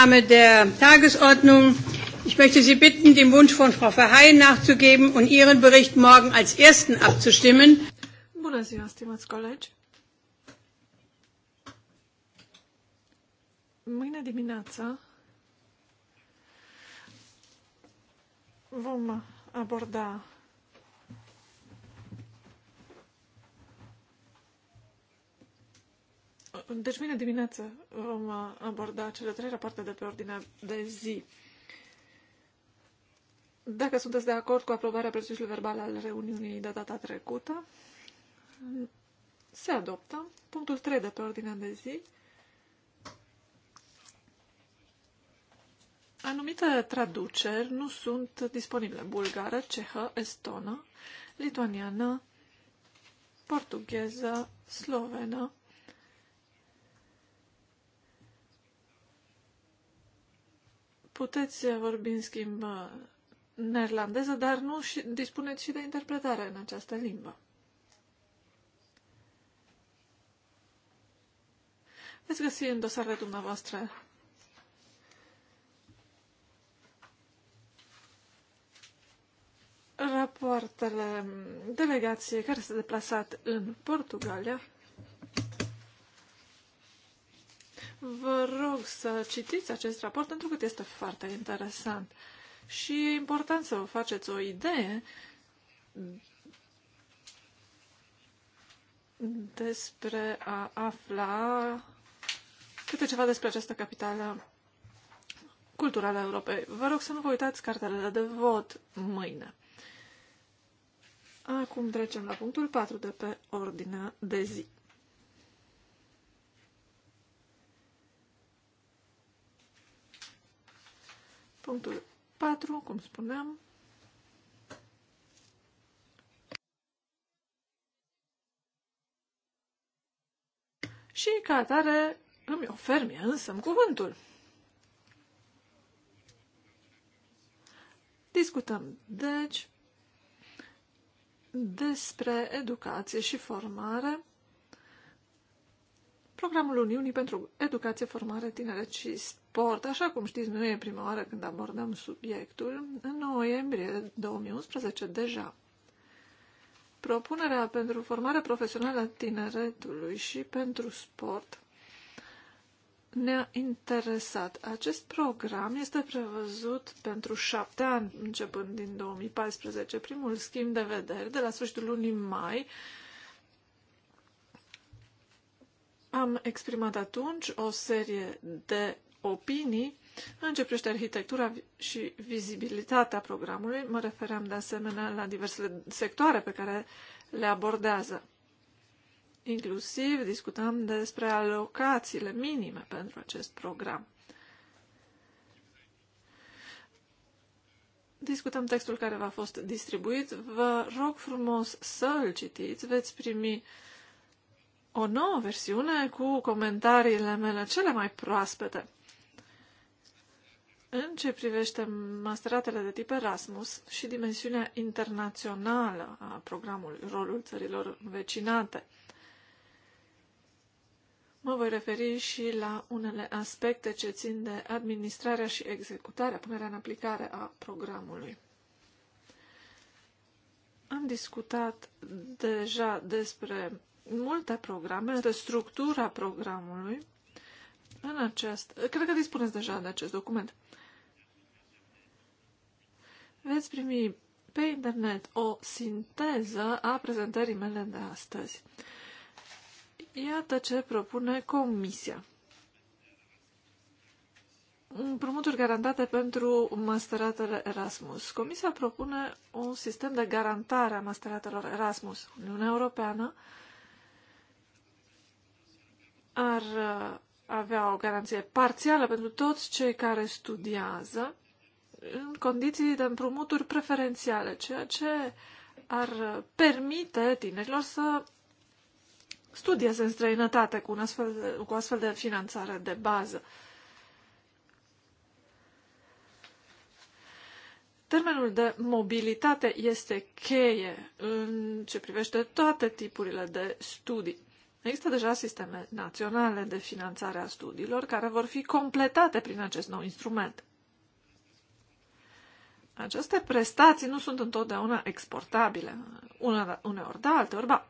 Annahme der Tagesordnung. Ich möchte Sie bitten, dem Wunsch von Frau Verheyen nachzugeben und Ihren Bericht morgen als ersten abzustimmen. Bună ziua, stimați colegi! Mâine dimineață vom aborda Deci mâine dimineață vom uh, aborda cele trei rapoarte de pe ordinea de zi. Dacă sunteți de acord cu aprobarea procesului verbal al reuniunii de data trecută, se adoptă punctul 3 de pe ordinea de zi. Anumite traduceri nu sunt disponibile. Bulgară, cehă, estonă, lituaniană, portugheză, slovenă, Puteți vorbi în schimb uh, neerlandeză, dar nu și, dispuneți și de interpretare în această limbă. Veți găsi în dosarele dumneavoastră rapoartele delegației care s-a deplasat în Portugalia Vă rog să citiți acest raport pentru că este foarte interesant și e important să vă faceți o idee despre a afla câte ceva despre această capitală culturală a Europei. Vă rog să nu vă uitați cartelele de vot mâine. Acum trecem la punctul 4 de pe ordinea de zi. Punctul 4, cum spuneam, și ca atare îmi ofer mie însă cuvântul. Discutăm, deci, despre educație și formare programul Uniunii pentru Educație, Formare, Tineret și Sport. Așa cum știți, nu e prima oară când abordăm subiectul. În noiembrie 2011 deja Propunerea pentru formarea profesională a tineretului și pentru sport ne-a interesat. Acest program este prevăzut pentru șapte ani, începând din 2014. Primul schimb de vedere de la sfârșitul lunii mai Am exprimat atunci o serie de opinii în ce privește arhitectura și vizibilitatea programului. Mă refeream de asemenea la diversele sectoare pe care le abordează. Inclusiv discutam despre alocațiile minime pentru acest program. Discutăm textul care v-a fost distribuit. Vă rog frumos să îl citiți. Veți primi uh, o nouă versiune cu comentariile mele cele mai proaspete. În ce privește masteratele de tip Erasmus și dimensiunea internațională a programului Rolul țărilor vecinate, mă voi referi și la unele aspecte ce țin de administrarea și executarea, punerea în aplicare a programului. Am discutat deja despre multe programe, structura programului în acest... Cred că dispuneți deja de acest document. Veți primi pe internet o sinteză a prezentării mele de astăzi. Iată ce propune Comisia. Împrumuturi garantate pentru masteratele Erasmus. Comisia propune un sistem de garantare a masteratelor Erasmus. Uniunea Europeană ar uh, avea o garanție parțială pentru toți cei care studiază în condiții de împrumuturi preferențiale, ceea ce ar uh, permite tinerilor să studieze în străinătate cu, un astfel de, cu astfel de finanțare de bază. Termenul de mobilitate este cheie în ce privește toate tipurile de studii. Există deja sisteme naționale de finanțare a studiilor care vor fi completate prin acest nou instrument. Aceste prestații nu sunt întotdeauna exportabile, una da, uneori da, alteori ba.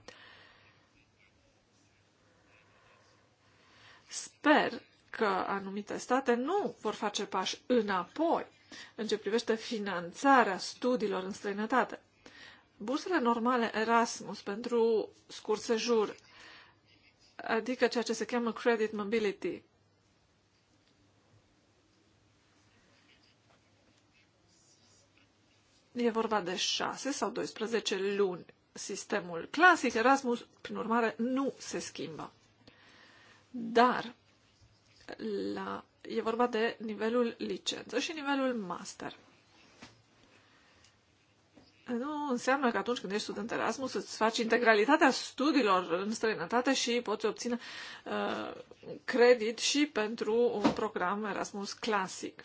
Sper că anumite state nu vor face pași înapoi în ce privește finanțarea studiilor în străinătate. Bursele normale Erasmus pentru scurse sejur adică ceea ce se cheamă credit mobility. E vorba de 6 sau 12 luni. Sistemul clasic Erasmus, prin urmare, nu se schimbă. Dar la, e vorba de nivelul licență și nivelul master. Nu înseamnă că atunci când ești student Erasmus îți faci integralitatea studiilor în străinătate și poți obține uh, credit și pentru un program Erasmus clasic.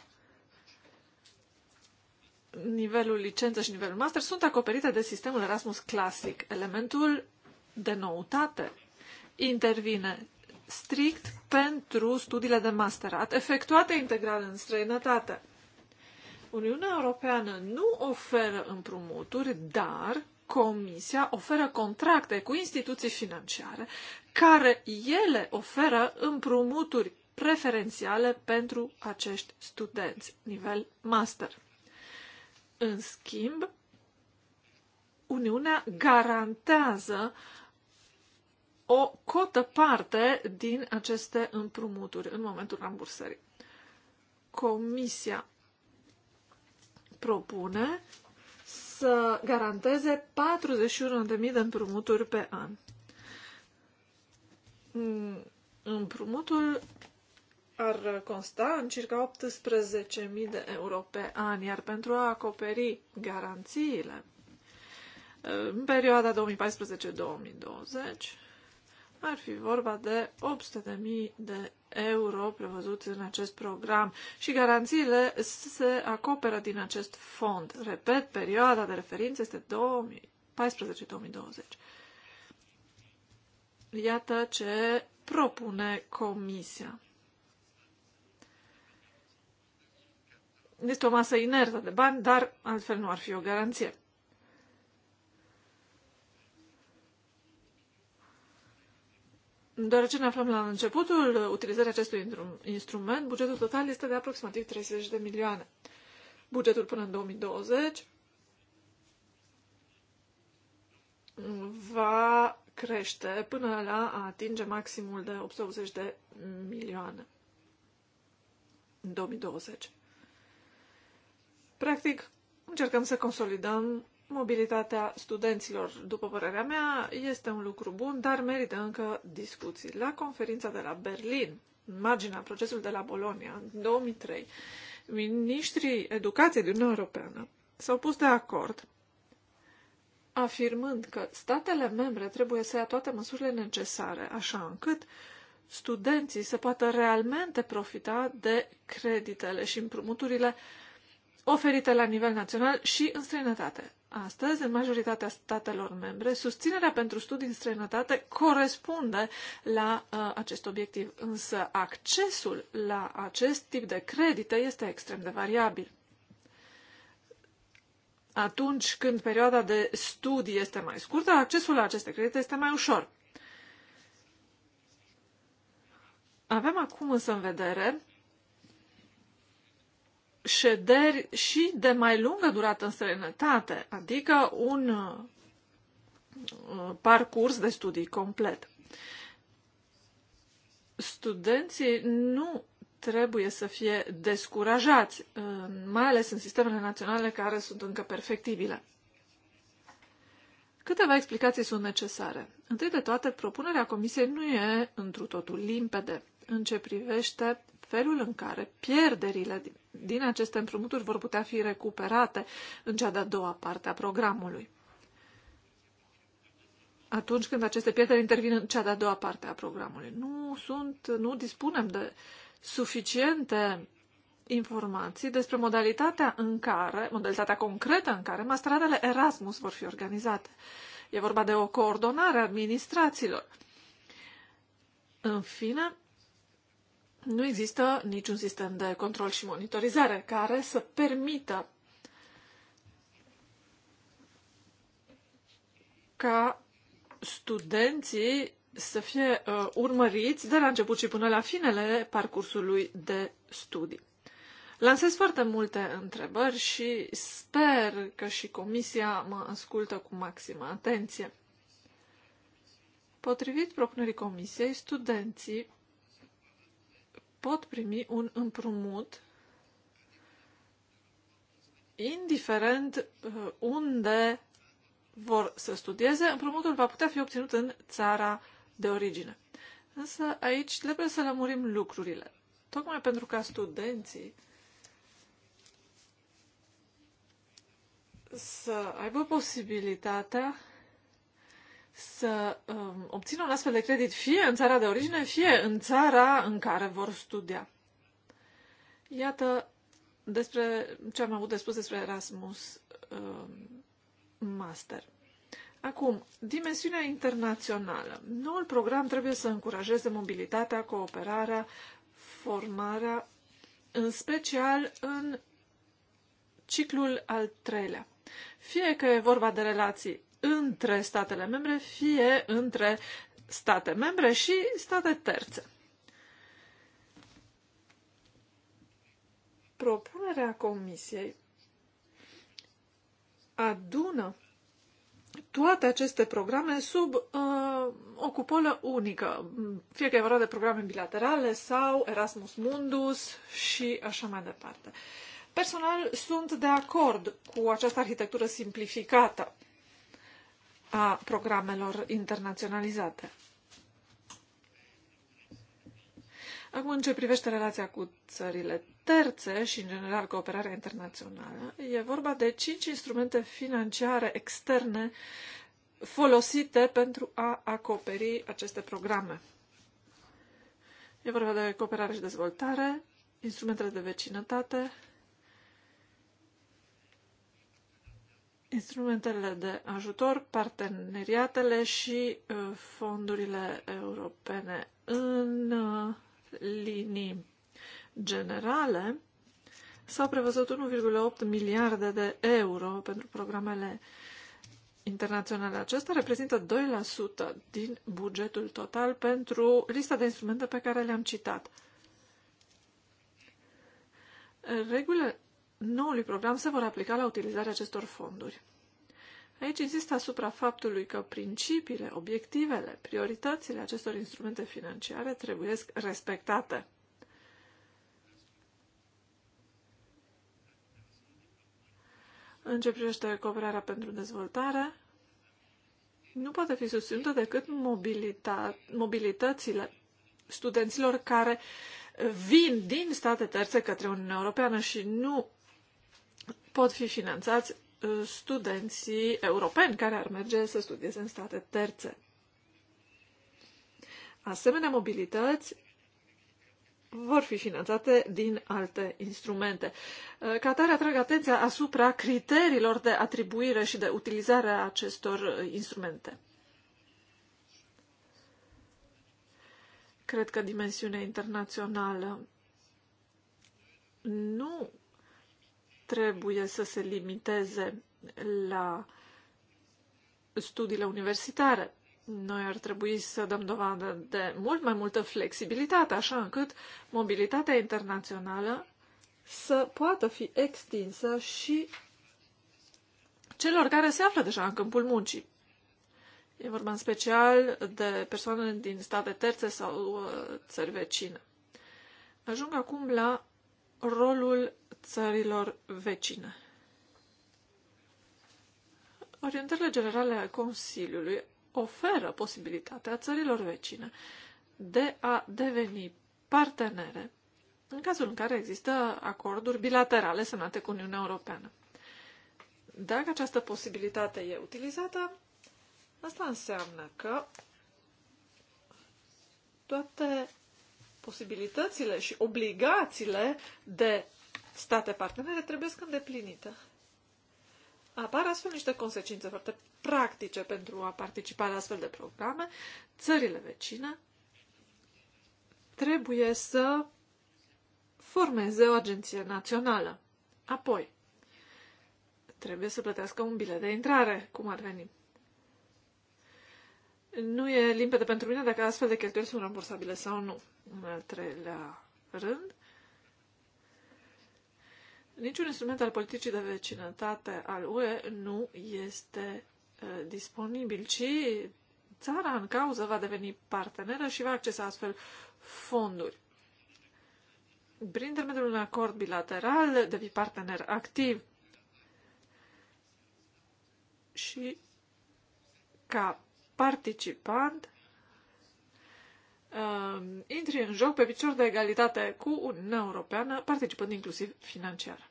Nivelul licență și nivelul master sunt acoperite de sistemul Erasmus clasic. Elementul de noutate intervine strict pentru studiile de masterat efectuate integral în străinătate Uniunea Europeană nu oferă împrumuturi, dar Comisia oferă contracte cu instituții financiare care ele oferă împrumuturi preferențiale pentru acești studenți, nivel master. În schimb, Uniunea garantează o cotă parte din aceste împrumuturi în momentul rambursării. Comisia propune să garanteze 41.000 de împrumuturi pe an. Mm, împrumutul ar consta în circa 18.000 de euro pe an, iar pentru a acoperi garanțiile mm, în perioada 2014-2020 ar fi vorba de 800.000 de euro prevăzuți în acest program și garanțiile se acoperă din acest fond. Repet, perioada de referință este 2014-2020. Iată ce propune Comisia. Este o masă inertă de bani, dar altfel nu ar fi o garanție. Deoarece ne aflăm la începutul utilizării acestui instrument, bugetul total este de aproximativ 30 de milioane. Bugetul până în 2020 va crește până la a atinge maximul de 880 de milioane în 2020. Practic, încercăm să consolidăm Mobilitatea studenților, după părerea mea, este un lucru bun, dar merită încă discuții. La conferința de la Berlin, în marginea procesului de la Bolonia, în 2003, ministrii educației din Uniunea Europeană s-au pus de acord afirmând că statele membre trebuie să ia toate măsurile necesare, așa încât studenții să poată realmente profita de creditele și împrumuturile oferite la nivel național și în străinătate. Astăzi, în majoritatea statelor membre, susținerea pentru studii în străinătate corespunde la uh, acest obiectiv, însă accesul la acest tip de credite este extrem de variabil. Atunci când perioada de studii este mai scurtă, accesul la aceste credite este mai ușor. Avem acum însă în vedere șederi și de mai lungă durată în străinătate, adică un uh, parcurs de studii complet. Studenții nu trebuie să fie descurajați, uh, mai ales în sistemele naționale care sunt încă perfectibile. Câteva explicații sunt necesare. Întâi de toate, propunerea Comisiei nu e întru totul limpede în ce privește felul în care pierderile din din aceste împrumuturi vor putea fi recuperate în cea de-a doua parte a programului. Atunci când aceste pierderi intervin în cea de-a doua parte a programului. Nu sunt, nu dispunem de suficiente informații despre modalitatea în care, modalitatea concretă în care masteradele Erasmus vor fi organizate. E vorba de o coordonare a administrațiilor. În fine, nu există niciun sistem de control și monitorizare care să permită ca studenții să fie uh, urmăriți de la început și până la finele parcursului de studii. Lansez foarte multe întrebări și sper că și comisia mă ascultă cu maximă atenție. Potrivit propunerii comisiei, studenții pot primi un împrumut indiferent uh, unde vor să studieze, împrumutul va putea fi obținut în țara de origine. Însă aici trebuie să lămurim lucrurile. Tocmai pentru ca studenții să aibă posibilitatea să um, obțină un astfel de credit fie în țara de origine, fie în țara în care vor studia. Iată despre ce am avut de spus despre Erasmus um, Master. Acum, dimensiunea internațională. Noul program trebuie să încurajeze mobilitatea, cooperarea, formarea, în special în ciclul al treilea. Fie că e vorba de relații între statele membre, fie între state membre și state terțe. Propunerea Comisiei adună toate aceste programe sub uh, o cupolă unică, fie că e vorba de programe bilaterale sau Erasmus Mundus și așa mai departe. Personal sunt de acord cu această arhitectură simplificată a programelor internaționalizate. Acum, în ce privește relația cu țările terțe și, în general, cooperarea internațională, e vorba de cinci instrumente financiare externe folosite pentru a acoperi aceste programe. E vorba de cooperare și dezvoltare, instrumentele de vecinătate, instrumentele de ajutor, parteneriatele și uh, fondurile europene. În uh, linii generale s-au prevăzut 1,8 miliarde de euro pentru programele internaționale. Acesta reprezintă 2% din bugetul total pentru lista de instrumente pe care le-am citat. Regulile noului program se vor aplica la utilizarea acestor fonduri. Aici există asupra faptului că principiile, obiectivele, prioritățile acestor instrumente financiare trebuie respectate. În ce privește cooperarea pentru dezvoltare, nu poate fi susținută decât mobilita- mobilitățile studenților care vin din state terțe către Uniunea Europeană și nu pot fi finanțați uh, studenții europeni care ar merge să studieze în state terțe. Asemenea mobilități vor fi finanțate din alte instrumente. Uh, ca atare atrag atenția asupra criteriilor de atribuire și de utilizare a acestor uh, instrumente. Cred că dimensiunea internațională nu trebuie să se limiteze la studiile universitare. Noi ar trebui să dăm dovadă de mult mai multă flexibilitate, așa încât mobilitatea internațională să poată fi extinsă și celor care se află deja în câmpul muncii. E vorba în special de persoane din state terțe sau uh, țări vecine. Ajung acum la rolul țărilor vecine. Orientările generale ale Consiliului oferă posibilitatea țărilor vecine de a deveni partenere în cazul în care există acorduri bilaterale semnate cu Uniunea Europeană. Dacă această posibilitate e utilizată, asta înseamnă că toate posibilitățile și obligațiile de state partenere trebuie să îndeplinite. Apar astfel niște consecințe foarte practice pentru a participa la astfel de programe. Țările vecine trebuie să formeze o agenție națională. Apoi, trebuie să plătească un bilet de intrare, cum ar veni nu e limpede pentru mine dacă astfel de cheltuieli sunt rambursabile sau nu. În al treilea rând, niciun instrument al politicii de vecinătate al UE nu este uh, disponibil, ci țara în cauză va deveni parteneră și va accesa astfel fonduri. Prin intermediul unui acord bilateral, devii partener activ și ca participant uh, intri în joc pe picior de egalitate cu Uniunea Europeană, participând inclusiv financiar.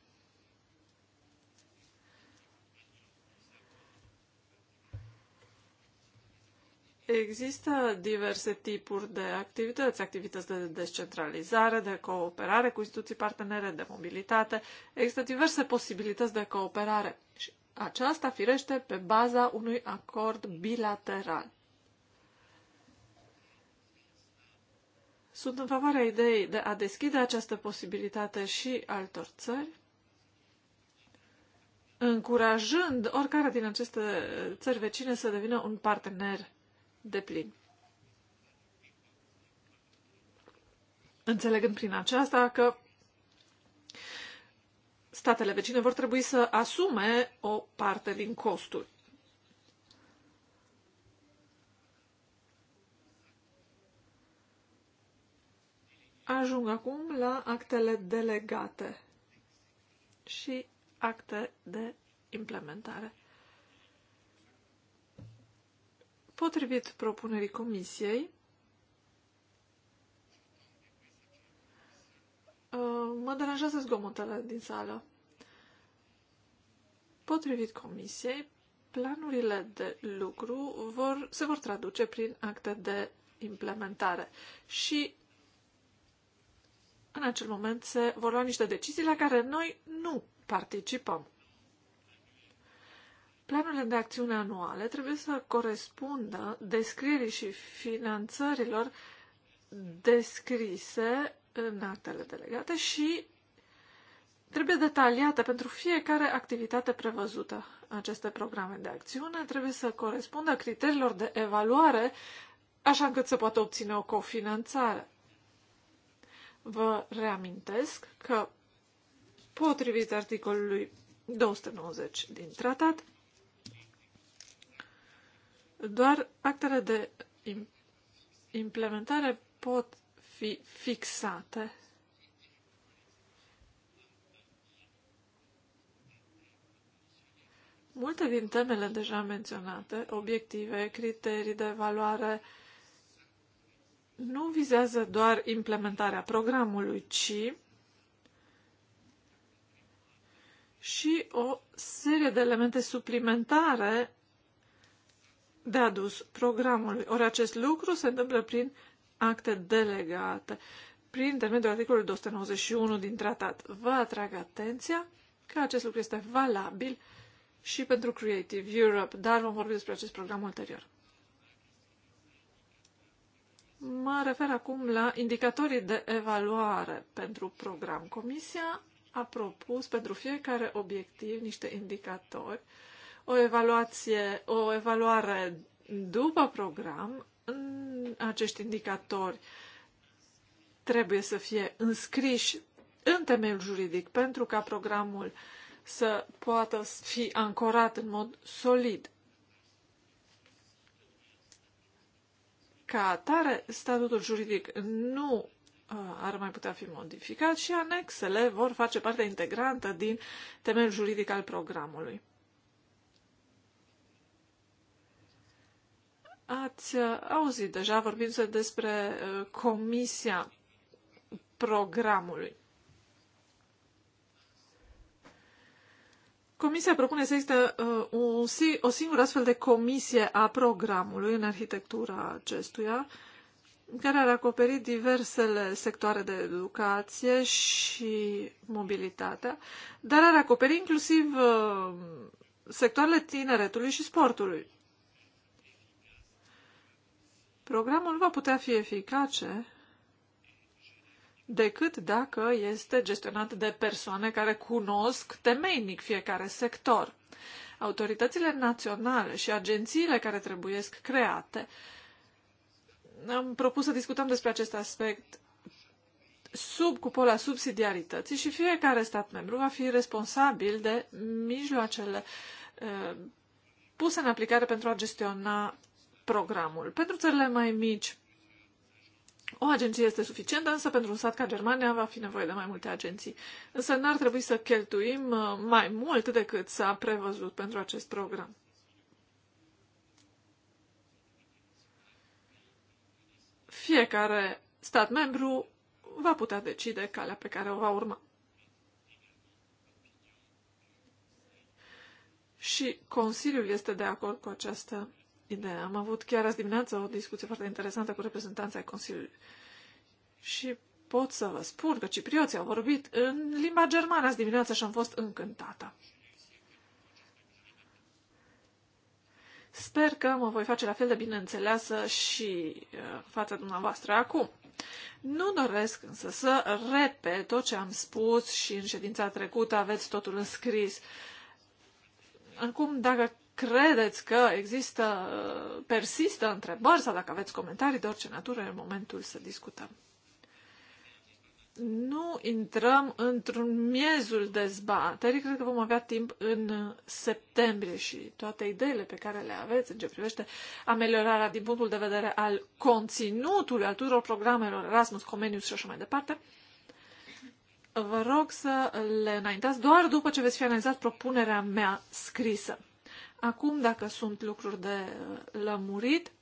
Există diverse tipuri de activități, activități de descentralizare, de cooperare cu instituții partenere, de mobilitate. Există diverse posibilități de cooperare și aceasta firește pe baza unui acord bilateral. Sunt în favoarea ideii de a deschide această posibilitate și altor țări, încurajând oricare din aceste țări vecine să devină un partener de plin. Înțelegând prin aceasta că statele vecine vor trebui să asume o parte din costuri. Ajung acum la actele delegate și acte de implementare. Potrivit propunerii Comisiei, Uh, mă deranjează zgomotele din sală. Potrivit comisiei, planurile de lucru vor, se vor traduce prin acte de implementare și în acel moment se vor lua niște decizii la care noi nu participăm. Planurile de acțiune anuale trebuie să corespundă descrierii și finanțărilor descrise în actele delegate și trebuie detaliată pentru fiecare activitate prevăzută. Aceste programe de acțiune trebuie să corespundă criteriilor de evaluare, așa încât să poată obține o cofinanțare. Vă reamintesc că, potrivit articolului 290 din tratat, doar actele de implementare pot fi fixate. Multe din temele deja menționate, obiective, criterii de evaluare, nu vizează doar implementarea programului, ci și o serie de elemente suplimentare de adus programului. Ori acest lucru se întâmplă prin acte delegate prin intermediul articolului 291 din tratat. Vă atrag atenția că acest lucru este valabil și pentru Creative Europe, dar vom vorbi despre acest program ulterior. Mă refer acum la indicatorii de evaluare pentru program. Comisia a propus pentru fiecare obiectiv niște indicatori, o, evaluație, o evaluare după program acești indicatori trebuie să fie înscriși în temeiul juridic pentru ca programul să poată fi ancorat în mod solid. Ca atare, statutul juridic nu uh, ar mai putea fi modificat și anexele vor face parte integrantă din temeiul juridic al programului. Ați uh, auzit deja vorbim se despre uh, comisia programului. Comisia propune să existe uh, o singură astfel de comisie a programului în arhitectura acestuia, care ar acoperi diversele sectoare de educație și mobilitatea, dar ar acoperi inclusiv sectoarele tineretului și sportului. Programul va putea fi eficace decât dacă este gestionat de persoane care cunosc temeinic fiecare sector. Autoritățile naționale și agențiile care trebuie create am propus să discutăm despre acest aspect sub cupola subsidiarității și fiecare stat membru va fi responsabil de mijloacele uh, puse în aplicare pentru a gestiona programul. Pentru țările mai mici, o agenție este suficientă, însă pentru un sat ca Germania va fi nevoie de mai multe agenții. Însă n-ar trebui să cheltuim uh, mai mult decât s-a prevăzut pentru acest program. Fiecare stat membru va putea decide calea pe care o va urma. Și Consiliul este de acord cu această idee. Am avut chiar azi dimineață o discuție foarte interesantă cu reprezentanța ai Consiliului. Și pot să vă spun că ciprioții au vorbit în limba germană azi dimineață și am fost încântată. Sper că mă voi face la fel de bine înțeleasă și uh, fața dumneavoastră acum. Nu doresc însă să repet tot ce am spus și în ședința trecută aveți totul înscris. Acum, dacă credeți că există, uh, persistă întrebări sau dacă aveți comentarii de orice natură, e momentul să discutăm. Nu intrăm într-un miezul dezbaterii, cred că vom avea timp în septembrie și toate ideile pe care le aveți în ce privește ameliorarea din punctul de vedere al conținutului, al tuturor programelor Erasmus, Comenius și așa mai departe, vă rog să le înaintați doar după ce veți fi analizat propunerea mea scrisă. Acum, dacă sunt lucruri de uh, lămurit,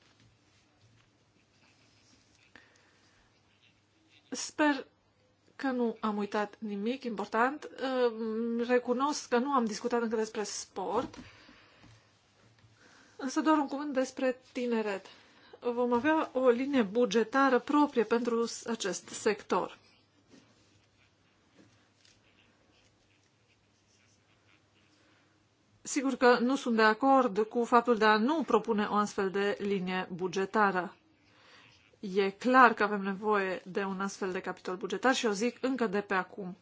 sper că nu am uitat nimic important. Uh, recunosc că nu am discutat încă despre sport, însă doar un cuvânt despre tineret. Vom avea o linie bugetară proprie pentru acest sector. Sigur că nu sunt de acord cu faptul de a nu propune o astfel de linie bugetară. E clar că avem nevoie de un astfel de capitol bugetar și o zic încă de pe acum.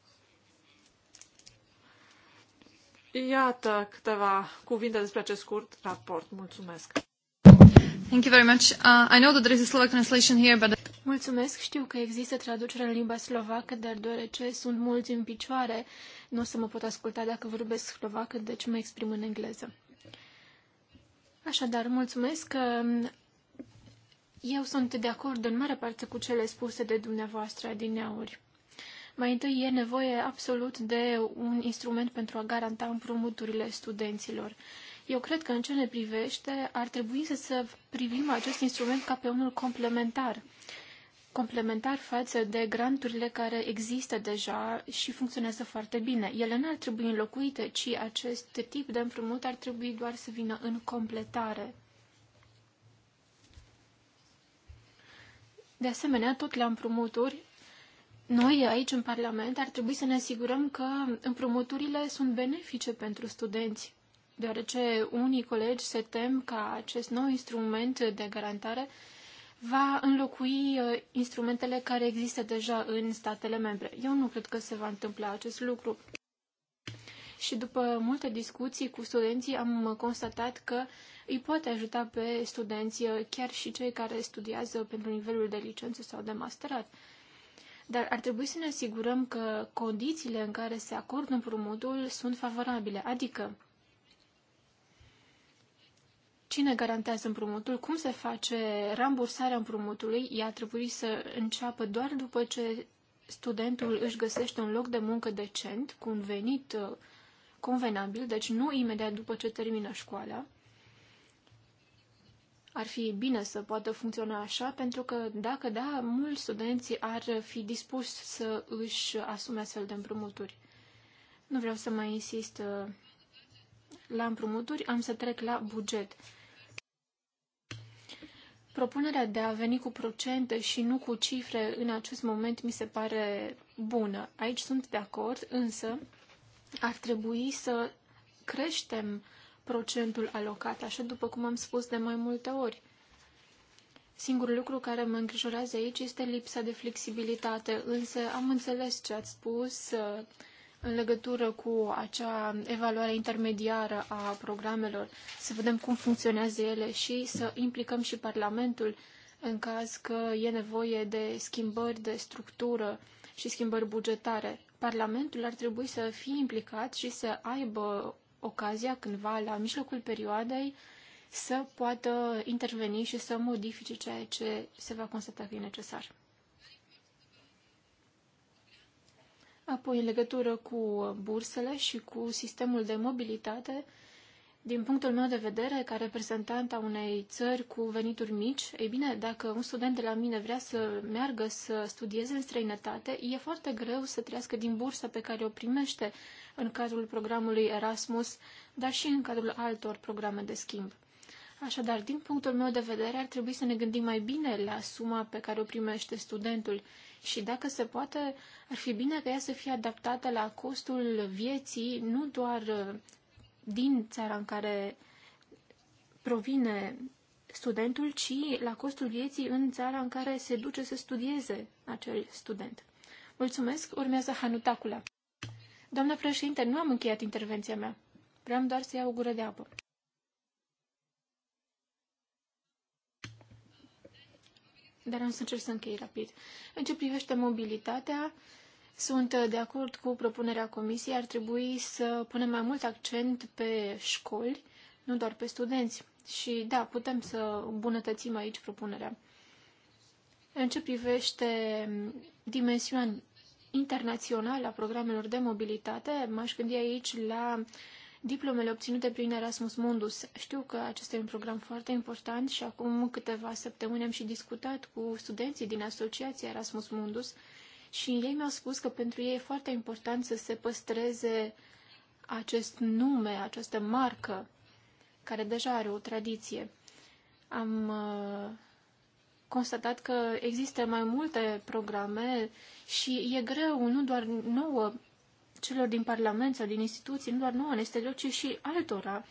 Iată câteva cuvinte despre acest scurt raport. Mulțumesc! Thank you very much. Uh, I know that there is a Slovak translation here, but... Mulțumesc, știu că există traducere în limba slovacă, dar deoarece sunt mulți în picioare, nu o să mă pot asculta dacă vorbesc slovacă, deci mă exprim în engleză. Așadar, mulțumesc că um, eu sunt de acord în mare parte cu cele spuse de dumneavoastră adineauri. Mai întâi e nevoie absolut de un instrument pentru a garanta împrumuturile studenților. Eu cred că în ce ne privește ar trebui să, să privim acest instrument ca pe unul complementar. Complementar față de granturile care există deja și funcționează foarte bine. Ele nu ar trebui înlocuite, ci acest tip de împrumut ar trebui doar să vină în completare. De asemenea, tot la împrumuturi, noi aici în Parlament ar trebui să ne asigurăm că împrumuturile sunt benefice pentru studenți deoarece unii colegi se tem că acest nou instrument de garantare va înlocui uh, instrumentele care există deja în statele membre. Eu nu cred că se va întâmpla acest lucru. Și după multe discuții cu studenții am constatat că îi poate ajuta pe studenți, uh, chiar și cei care studiază pentru nivelul de licență sau de masterat. Dar ar trebui să ne asigurăm că condițiile în care se acordă împrumutul sunt favorabile, adică Cine garantează împrumutul? Cum se face rambursarea împrumutului? Ea ar trebui să înceapă doar după ce studentul își găsește un loc de muncă decent, cu un venit uh, convenabil, deci nu imediat după ce termină școala. Ar fi bine să poată funcționa așa, pentru că, dacă da, mulți studenți ar fi dispuși să își asume astfel de împrumuturi. Nu vreau să mai insist uh, la împrumuturi, am să trec la buget. Propunerea de a veni cu procente și nu cu cifre în acest moment mi se pare bună. Aici sunt de acord, însă ar trebui să creștem procentul alocat, așa după cum am spus de mai multe ori. Singurul lucru care mă îngrijorează aici este lipsa de flexibilitate, însă am înțeles ce ați spus, în legătură cu acea evaluare intermediară a programelor, să vedem cum funcționează ele și să implicăm și Parlamentul în caz că e nevoie de schimbări de structură și schimbări bugetare. Parlamentul ar trebui să fie implicat și să aibă ocazia cândva la mijlocul perioadei să poată interveni și să modifice ceea ce se va constata că e necesar. Apoi, în legătură cu bursele și cu sistemul de mobilitate, din punctul meu de vedere, ca reprezentant a unei țări cu venituri mici, ei bine, dacă un student de la mine vrea să meargă să studieze în străinătate, e foarte greu să trăiască din bursa pe care o primește în cadrul programului Erasmus, dar și în cadrul altor programe de schimb. Așadar, din punctul meu de vedere, ar trebui să ne gândim mai bine la suma pe care o primește studentul și dacă se poate, ar fi bine ca ea să fie adaptată la costul vieții, nu doar uh, din țara în care provine studentul, ci la costul vieții în țara în care se duce să studieze acel student. Mulțumesc, urmează Hanutacula. Doamna președinte, nu am încheiat intervenția mea. Vreau doar să iau o gură de apă. Dar am să încerc să închei rapid. În ce privește mobilitatea, sunt de acord cu propunerea comisiei. Ar trebui să punem mai mult accent pe școli, nu doar pe studenți. Și da, putem să îmbunătățim aici propunerea. În ce privește dimensiunea internațională a programelor de mobilitate, m-aș gândi aici la diplomele obținute prin Erasmus Mundus. Știu că acesta e un program foarte important și acum câteva săptămâni am și discutat cu studenții din Asociația Erasmus Mundus și ei mi-au spus că pentru ei e foarte important să se păstreze acest nume, această marcă, care deja are o tradiție. Am uh, constatat că există mai multe programe și e greu nu doar nouă celor din Parlament sau din instituții, nu doar nouă, ne este loc, ci și altora,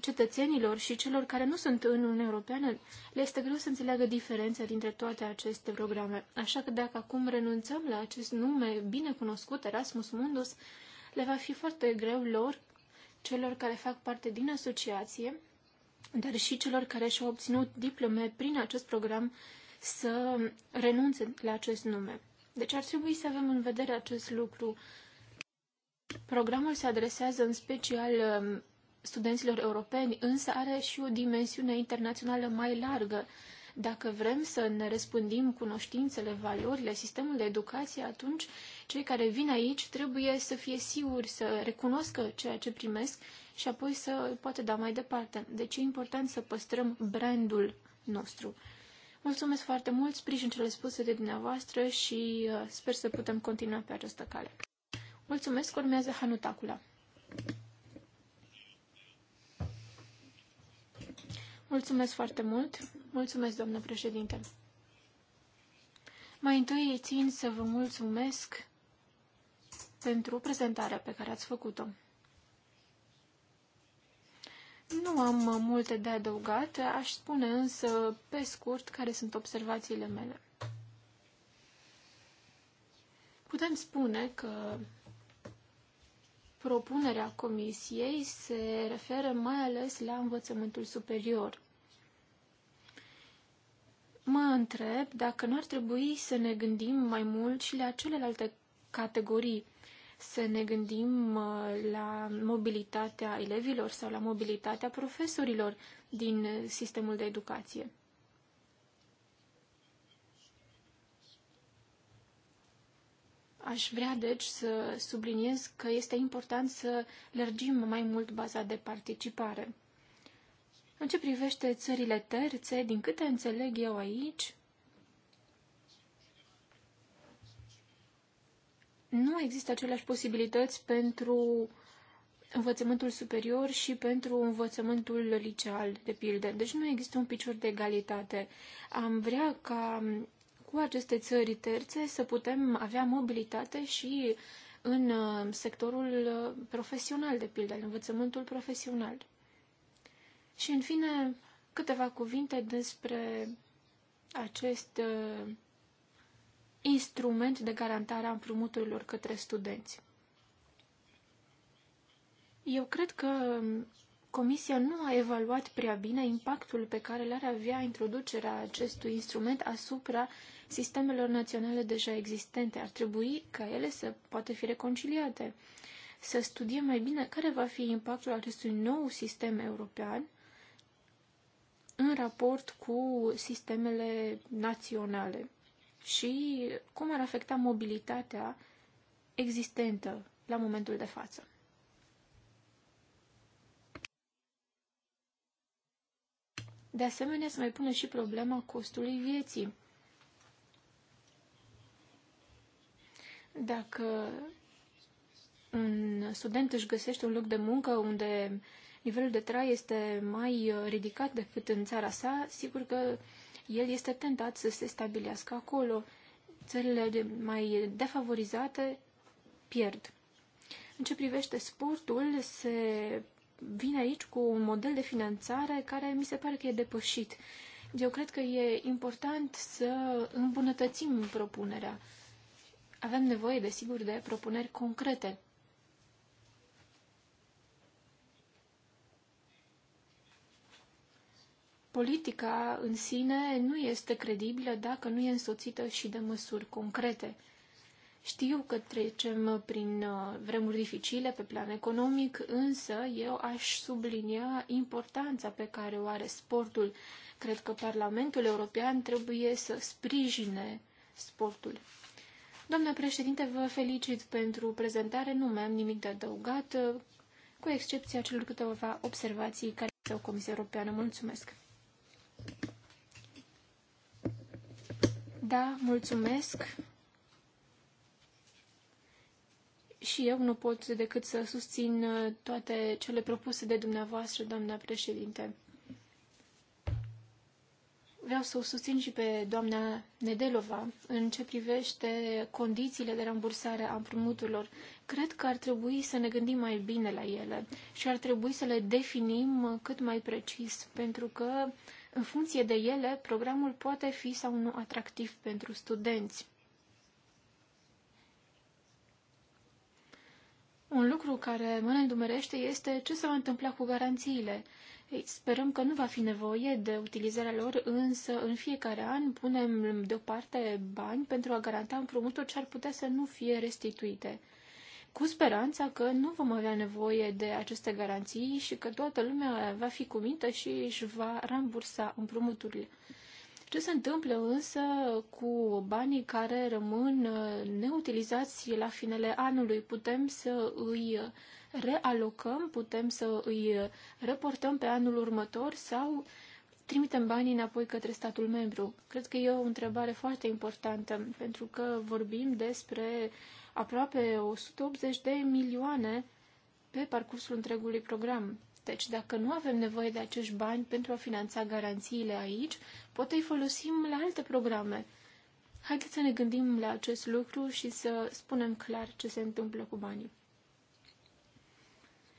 cetățenilor și celor care nu sunt în Uniunea Europeană, le este greu să înțeleagă diferența dintre toate aceste programe. Așa că dacă acum renunțăm la acest nume bine cunoscut, Erasmus Mundus, le va fi foarte greu lor, celor care fac parte din asociație, dar și celor care și-au obținut diplome prin acest program să renunțe la acest nume. Deci ar trebui să avem în vedere acest lucru. Programul se adresează în special um, studenților europeni, însă are și o dimensiune internațională mai largă. Dacă vrem să ne răspândim cunoștințele, valorile, sistemul de educație, atunci cei care vin aici trebuie să fie siguri, să recunoscă ceea ce primesc și apoi să poată da mai departe. Deci e important să păstrăm brandul nostru. Mulțumesc foarte mult, sprijin cele spuse de dumneavoastră și uh, sper să putem continua pe această cale. Mulțumesc, urmează Hanutacula. Mulțumesc foarte mult. Mulțumesc, doamnă președinte. Mai întâi țin să vă mulțumesc pentru prezentarea pe care ați făcut-o. Nu am multe de adăugat, aș spune însă pe scurt care sunt observațiile mele. Putem spune că propunerea comisiei se referă mai ales la învățământul superior. Mă întreb dacă nu ar trebui să ne gândim mai mult și la celelalte categorii să ne gândim uh, la mobilitatea elevilor sau la mobilitatea profesorilor din uh, sistemul de educație. Aș vrea, deci, să subliniez că este important să lărgim mai mult baza de participare. În ce privește țările terțe, din câte înțeleg eu aici, nu există aceleași posibilități pentru învățământul superior și pentru învățământul liceal, de pildă. Deci nu există un picior de egalitate. Am vrea ca cu aceste țări terțe să putem avea mobilitate și în uh, sectorul uh, profesional, de pildă, în învățământul profesional. Și, în fine, câteva cuvinte despre acest uh, instrument de garantare a împrumuturilor către studenți. Eu cred că Comisia nu a evaluat prea bine impactul pe care l-ar avea introducerea acestui instrument asupra sistemelor naționale deja existente. Ar trebui ca ele să poată fi reconciliate. Să studiem mai bine care va fi impactul acestui nou sistem european în raport cu sistemele naționale și cum ar afecta mobilitatea existentă la momentul de față. De asemenea, se mai pune și problema costului vieții. Dacă un student își găsește un loc de muncă unde nivelul de trai este mai ridicat decât în țara sa, sigur că el este tentat să se stabilească acolo. Țările mai defavorizate pierd. În ce privește sportul, se vine aici cu un model de finanțare care mi se pare că e depășit. Eu cred că e important să îmbunătățim propunerea. Avem nevoie, desigur, de propuneri concrete. politica în sine nu este credibilă dacă nu e însoțită și de măsuri concrete. Știu că trecem prin uh, vremuri dificile pe plan economic, însă eu aș sublinia importanța pe care o are sportul. Cred că Parlamentul European trebuie să sprijine sportul. Doamna președinte, vă felicit pentru prezentare. Nu mai am nimic de adăugat, uh, cu excepția celor câteva observații care au Comisia Europeană. Mulțumesc! Da, mulțumesc. Și eu nu pot decât să susțin uh, toate cele propuse de dumneavoastră, doamna președinte. Vreau să o susțin și pe doamna Nedelova în ce privește condițiile de rambursare a împrumuturilor. Cred că ar trebui să ne gândim mai bine la ele și ar trebui să le definim cât mai precis, pentru că uh, în funcție de ele, programul poate fi sau nu atractiv pentru studenți. Un lucru care mă îndumerește este ce se va întâmpla cu garanțiile. Ei, sperăm că nu va fi nevoie de utilizarea lor, însă în fiecare an punem deoparte bani pentru a garanta împrumuturi ce ar putea să nu fie restituite cu speranța că nu vom avea nevoie de aceste garanții și că toată lumea va fi cu minte și își va rambursa împrumuturile. Ce se întâmplă însă cu banii care rămân uh, neutilizați la finele anului? Putem să îi realocăm, putem să îi reportăm pe anul următor sau trimitem banii înapoi către statul membru? Cred că e o întrebare foarte importantă, pentru că vorbim despre aproape 180 de milioane pe parcursul întregului program. Deci, dacă nu avem nevoie de acești bani pentru a finanța garanțiile aici, poate îi folosim la alte programe. Haideți să ne gândim la acest lucru și să spunem clar ce se întâmplă cu banii.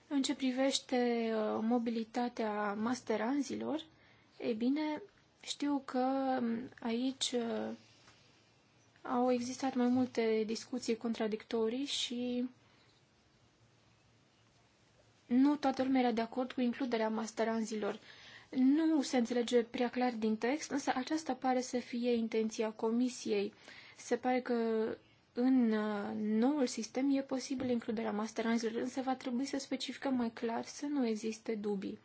În ce privește uh, mobilitatea masteranzilor, ei bine, știu că um, aici uh, au existat mai multe discuții contradictorii și nu toată lumea era de acord cu includerea masteranzilor. Nu se înțelege prea clar din text, însă aceasta pare să fie intenția comisiei. Se pare că în uh, noul sistem e posibil includerea masteranzilor, însă va trebui să specificăm mai clar să nu existe dubii.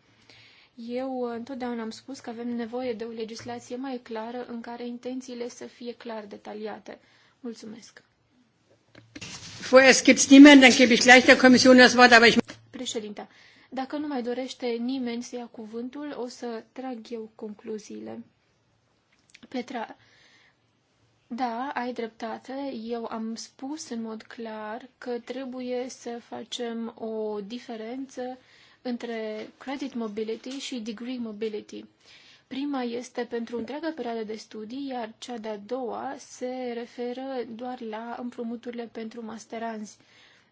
Eu uh, întotdeauna am spus că avem nevoie de o legislație mai clară în care intențiile să fie clar detaliate. Mulțumesc. Președinte, dacă nu mai dorește nimeni să ia cuvântul, o să trag eu concluziile. Petra, da, ai dreptate. Eu am spus în mod clar că trebuie să facem o diferență între Credit Mobility și Degree Mobility. Prima este pentru întreaga perioadă de studii, iar cea de-a doua se referă doar la împrumuturile pentru masteranzi.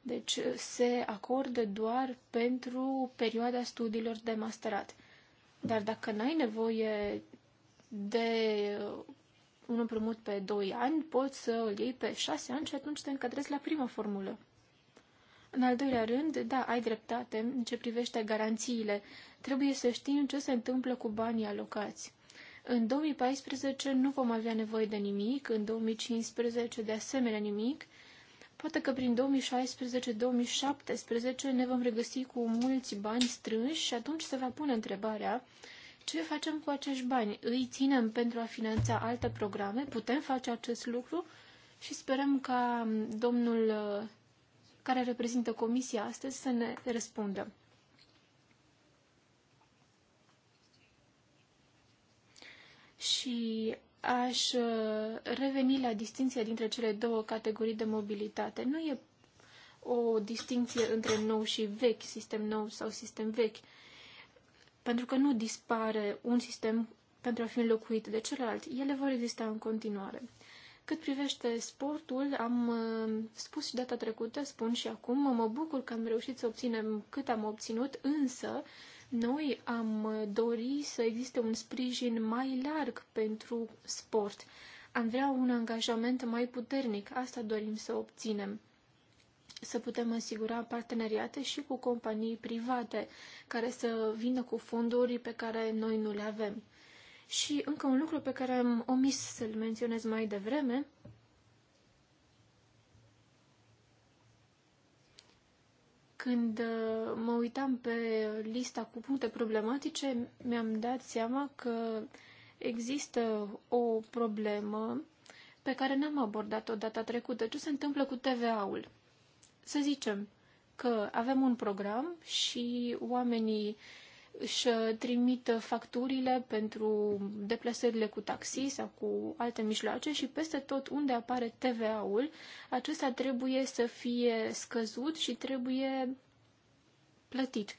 Deci se acordă doar pentru perioada studiilor de masterat. Dar dacă n-ai nevoie de uh, un împrumut pe 2 ani, poți să îl iei pe 6 ani și atunci te încadrezi la prima formulă. În al doilea rând, da, ai dreptate în ce privește garanțiile. Trebuie să știm ce se întâmplă cu banii alocați. În 2014 nu vom avea nevoie de nimic, în 2015 de asemenea nimic. Poate că prin 2016-2017 ne vom regăsi cu mulți bani strânși și atunci se va pune întrebarea ce facem cu acești bani? Îi ținem pentru a finanța alte programe? Putem face acest lucru? Și sperăm ca domnul care reprezintă Comisia astăzi să ne răspundă. Și aș uh, reveni la distinția dintre cele două categorii de mobilitate. Nu e o distinție între nou și vechi, sistem nou sau sistem vechi, pentru că nu dispare un sistem pentru a fi înlocuit de celălalt. Ele vor exista în continuare. Cât privește sportul, am uh, spus și data trecută, spun și acum, mă bucur că am reușit să obținem cât am obținut, însă noi am uh, dori să existe un sprijin mai larg pentru sport. Am vrea un angajament mai puternic, asta dorim să obținem să putem asigura parteneriate și cu companii private care să vină cu fonduri pe care noi nu le avem. Și încă un lucru pe care am omis să-l menționez mai devreme. Când uh, mă uitam pe lista cu puncte problematice, mi-am dat seama că există o problemă pe care n-am abordat-o data trecută. Ce se întâmplă cu TVA-ul? Să zicem că avem un program și oamenii uh, își uh, trimit uh, facturile pentru deplasările cu taxi sau cu alte mijloace și peste tot unde apare TVA-ul, acesta trebuie să fie scăzut și trebuie plătit.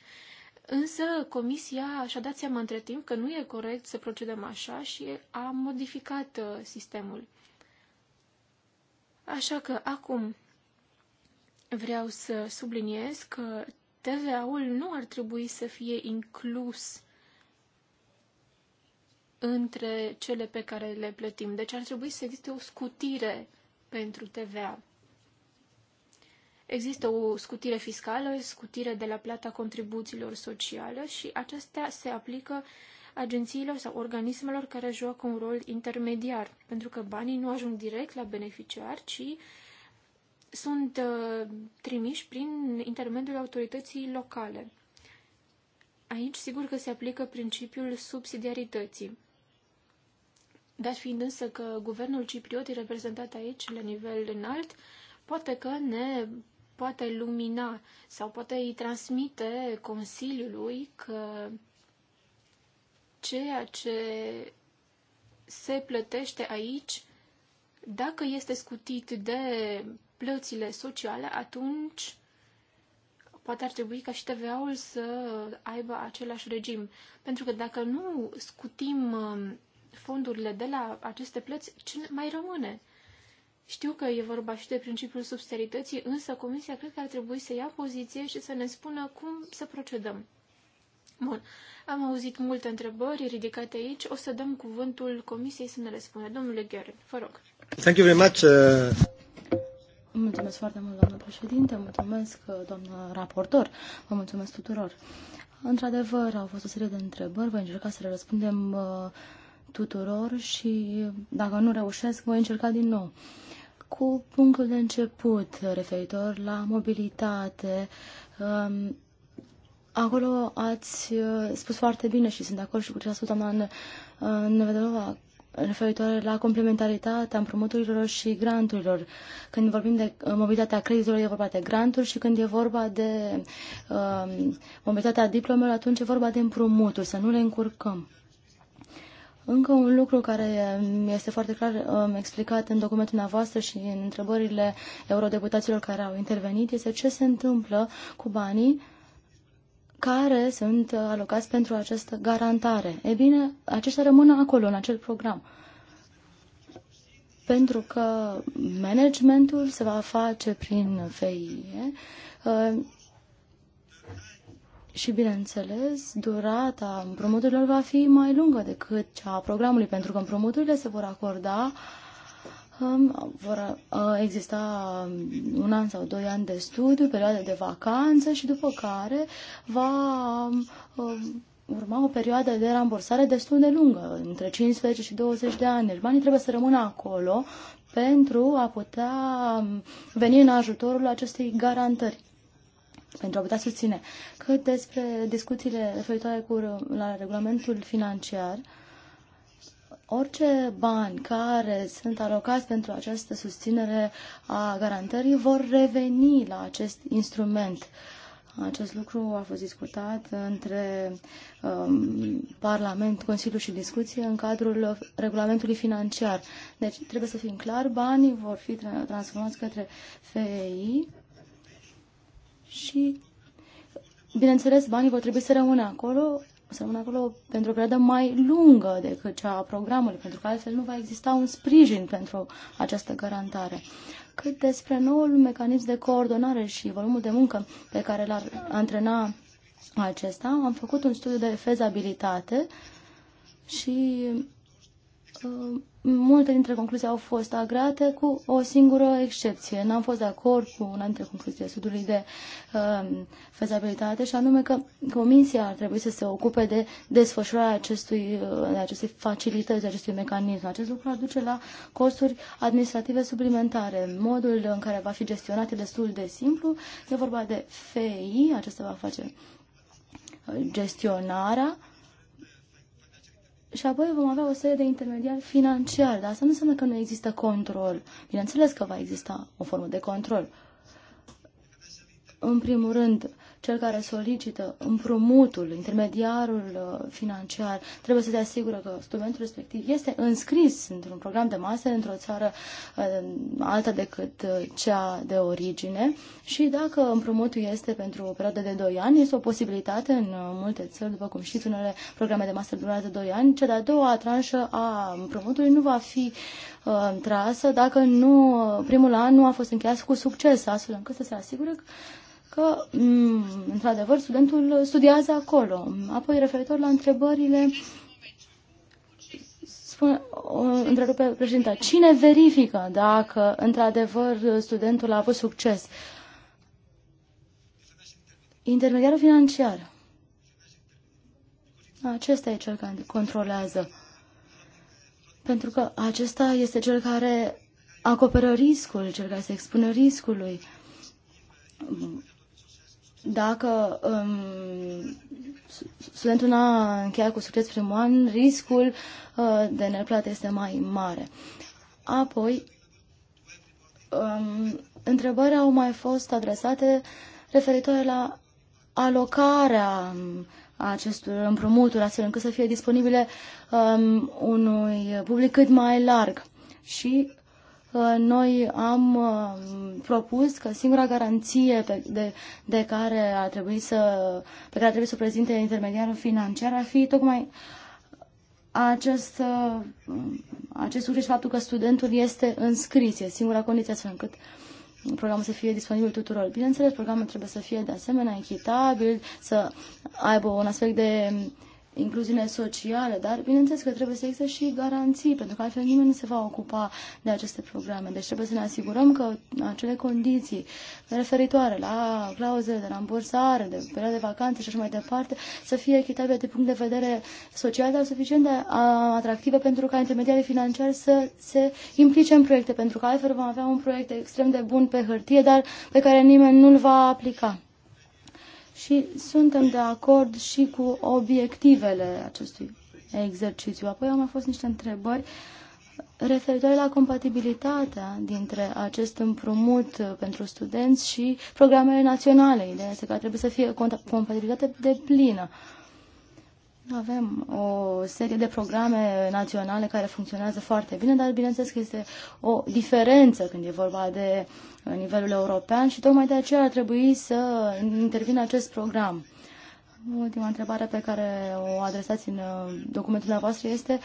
Însă comisia și-a dat seama între timp că nu e corect să procedăm așa și a modificat uh, sistemul. Așa că acum vreau să subliniez că TVA-ul nu ar trebui să fie inclus între cele pe care le plătim. Deci ar trebui să existe o scutire pentru TVA. Există o scutire fiscală, o scutire de la plata contribuțiilor sociale și acestea se aplică agențiilor sau organismelor care joacă un rol intermediar, pentru că banii nu ajung direct la beneficiar, ci sunt uh, trimiși prin intermediul autorității locale. Aici, sigur că se aplică principiul subsidiarității. Dar fiind însă că guvernul cipriot e reprezentat aici la nivel înalt, poate că ne poate lumina sau poate îi transmite Consiliului că ceea ce se plătește aici, dacă este scutit de plățile sociale, atunci poate ar trebui ca și TVA-ul să aibă același regim. Pentru că dacă nu scutim um, fondurile de la aceste plăți, ce mai rămâne? Știu că e vorba și de principiul substerității, însă Comisia cred că ar trebui să ia poziție și să ne spună cum să procedăm. Bun, am auzit multe întrebări ridicate aici. O să dăm cuvântul Comisiei să ne răspundă. Domnule Gheorghe, vă rog. Thank you very much. Uh... Mulțumesc foarte mult, doamnă președinte, mulțumesc, doamnă raportor, vă mulțumesc tuturor. Într-adevăr, au fost o serie de întrebări, voi încerca să le răspundem uh, tuturor și dacă nu reușesc, voi încerca din nou. Cu punctul de început referitor la mobilitate, um, acolo ați uh, spus foarte bine și sunt de acord și cu ce a spus doamna uh, Nevedova referitoare la complementaritatea împrumuturilor și granturilor. Când vorbim de uh, mobilitatea creditelor, e vorba de granturi și când e vorba de uh, mobilitatea diplomelor, atunci e vorba de împrumuturi, să nu le încurcăm. Încă un lucru care este foarte clar um, explicat în documentul dumneavoastră și în întrebările eurodeputaților care au intervenit este ce se întâmplă cu banii care sunt uh, alocați pentru această garantare. E bine, aceștia rămân acolo, în acel program. Pentru că managementul se va face prin FIE uh, și, bineînțeles, durata împrumuturilor va fi mai lungă decât cea a programului, pentru că împrumuturile se vor acorda uh, că uh, vor uh, exista um, un an sau doi ani de studiu, perioade de vacanță și după care va um, um, urma o perioadă de rambursare destul de lungă, între 15 și 20 de ani. Deci banii trebuie să rămână acolo pentru a putea veni în ajutorul acestei garantări pentru a putea susține. Cât despre discuțiile referitoare cu, uh, la regulamentul financiar, uh, Orice bani care sunt alocați pentru această susținere a garantării vor reveni la acest instrument. Acest lucru a fost discutat între um, Parlament, Consiliu și discuție în cadrul regulamentului financiar. Deci trebuie să fim clar, banii vor fi transformați către FEI și, bineînțeles, banii vor trebui să rămână acolo să rămână acolo pentru o perioadă mai lungă decât cea a programului, pentru că altfel nu va exista un sprijin pentru această garantare. Cât despre noul mecanism de coordonare și volumul de muncă pe care l-ar antrena acesta, am făcut un studiu de fezabilitate și uh, multe dintre concluzii au fost agrate cu o singură excepție. N-am fost de acord cu una dintre concluziile studiului de um, uh, fezabilitate și anume că Comisia ar trebui să se ocupe de desfășurarea acestui, de acestei facilități, de acestui mecanism. Acest lucru ar duce la costuri administrative suplimentare. Modul în care va fi gestionat e destul de simplu. E vorba de FEI, acesta va face uh, gestionarea și apoi vom avea o serie de intermediari financiari, dar asta nu înseamnă că nu există control. Bineînțeles că va exista o formă de control. În primul rând, cel care solicită împrumutul, intermediarul uh, financiar, trebuie să se asigură că studentul respectiv este înscris într-un program de master într-o țară uh, alta decât uh, cea de origine și dacă împrumutul este pentru o perioadă de 2 ani, este o posibilitate în multe țări, după cum știți, unele programe de master durează 2 ani, cea de-a doua tranșă a împrumutului nu va fi trasă dacă nu primul an nu a fost încheiat cu succes, astfel încât să se asigure că, mm, într-adevăr, studentul studiază acolo. Apoi, referitor la întrebările, spune, întrerupe președinta, cine verifică dacă, într-adevăr, studentul a avut succes? Intermediarul financiar. Acesta e cel care controlează. Pentru că acesta este cel care acoperă riscul, cel care se expune riscului dacă um, studentul n-a încheiat cu succes primul an, riscul uh, de neplată este mai mare. Apoi, um, întrebări au mai fost adresate referitoare la alocarea um, acestor împrumuturi, astfel încât să fie disponibile um, unui public cât mai larg. Și Ă, noi am ă, propus că singura garanție pe, de, de care ar trebui să, pe care trebui să o prezinte intermediarul financiar ar fi tocmai acest, acest lucru și faptul că studentul este înscris. E singura condiție astfel încât programul să fie disponibil tuturor. Bineînțeles, programul trebuie să fie de asemenea echitabil, să aibă un aspect de uh, incluziune socială, dar bineînțeles că trebuie să existe și garanții, pentru că altfel nimeni nu se va ocupa de aceste programe. Deci trebuie să ne asigurăm că acele condiții referitoare la clauzele de rambursare, de perioade de vacanță și așa mai departe, să fie echitabile de punct de vedere social, dar suficient de atractive pentru ca intermediarii financiari să se implice în proiecte, pentru că altfel vom avea un proiect extrem de bun pe hârtie, dar pe care nimeni nu-l va aplica și suntem de acord și cu obiectivele acestui exercițiu. Apoi au mai fost niște întrebări referitoare la compatibilitatea dintre acest împrumut pentru studenți și programele naționale. Ideea este că trebuie să fie compatibilitate de plină. Uh, avem o serie de programe naționale care funcționează foarte bine, dar bineînțeles că este o diferență când e vorba de nivelul european și tocmai de aceea ar trebui să intervină acest program. Ultima întrebare pe care o adresați în uh, documentul voastră este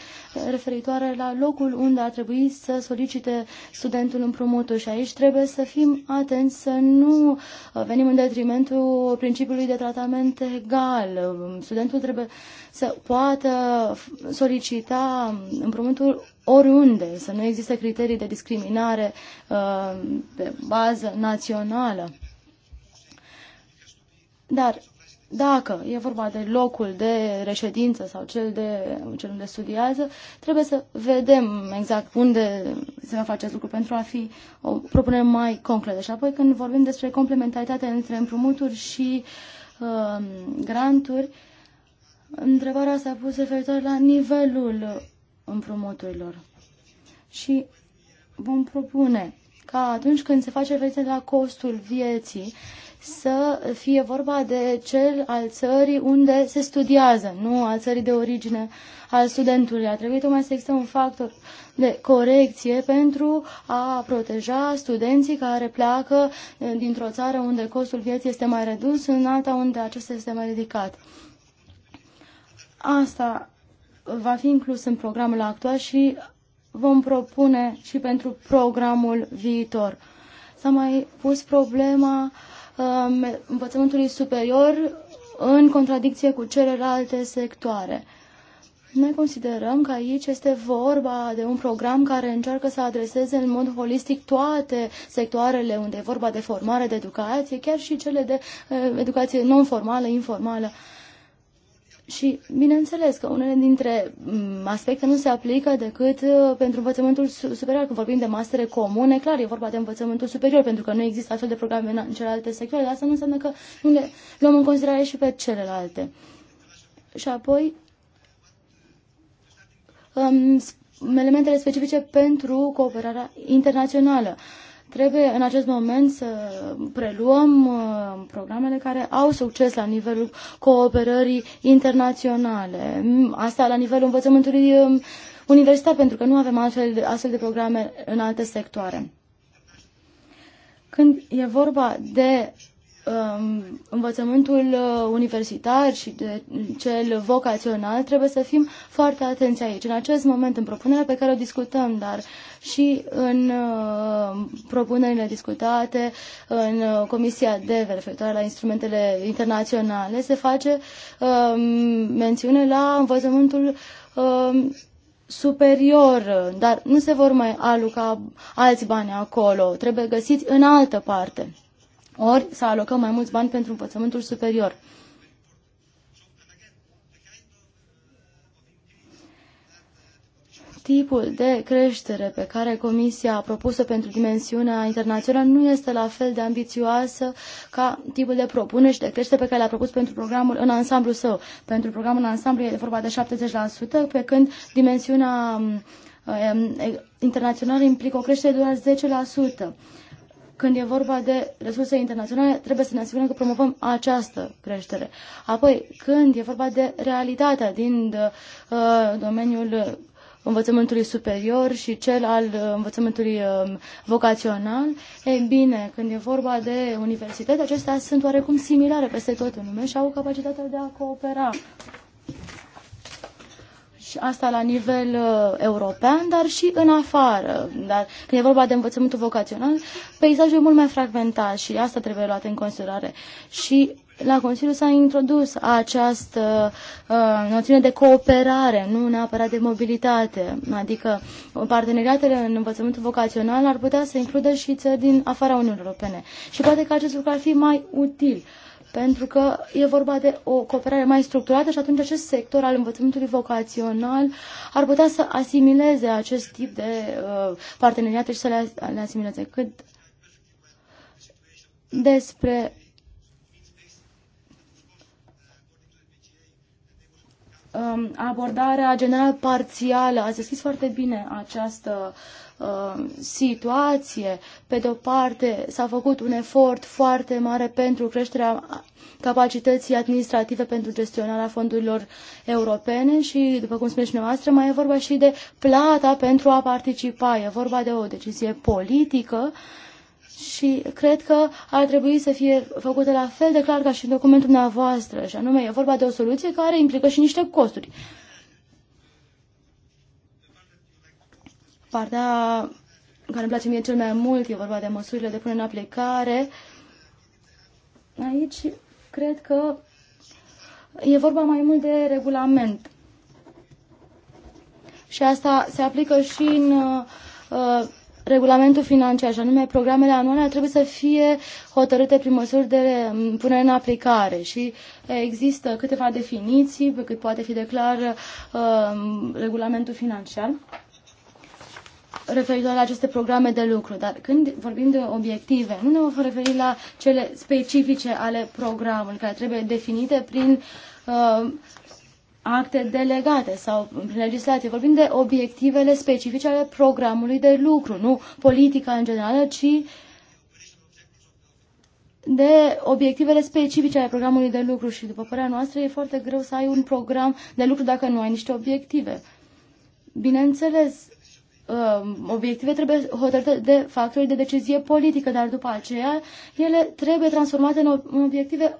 referitoare la locul unde ar trebui să solicite studentul împrumutul și aici trebuie să fim atenți să nu uh, venim în detrimentul principiului de tratament egal. Um, studentul trebuie să poată solicita împrumutul oriunde, să nu există criterii de discriminare uh, pe bază națională. Dar dacă e vorba de locul de reședință sau cel de cel unde studiază, trebuie să vedem exact unde se va face lucru pentru a fi o propunere mai concretă. Și apoi când vorbim despre complementaritate între împrumuturi și uh, granturi, întrebarea s-a pus referitor la nivelul împrumuturilor. Și vom propune ca atunci când se face referință la costul vieții, uh, să fie vorba de cel al țării unde se studiază, nu al țării de origine al studentului. A trebuit mai să existe un factor de corecție pentru a proteja studenții care pleacă dintr-o țară unde costul vieții este mai redus în alta unde acesta este mai ridicat. Asta va fi inclus în programul actual și vom propune și pentru programul viitor. S-a mai pus problema uh, Um, învățământului superior în contradicție cu celelalte sectoare. Noi considerăm că aici este vorba de un program care încearcă să adreseze în mod holistic toate sectoarele unde e vorba de formare, de educație, chiar și cele de uh, educație non-formală, informală. informală și bineînțeles că unele dintre mm, aspecte nu se aplică decât uh, pentru învățământul superior. Când vorbim de mastere comune, clar, e vorba de învățământul superior, pentru că nu există astfel de programe în celelalte sectoare, dar asta nu înseamnă că nu le luăm în considerare și pe celelalte. Și apoi, um, elementele specifice pentru cooperarea internațională. Uh, Trebuie în acest moment să preluăm uh, programele care au succes la nivelul cooperării internaționale. Mm, asta la nivelul învățământului um, universitar, pentru că nu avem astfel, astfel de programe în alte sectoare. Când e vorba de Um, învățământul uh, universitar și de cel vocațional, trebuie să fim foarte atenți aici. În acest moment, în propunerea pe care o discutăm, dar și în uh, propunerile discutate în uh, Comisia de referitoare la instrumentele internaționale, se face um, mențiune la învățământul um, superior, dar nu se vor mai aluca alți bani acolo, trebuie găsiți în altă parte ori să alocăm mai mulți bani pentru învățământul superior. tipul de creștere pe care Comisia a propus-o pentru dimensiunea internațională nu este la fel de ambițioasă ca tipul de propuneri și de creștere pe care l-a propus pentru programul în ansamblu său. Pentru programul în ansamblu e vorba de 70%, pe când dimensiunea um, um, internațională implică o creștere de doar când e vorba de resurse internaționale, trebuie să ne asigurăm că promovăm această creștere. Apoi, când e vorba de realitatea din uh, domeniul învățământului superior și cel al uh, învățământului uh, vocațional. e bine, când e vorba de universități, acestea sunt oarecum similare peste tot în lume și au capacitatea de a coopera și asta la nivel uh, european, dar și în afară. Dar când e vorba de învățământul vocațional, peisajul e mult mai fragmentat și asta trebuie luat în considerare. Și la Consiliu s-a introdus această uh, noțiune de cooperare, nu neapărat de mobilitate. Adică uh, parteneriatele în învățământul vocațional ar putea să includă și țări din afara Uniunii Europene. Și poate că acest lucru ar fi mai util. Uh, pentru că e vorba de o cooperare mai structurată și atunci acest sector al învățământului vocațional ar putea să asimileze acest tip de uh, parteneriate și să le, le asimileze. Cât despre um, abordarea general parțială. Ați deschis foarte bine această um, situație. Pe de-o parte, s-a făcut un efort foarte mare pentru creșterea capacității administrative pentru gestionarea fondurilor europene și, după cum spuneți dumneavoastră, mai e vorba și de plata pentru a participa. E vorba de o decizie politică uh, și cred că ar trebui să fie făcută la fel de clar ca și în documentul dumneavoastră, și anume e vorba de o soluție care implică și niște costuri. Partea care îmi place mie cel mai mult e vorba de măsurile de pune în aplicare. Aici cred că e vorba mai mult de regulament. Și asta se aplică și în uh, regulamentul financiar, și anume programele anuale, trebuie să fie hotărâte prin măsuri de punere în aplicare și eh, există câteva definiții pe cât poate fi declar uh, ehm, regulamentul financiar referitor la aceste programe de lucru, dar când vorbim de obiective, nu ne vom referi la cele specifice ale programului, care trebuie definite prin uh, acte delegate sau legislație. Vorbim de obiectivele specifice ale programului de lucru, nu politica în general, ci de obiectivele specifice ale programului de lucru și, după părerea noastră, e foarte greu să ai un program de lucru dacă nu ai niște obiective. Bineînțeles, um, obiective trebuie hotărâte de factorii de decizie politică, dar după aceea ele trebuie transformate în obiective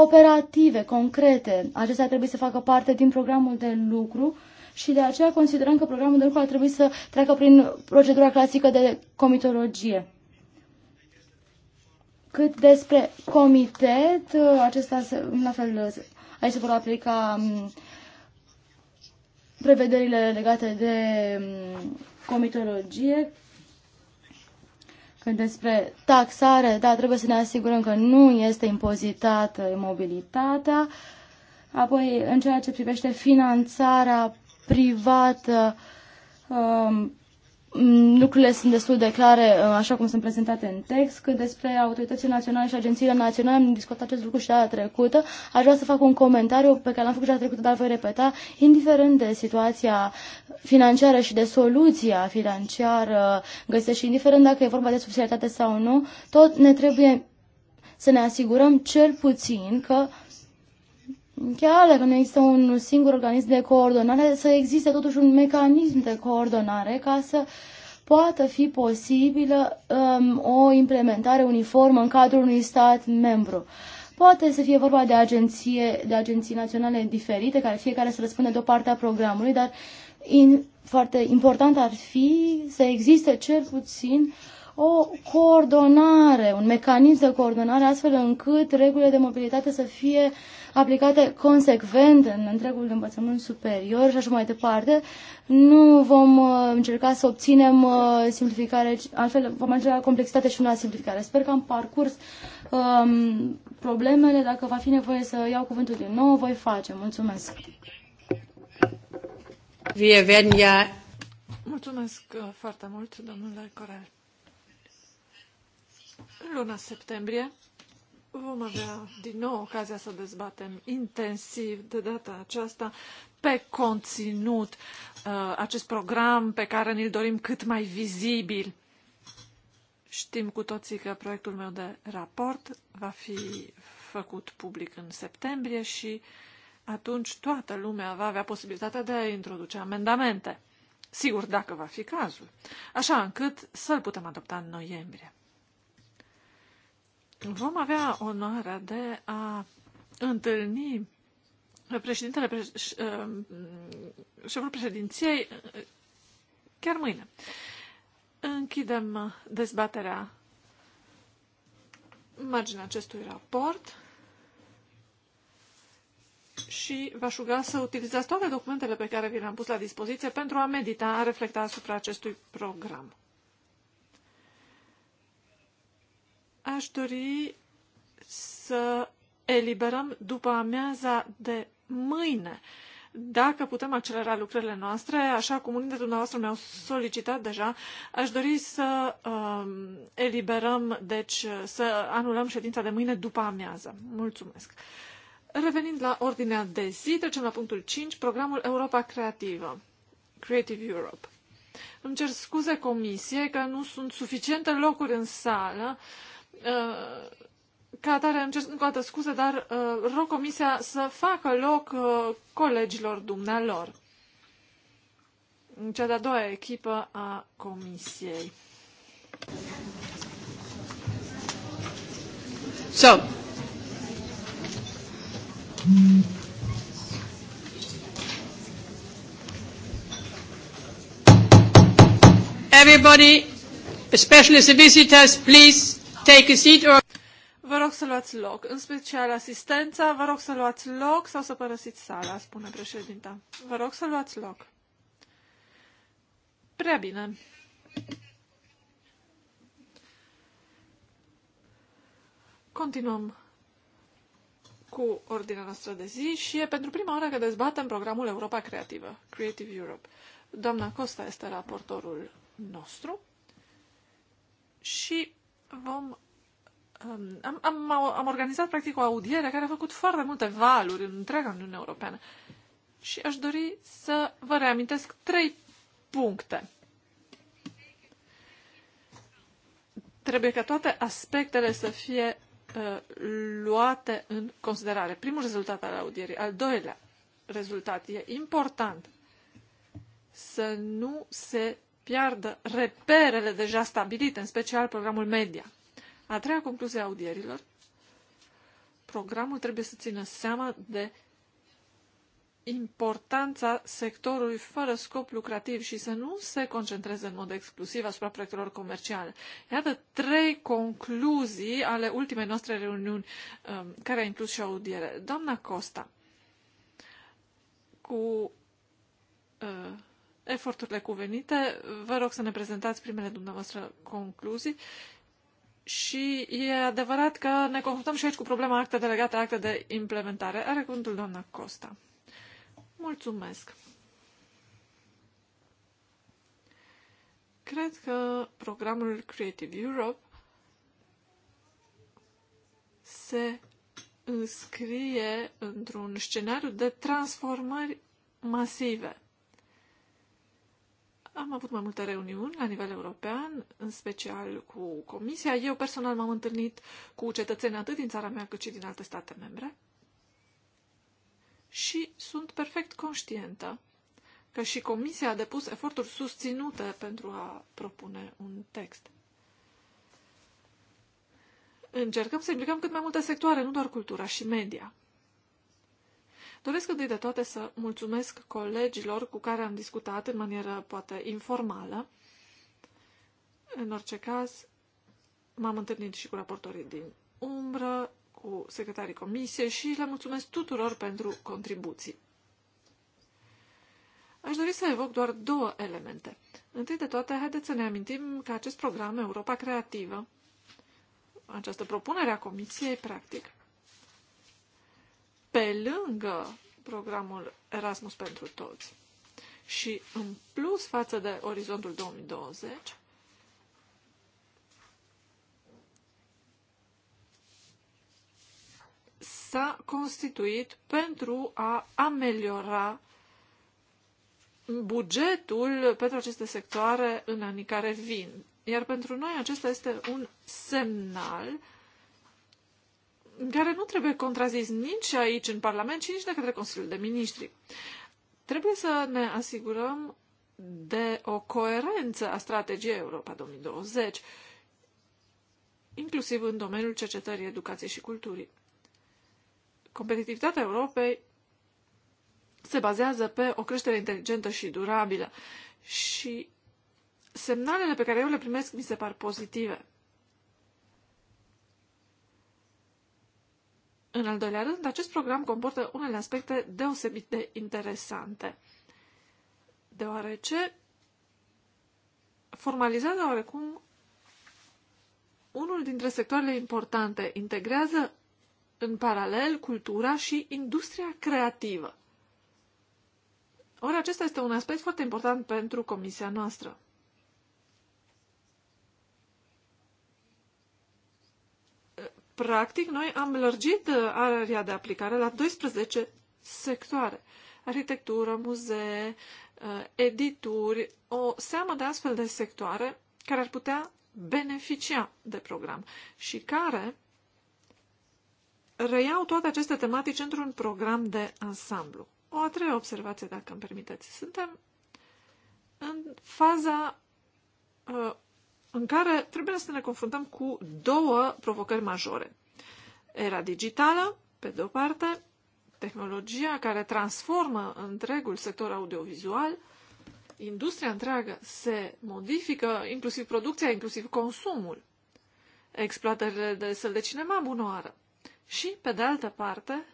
operative, concrete. Acestea trebuie să facă parte din programul de lucru și de aceea considerăm că programul de lucru ar trebui să treacă prin procedura clasică de comitologie. Cât despre comitet, acesta la fel aici se vor aplica mm, prevederile legate de mm, comitologie, despre taxare, da, trebuie să ne asigurăm că nu este impozitată mobilitatea. Apoi, în ceea ce privește finanțarea privată, um, Mm, lucrurile sunt destul de clare, uh, așa cum sunt prezentate în text, că despre autoritățile naționale și agențiile naționale am discutat acest lucru și data trecută. Aș vrea să fac un comentariu pe care l-am făcut și data trecută, dar voi repeta. Indiferent de situația financiară și de soluția financiară găsită și indiferent dacă e vorba de subsidiaritate sau nu, tot ne trebuie să ne asigurăm cel puțin că chiar dacă nu există un singur organism de coordonare, să existe totuși un mecanism de coordonare ca să poată fi posibilă um, o implementare uniformă în cadrul unui stat membru. Poate să fie vorba de, agenție, de agenții naționale diferite, care fiecare să răspunde de o parte a programului, dar in, foarte important ar fi să existe cel puțin o coordonare, un mecanism de coordonare, astfel încât regulile de mobilitate să fie uh, aplicate consecvent în întregul învățământ superior și așa mai departe, nu vom uh, încerca să obținem uh, simplificare, altfel vom ajunge la complexitate și nu la simplificare. Sper că am parcurs um, problemele, dacă va fi nevoie să iau cuvântul din nou, voi face. Mulțumesc! Wir werden Mulțumesc uh, foarte mult, domnule Corel. În luna septembrie vom avea din nou ocazia să dezbatem intensiv de data aceasta pe conținut uh, acest program pe care ne-l dorim cât mai vizibil. Știm cu toții că proiectul meu de raport va fi făcut public în septembrie și atunci toată lumea va avea posibilitatea de a introduce amendamente. Sigur, dacă va fi cazul. Așa încât să-l putem adopta în noiembrie vom avea onoarea de a întâlni președintele, ehm, șeful președinției eh, chiar mâine. Închidem dezbaterea marginea acestui raport și v-aș ruga să utilizați toate documentele pe care vi le-am pus la dispoziție pentru a medita, a reflecta asupra acestui program. Aș dori să eliberăm după amiaza de mâine. Dacă putem accelera lucrările noastre, așa cum unii dintre dumneavoastră mi-au solicitat deja, aș dori să um, eliberăm, deci să anulăm ședința de mâine după amiază. Mulțumesc. Revenind la ordinea de zi, trecem la punctul 5, programul Europa Creativă, Creative Europe. Îmi cer scuze comisie că nu sunt suficiente locuri în sală. Uh, Uh, ca atare îmi cer încă o dată scuze, dar uh, rog comisia să facă loc uh, colegilor dumnealor. Cea de-a doua echipă a comisiei. So. Everybody, especially the visitors, please take a seat or... Vă rog să luați loc, în special asistența, vă rog să luați loc sau să părăsiți sala, spune președinta. Vă rog să luați loc. Prea bine. Continuăm cu ordinea noastră de zi și e pentru prima oară că dezbatem programul Europa Creativă, Creative Europe. Doamna Costa este raportorul nostru și vom um, am, am, am organizat practic o audiere care a făcut foarte multe valuri în întreaga Uniune Europeană. Și aș dori să vă reamintesc trei puncte. Trebuie ca toate aspectele să fie uh, luate în considerare. Primul rezultat al audierii. Al doilea rezultat. E important să nu se piardă reperele deja stabilite, în special programul media. A treia concluzie a audierilor. Programul trebuie să țină seama de importanța sectorului fără scop lucrativ și să nu se concentreze în mod exclusiv asupra proiectelor comerciale. Iată trei concluzii ale ultimei noastre reuniuni um, care a inclus și audiere. Doamna Costa, cu uh, eforturile cuvenite. Vă rog să ne prezentați primele dumneavoastră concluzii și e adevărat că ne confruntăm și aici cu problema acte delegate, acte de implementare. Are cuvântul doamna Costa. Mulțumesc. Cred că programul Creative Europe se înscrie într-un scenariu de transformări masive am avut mai multe reuniuni la nivel european, în special cu Comisia. Eu personal m-am întâlnit cu cetățeni atât din țara mea cât și din alte state membre și sunt perfect conștientă că și Comisia a depus eforturi susținute pentru a propune un text. Încercăm să implicăm cât mai multe sectoare, nu doar cultura și media. Doresc întâi de toate să mulțumesc colegilor cu care am discutat în manieră poate informală. În orice caz, m-am întâlnit și cu raportorii din umbră, cu secretarii comisiei și le mulțumesc tuturor pentru contribuții. Aș dori să evoc doar două elemente. Întâi de toate, haideți să ne amintim că acest program Europa Creativă, această propunere a Comisiei, practic, pe lângă programul Erasmus pentru toți și în plus față de orizontul 2020, s-a constituit pentru a ameliora bugetul pentru aceste sectoare în anii care vin. Iar pentru noi acesta este un semnal care nu trebuie contrazis nici aici în Parlament, ci nici de către Consiliul de Ministri. Trebuie să ne asigurăm de o coerență a strategiei Europa 2020, inclusiv în domeniul cercetării, educației și culturii. Competitivitatea Europei se bazează pe o creștere inteligentă și durabilă și semnalele pe care eu le primesc mi se par pozitive. În al doilea rând, acest program comportă unele aspecte deosebit de interesante, deoarece formalizează oarecum unul dintre sectoarele importante, integrează în paralel cultura și industria creativă. Ori acesta este un aspect foarte important pentru comisia noastră. Practic, noi am lărgit uh, area de aplicare la 12 sectoare. Arhitectură, muzee, uh, edituri, o seamă de astfel de sectoare care ar putea beneficia de program și care reiau toate aceste tematici într-un program de ansamblu. O a treia observație, dacă îmi permiteți. Suntem în faza uh, în care trebuie să ne confruntăm cu două provocări majore. Era digitală, pe de o parte, tehnologia care transformă întregul sector audiovizual, industria întreagă se modifică, inclusiv producția, inclusiv consumul, exploatările de săl de cinema bunoară. Și, pe de altă parte,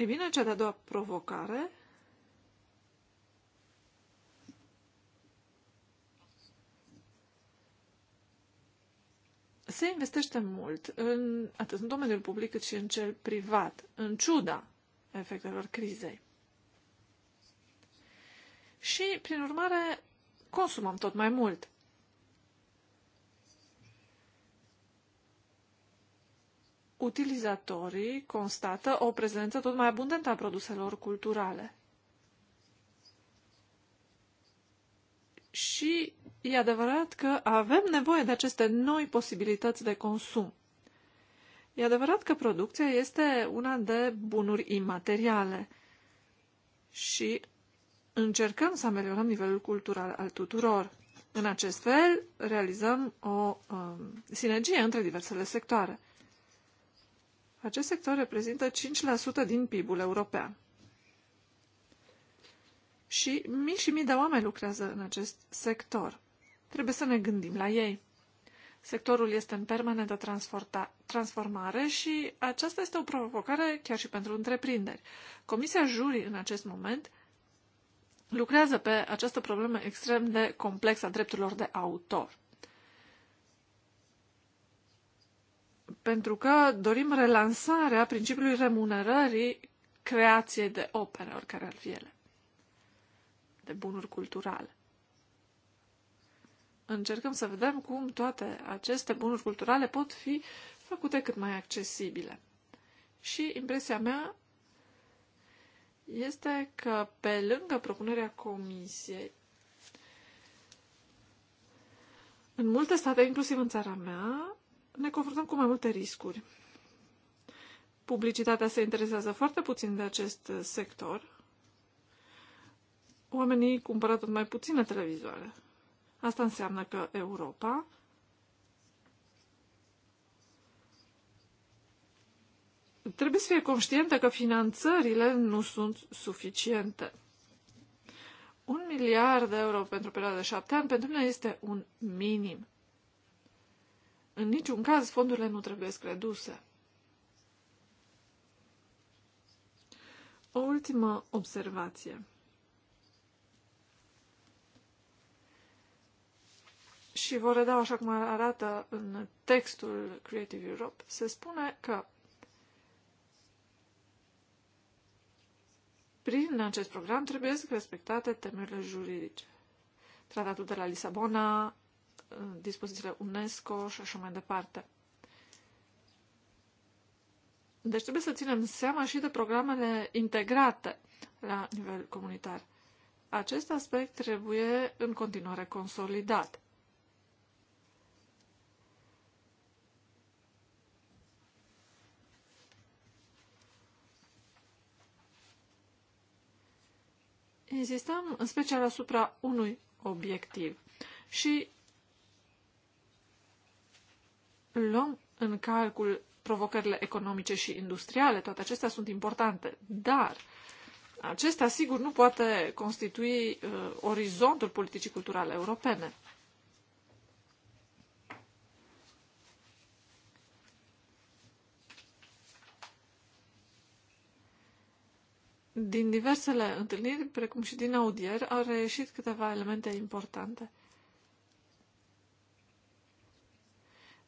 E bine, cea de-a doua provocare se investește mult, în, atât în domeniul public cât și în cel privat, în ciuda efectelor crizei. Și, prin urmare, consumăm tot mai mult. utilizatorii constată o prezență tot mai abundentă a produselor culturale. Și e adevărat că avem nevoie de aceste noi posibilități de consum. E adevărat că producția este una de bunuri imateriale și încercăm să ameliorăm nivelul cultural al tuturor. În acest fel, realizăm o um, sinergie între diversele sectoare. Acest sector reprezintă 5% din PIB-ul european. Și mii și mii de oameni lucrează în acest sector. Trebuie să ne gândim la ei. Sectorul este în permanentă transformare și aceasta este o provocare chiar și pentru întreprinderi. Comisia Jurii în acest moment lucrează pe această problemă extrem de complexă a drepturilor de autor. pentru că dorim relansarea principiului remunerării creației de opere, oricare ar fi ele, de bunuri culturale. Încercăm să vedem cum toate aceste bunuri culturale pot fi făcute cât mai accesibile. Și impresia mea este că pe lângă propunerea comisiei, în multe state, inclusiv în țara mea, ne confruntăm cu mai multe riscuri. Publicitatea se interesează foarte puțin de acest sector. Oamenii cumpără tot mai puține televizoare. Asta înseamnă că Europa trebuie să fie conștientă că finanțările nu sunt suficiente. Un miliard de euro pentru perioada de șapte ani pentru mine este un minim. În niciun caz, fondurile nu trebuie reduse. O ultimă observație. Și vă redau așa cum arată în textul Creative Europe. Se spune că prin acest program trebuie să respectate temerile juridice. Tratatul de la Lisabona, dispozițiile UNESCO și așa mai departe. Deci trebuie să ținem seama și de programele integrate la nivel comunitar. Acest aspect trebuie în continuare consolidat. Insistăm în special asupra unui obiectiv și luăm în calcul provocările economice și industriale, toate acestea sunt importante, dar acestea sigur nu poate constitui uh, orizontul politicii culturale europene. Din diversele întâlniri, precum și din audieri, au reieșit câteva elemente importante.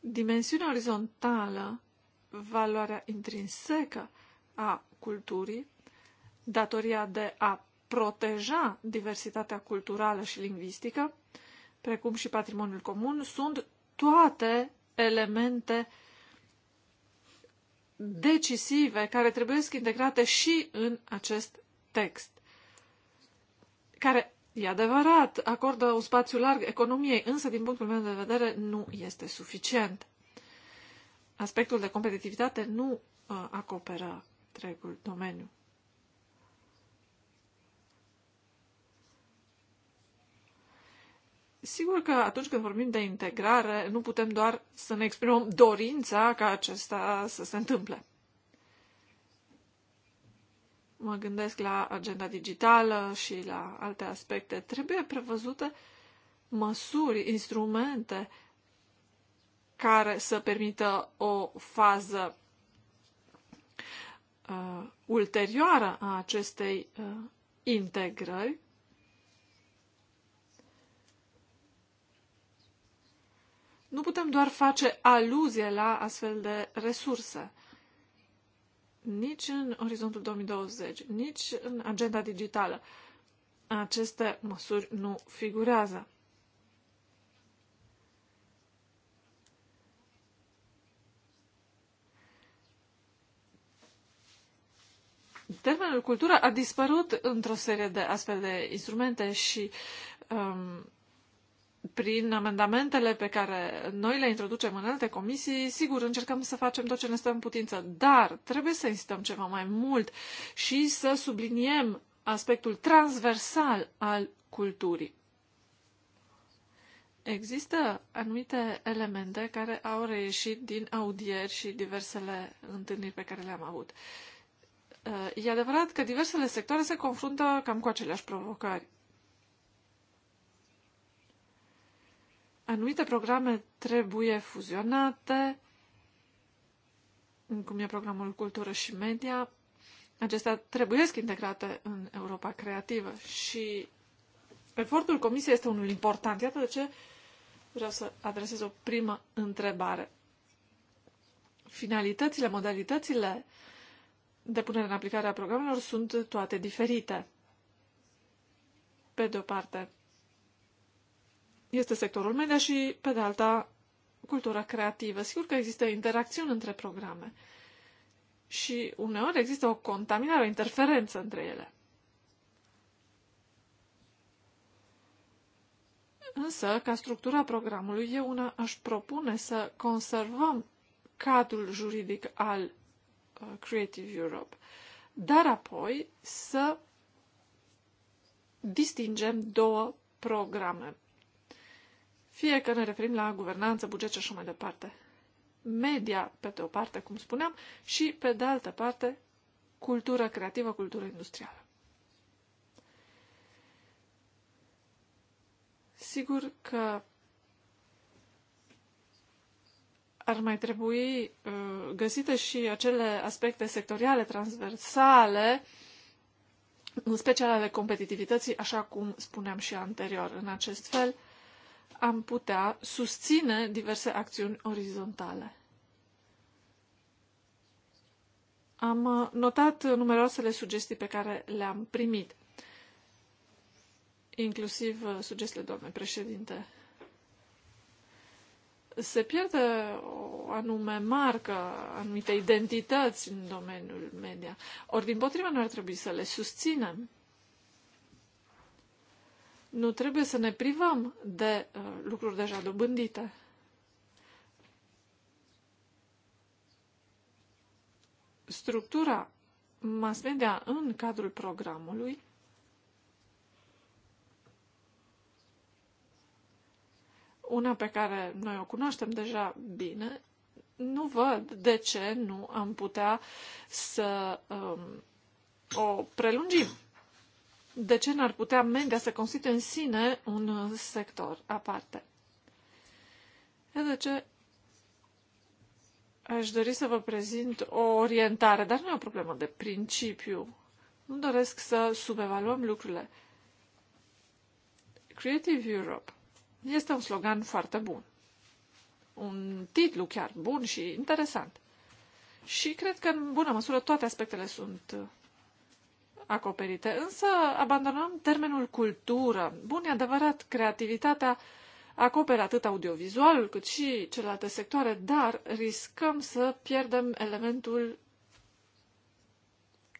dimensiunea orizontală, valoarea intrinsecă a culturii, datoria de a proteja diversitatea culturală și lingvistică, precum și patrimoniul comun, sunt toate elemente decisive care trebuie integrate și în acest text, care E adevărat, acordă un spațiu larg economiei, însă, din punctul meu de vedere, nu este suficient. Aspectul de competitivitate nu uh, acoperă întregul domeniu. Sigur că atunci când vorbim de integrare, nu putem doar să ne exprimăm dorința ca acesta să se întâmple mă gândesc la agenda digitală și la alte aspecte, trebuie prevăzute măsuri, instrumente care să permită o fază uh, ulterioară a acestei uh, integrări. Nu putem doar face aluzie la astfel de resurse. Uh, nici în orizontul 2020, nici în agenda digitală. Aceste măsuri nu figurează. Termenul cultură a dispărut într-o serie de astfel de instrumente și um, prin amendamentele pe care noi le introducem în alte comisii, sigur, încercăm să facem tot ce ne stă în putință, dar trebuie să insistăm ceva mai mult și să subliniem aspectul transversal al culturii. Există anumite elemente care au reieșit din audieri și diversele întâlniri pe care le-am avut. E adevărat că diversele sectoare se confruntă cam cu aceleași provocări. Anumite programe trebuie fuzionate, cum e programul Cultură și Media. Acestea trebuie integrate în Europa Creativă și efortul Comisiei este unul important. Iată de ce vreau să adresez o primă întrebare. Finalitățile, modalitățile de punere în aplicare a programelor sunt toate diferite. Pe de o parte, este sectorul media și, pe de alta, cultura creativă. Sigur că există interacțiuni între programe și uneori există o contaminare, o interferență între ele. Însă, ca structura programului, eu una aș propune să conservăm cadrul juridic al uh, Creative Europe, dar apoi să distingem două programe fie că ne referim la guvernanță, buget și așa mai departe. Media, pe de o parte, cum spuneam, și pe de altă parte, cultură creativă, cultură industrială. Sigur că ar mai trebui uh, găsite și acele aspecte sectoriale, transversale, în special ale competitivității, așa cum spuneam și anterior. În acest fel, am putea susține diverse acțiuni orizontale. Am uh, notat numeroasele sugestii pe care le-am primit, inclusiv uh, sugestiile doamnei președinte. Se pierde o anume marcă, anumite identități în domeniul media. Ori, din potrivă, noi ar trebui să le susținem nu trebuie să ne privăm de uh, lucruri deja dobândite. Structura mass media în cadrul programului una pe care noi o cunoaștem deja bine, nu văd de ce nu am putea să um, o prelungim de ce n-ar putea media să constituie în sine un uh, sector aparte? E de ce aș dori să vă prezint o orientare, dar nu e o problemă de principiu. Nu doresc să subevaluăm lucrurile. Creative Europe este un slogan foarte bun. Un titlu chiar bun și interesant. Și cred că, în bună măsură, toate aspectele sunt uh, acoperite. Însă abandonăm termenul cultură. Bun, e adevărat, creativitatea acoperă atât audiovizualul cât și celelalte sectoare, dar riscăm să pierdem elementul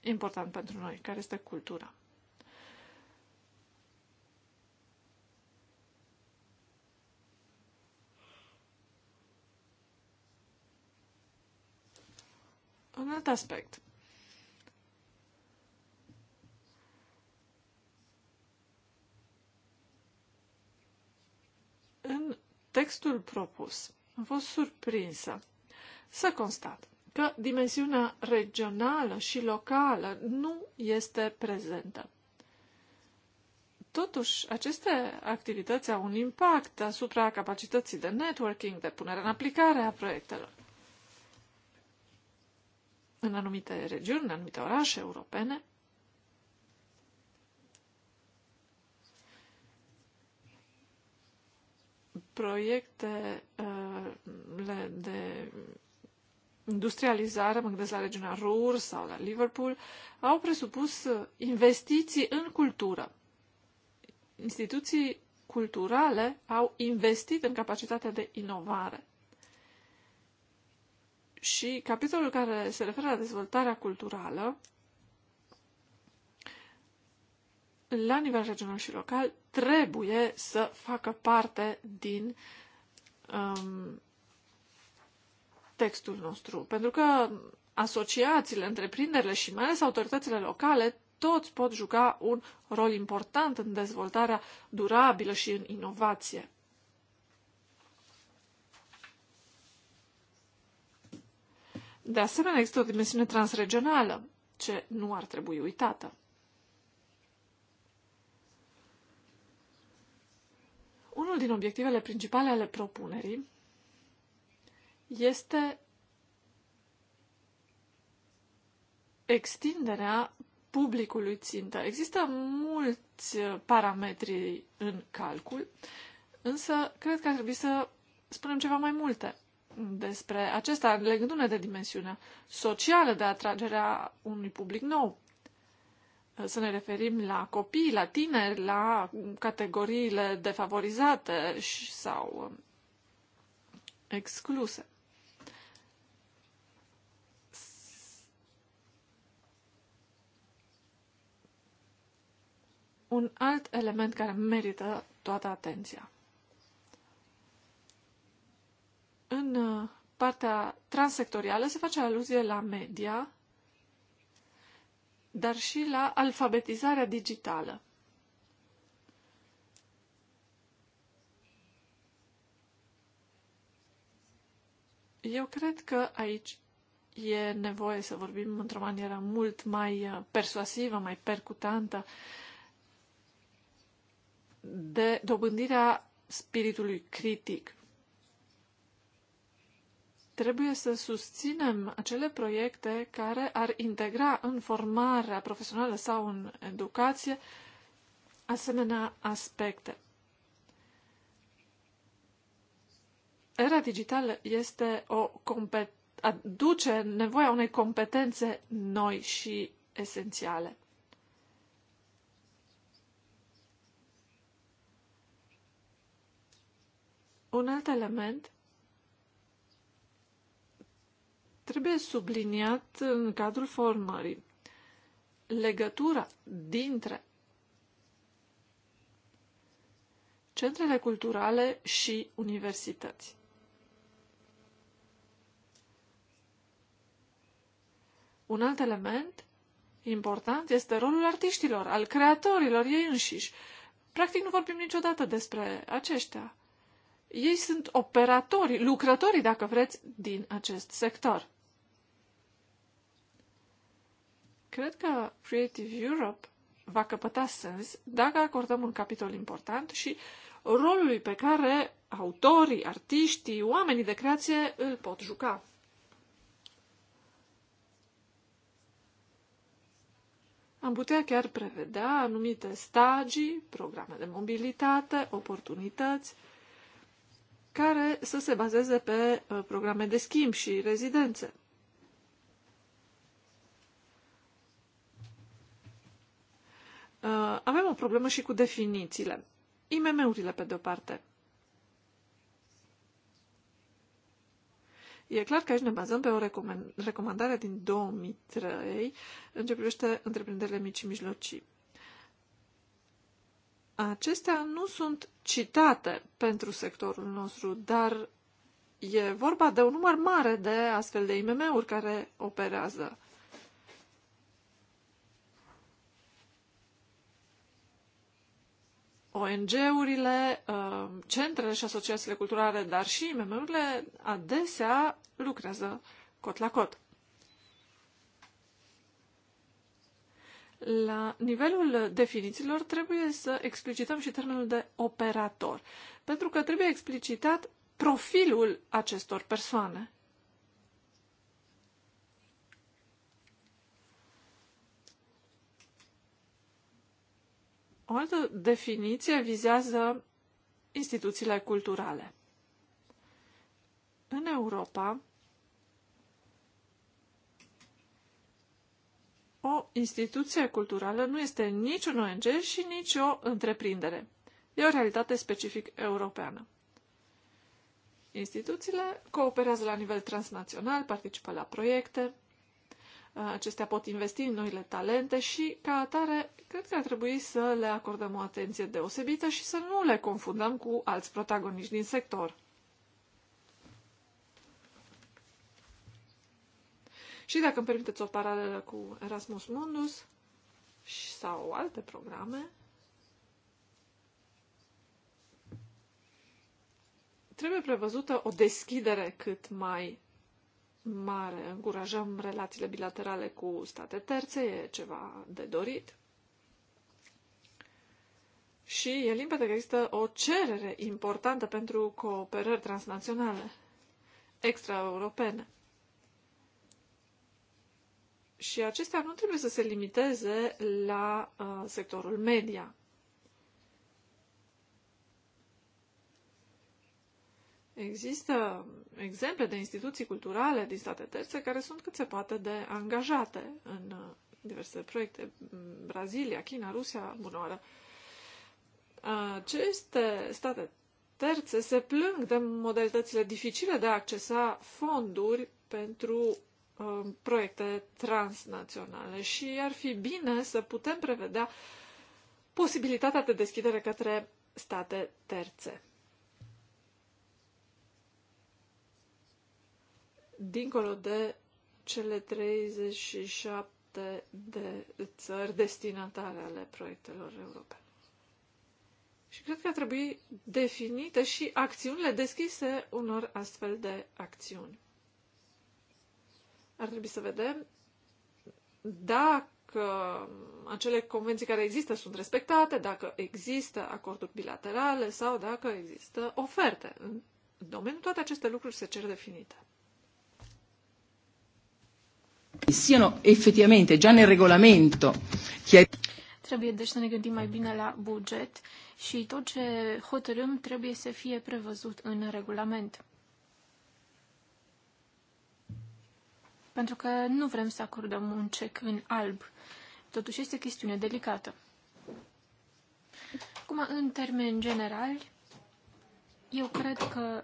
important pentru noi, care este cultura. Un alt aspect. în textul propus, am fost surprinsă să constat că dimensiunea regională și locală nu este prezentă. Totuși, aceste activități au un impact asupra capacității de networking, de punere în aplicare a proiectelor. În anumite regiuni, în anumite orașe europene, proiectele uh, de industrializare, mă gândesc la regiunea Ruhr sau la Liverpool, au presupus investiții în cultură. Instituții culturale au investit în capacitatea de inovare. Și capitolul care se referă la dezvoltarea culturală la nivel regional și local, trebuie să facă parte din um, textul nostru. Pentru că asociațiile, întreprinderile și mai ales autoritățile locale, toți pot juca un rol important în dezvoltarea durabilă și în inovație. De asemenea, există o dimensiune transregională, ce nu ar trebui uitată. unul din obiectivele principale ale propunerii este extinderea publicului țintă. Există mulți parametri în calcul, însă cred că ar trebui să spunem ceva mai multe despre acesta, legându-ne de dimensiunea socială de atragerea unui public nou să ne referim la copii, la tineri, la categoriile defavorizate sau um, excluse. Un alt element care merită toată atenția. În uh, partea transsectorială se face aluzie la media dar și la alfabetizarea digitală. Eu cred că aici e nevoie să vorbim într-o manieră mult mai uh, persuasivă, mai percutantă de dobândirea spiritului critic. Trebuie să susținem acele proiecte care ar integra în formarea profesională sau în educație asemenea aspecte. Era digitală este o aduce nevoia unei competențe noi și esențiale. Un alt element Trebuie subliniat în cadrul formării legătura dintre centrele culturale și universități. Un alt element important este rolul artiștilor, al creatorilor ei înșiși. Practic nu vorbim niciodată despre aceștia. Ei sunt operatorii, lucrătorii, dacă vreți, din acest sector. Cred că Creative Europe va căpăta sens dacă acordăm un capitol important și rolului pe care autorii, artiștii, oamenii de creație îl pot juca. Am putea chiar prevedea anumite stagii, programe de mobilitate, oportunități, care să se bazeze pe uh, programe de schimb și rezidențe. Uh, avem o problemă și cu definițiile. IMM-urile, pe de-o parte. E clar că aici ne bazăm pe o recomandare din 2003 în ce privește întreprinderile mici și mijlocii. Acestea nu sunt citate pentru sectorul nostru, dar e vorba de un număr mare de astfel de IMM-uri care operează ONG-urile, uh, centrele și asociațiile culturale, dar și IMM-urile adesea lucrează cot la cot. La nivelul definițiilor trebuie să explicităm și termenul de operator, pentru că trebuie explicitat profilul acestor persoane. O altă definiție vizează instituțiile culturale. În Europa, o instituție culturală nu este nici un ONG și nici o întreprindere. E o realitate specific europeană. Instituțiile cooperează la nivel transnațional, participă la proiecte, acestea pot investi în noile talente și, ca atare, cred că ar trebui să le acordăm o atenție deosebită și să nu le confundăm cu alți protagoniști din sector. Și dacă îmi permiteți o paralelă cu Erasmus Mundus sau alte programe, trebuie prevăzută o deschidere cât mai mare. Încurajăm relațiile bilaterale cu state terțe, e ceva de dorit. Și e limpede că există o cerere importantă pentru cooperări transnaționale, extraeuropene. Și acestea nu trebuie să se limiteze la uh, sectorul media. Există exemple de instituții culturale din state terțe care sunt cât se poate de angajate în uh, diverse proiecte. Mm, Brazilia, China, Rusia, bunoară. Uh, aceste state terțe se plâng de modalitățile dificile de a accesa fonduri pentru uh, proiecte transnaționale și ar fi bine să putem prevedea posibilitatea de deschidere către state terțe. dincolo de cele 37 de țări destinatare ale proiectelor europene. Și cred că ar trebui definite și acțiunile deschise unor astfel de acțiuni. Ar trebui să vedem dacă acele convenții care există sunt respectate, dacă există acorduri bilaterale sau dacă există oferte. În domeniul toate aceste lucruri se cer definite siano effettivamente già nel regolamento Trebuie deci să ne gândim mai bine la buget și tot ce hotărâm trebuie să fie prevăzut în regulament. Pentru că nu vrem să acordăm un cec în alb. Totuși este o chestiune delicată. Acum, în termeni generali, eu cred că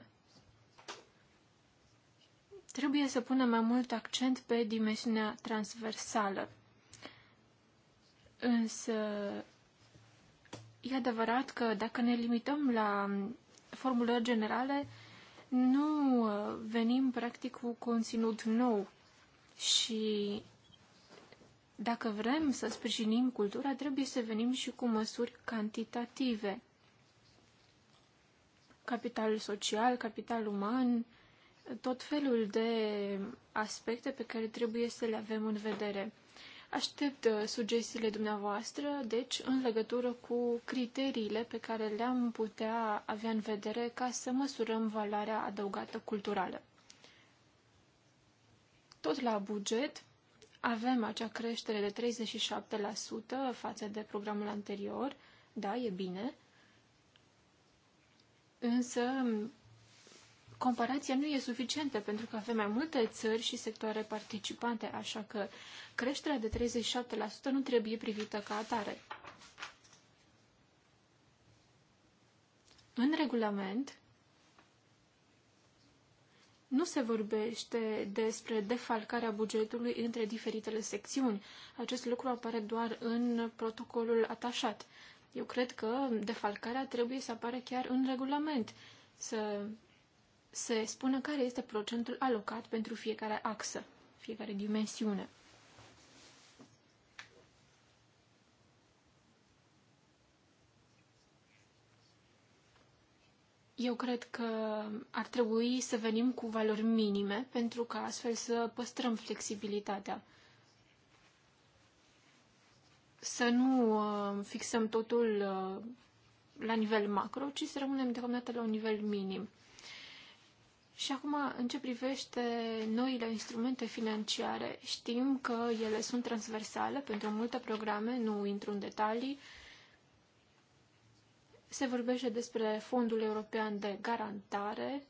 Trebuie să punem mai mult accent pe dimensiunea transversală. Însă, e adevărat că dacă ne limităm la formulări generale, nu uh, venim practic cu conținut nou și dacă vrem să sprijinim cultura, trebuie să venim și cu măsuri cantitative. Capital social, capital uman, tot felul de aspecte pe care trebuie să le avem în vedere. Aștept uh, sugestiile dumneavoastră, deci, în legătură cu criteriile pe care le-am putea avea în vedere ca să măsurăm valoarea adăugată culturală. Tot la buget avem acea creștere de 37% față de programul anterior, da, e bine, însă comparația nu e suficientă pentru că avem mai multe țări și sectoare participante, așa că creșterea de 37% nu trebuie privită ca atare. În regulament nu se vorbește despre defalcarea bugetului între diferitele secțiuni. Acest lucru apare doar în protocolul atașat. Eu cred că defalcarea trebuie să apară chiar în regulament, să se spună care este procentul alocat pentru fiecare axă, fiecare dimensiune. Eu cred că ar trebui să venim cu valori minime pentru ca astfel să păstrăm flexibilitatea. Să nu uh, fixăm totul uh, la nivel macro, ci să rămânem deocamdată la un nivel minim. Și acum, în ce privește noile instrumente financiare, știm că ele sunt transversale pentru multe programe, nu intru în detalii. Se vorbește despre Fondul European de Garantare,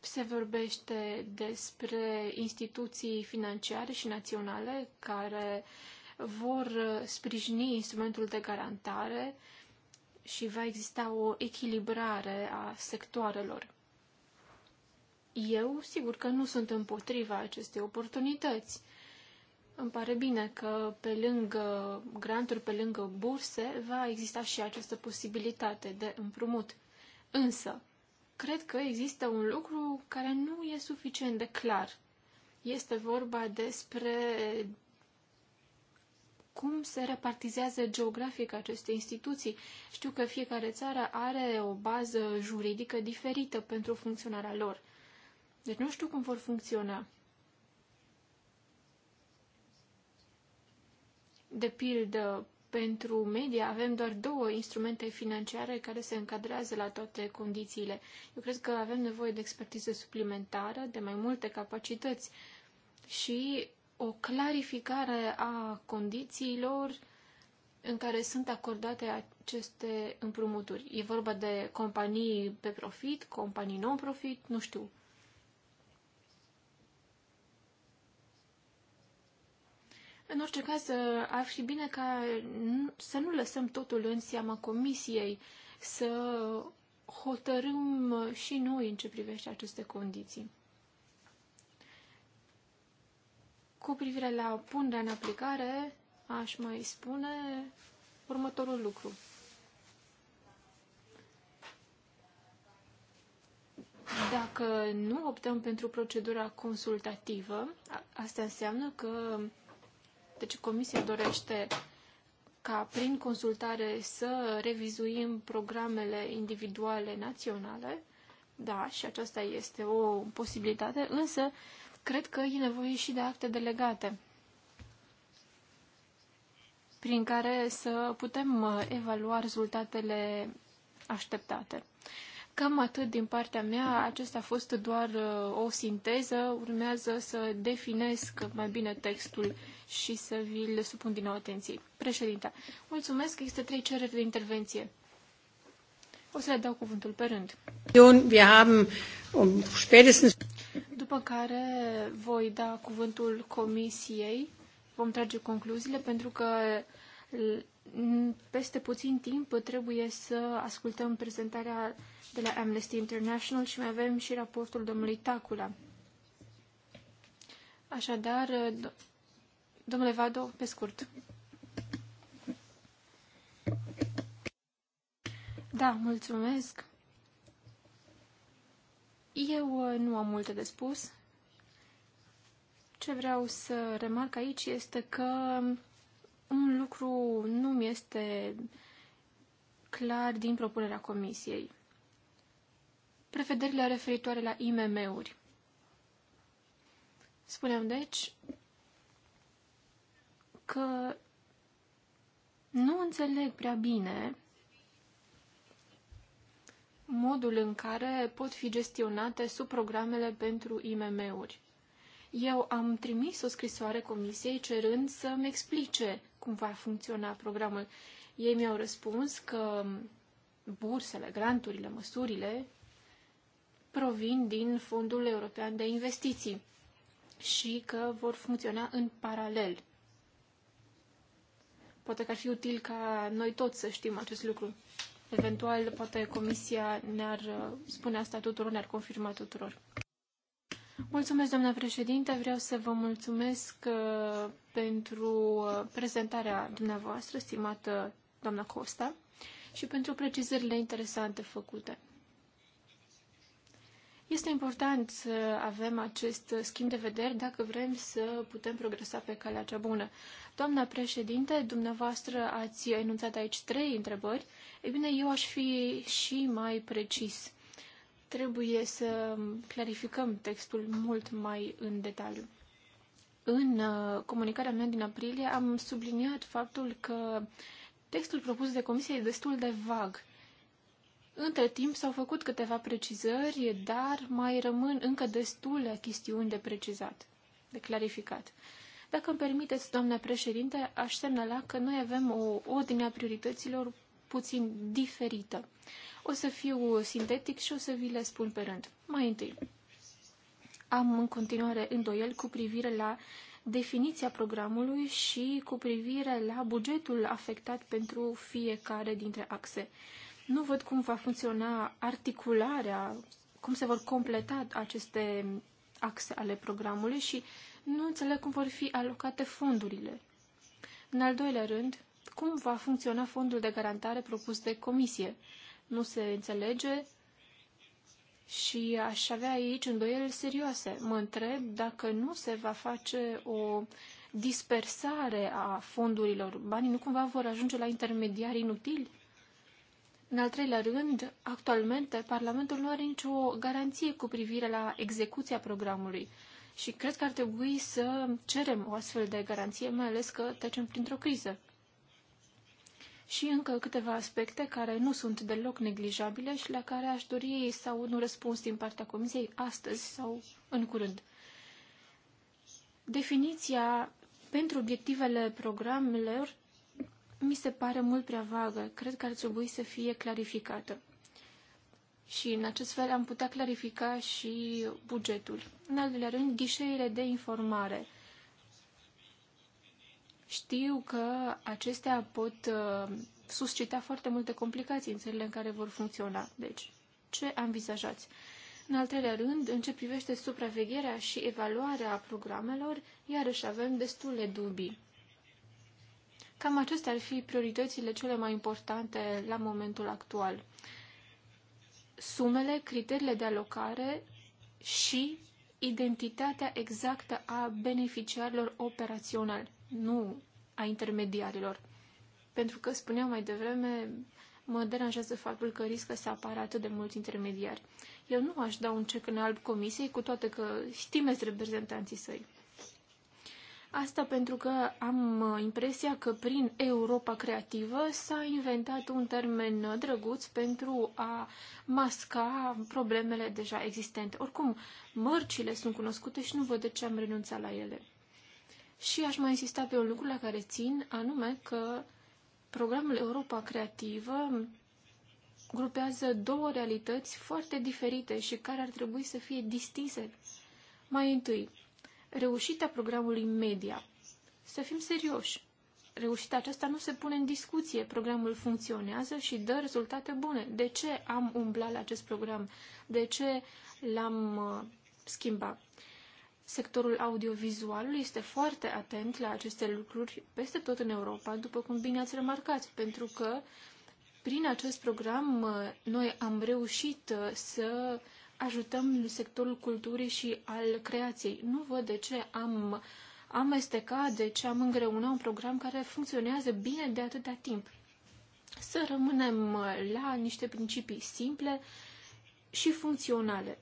se vorbește despre instituții financiare și naționale care vor sprijini instrumentul de garantare, și va exista o echilibrare a sectoarelor. Eu, sigur că nu sunt împotriva acestei oportunități. Îmi pare bine că pe lângă granturi, pe lângă burse, va exista și această posibilitate de împrumut. Însă, cred că există un lucru care nu e suficient de clar. Este vorba despre cum se repartizează geografic aceste instituții. Știu că fiecare țară are o bază juridică diferită pentru funcționarea lor. Deci nu știu cum vor funcționa. De pildă, pentru media avem doar două instrumente financiare care se încadrează la toate condițiile. Eu cred că avem nevoie de expertiză suplimentară, de mai multe capacități și o clarificare a condițiilor în care sunt acordate aceste împrumuturi. E vorba de companii pe profit, companii non-profit, nu știu. În orice caz, ar fi bine ca să nu lăsăm totul în seama comisiei, să hotărâm și noi în ce privește aceste condiții. Cu privire la punerea în aplicare, aș mai spune următorul lucru. Dacă nu optăm pentru procedura consultativă, asta înseamnă că deci Comisia dorește ca prin consultare să revizuim programele individuale naționale, da, și aceasta este o posibilitate, însă cred că e nevoie și de acte delegate prin care să putem uh, evalua rezultatele așteptate. Cam atât din partea mea. Acesta a fost doar uh, o sinteză. Urmează să definesc mai bine textul și să vi-l supun din nou atenției. Președinte, mulțumesc. Există trei cereri de intervenție. O să le dau cuvântul pe rând. Um, după care voi da cuvântul comisiei, vom trage concluziile, pentru că peste puțin timp trebuie să ascultăm prezentarea de la Amnesty International și mai avem și raportul domnului Tacula. Așadar, domnule Vado, pe scurt. Da, mulțumesc. Eu uh, nu am multe de spus. Ce vreau să remarc aici este că un lucru nu mi este clar din propunerea comisiei. Prevederile referitoare la IMM-uri. Spuneam, deci, că nu înțeleg prea bine modul în care pot fi gestionate subprogramele pentru IMM-uri. Eu am trimis o scrisoare comisiei cerând să-mi explice cum va funcționa programul. Ei mi-au răspuns că bursele, granturile, măsurile provin din Fondul European de Investiții și că vor funcționa în paralel. Poate că ar fi util ca noi toți să știm acest lucru. Eventual, poate Comisia ne-ar uh, spune asta tuturor, ne-ar confirma tuturor. Mulțumesc, doamna președinte. Vreau să vă mulțumesc uh, pentru uh, prezentarea dumneavoastră, stimată doamna Costa, și pentru precizările interesante făcute. Este important să avem acest schimb de vederi dacă vrem să putem progresa pe calea cea bună. Doamna președinte, dumneavoastră ați enunțat aici trei întrebări. Ei bine, eu aș fi și mai precis. Trebuie să clarificăm textul mult mai în detaliu. În uh, comunicarea mea din aprilie am subliniat faptul că textul propus de comisie e destul de vag. Între timp s-au făcut câteva precizări, dar mai rămân încă destule chestiuni de precizat, de clarificat. Dacă îmi permiteți, doamna președinte, aș semnala că noi avem o ordine a priorităților puțin diferită. O să fiu sintetic și o să vi le spun pe rând. Mai întâi, am în continuare îndoieli cu privire la definiția programului și cu privire la bugetul afectat pentru fiecare dintre axe. Nu văd cum va funcționa articularea, cum se vor completa aceste axe ale programului și nu înțeleg cum vor fi alocate fondurile. În al doilea rând, cum va funcționa fondul de garantare propus de comisie? Nu se înțelege și aș avea aici îndoieli serioase. Mă întreb dacă nu se va face o dispersare a fondurilor. Banii nu cumva vor ajunge la intermediari inutili? În al treilea rând, actualmente, Parlamentul nu are nicio garanție cu privire la execuția programului și cred că ar trebui să cerem o astfel de garanție, mai ales că trecem printr-o criză. Și încă câteva aspecte care nu sunt deloc neglijabile și la care aș dori să aud un răspuns din partea Comisiei astăzi sau în curând. Definiția pentru obiectivele programelor mi se pare mult prea vagă. Cred că ar trebui să fie clarificată. Și în acest fel am putea clarifica și bugetul. În al doilea rând, ghișeile de informare. Știu că acestea pot uh, suscita foarte multe complicații în țările în care vor funcționa. Deci, ce anvizajați? În al treilea rând, în ce privește supravegherea și evaluarea programelor, iarăși avem destule dubii. Cam acestea ar fi prioritățile cele mai importante la momentul actual. Sumele, criteriile de alocare și identitatea exactă a beneficiarilor operaționali, nu a intermediarilor. Pentru că, spuneam mai devreme, mă deranjează faptul că riscă să apară atât de mulți intermediari. Eu nu aș da un cec în alb comisiei, cu toate că știmeți reprezentanții săi. Asta pentru că am uh, impresia că prin Europa creativă s-a inventat un termen drăguț pentru a masca problemele deja existente. Oricum, mărcile sunt cunoscute și nu văd de ce am renunțat la ele. Și aș mai insista pe un lucru la care țin, anume că programul Europa Creativă grupează două realități foarte diferite și care ar trebui să fie distinse. Mai întâi, reușita programului media. Să fim serioși. Reușita aceasta nu se pune în discuție. Programul funcționează și dă rezultate bune. De ce am umblat la acest program? De ce l-am uh, schimbat? Sectorul audiovizual este foarte atent la aceste lucruri peste tot în Europa, după cum bine ați remarcat, pentru că prin acest program uh, noi am reușit uh, să ajutăm sectorul culturii și al creației. Nu văd de ce am amestecat, de ce am îngreunat un program care funcționează bine de atâta timp. Să rămânem la niște principii simple și funcționale.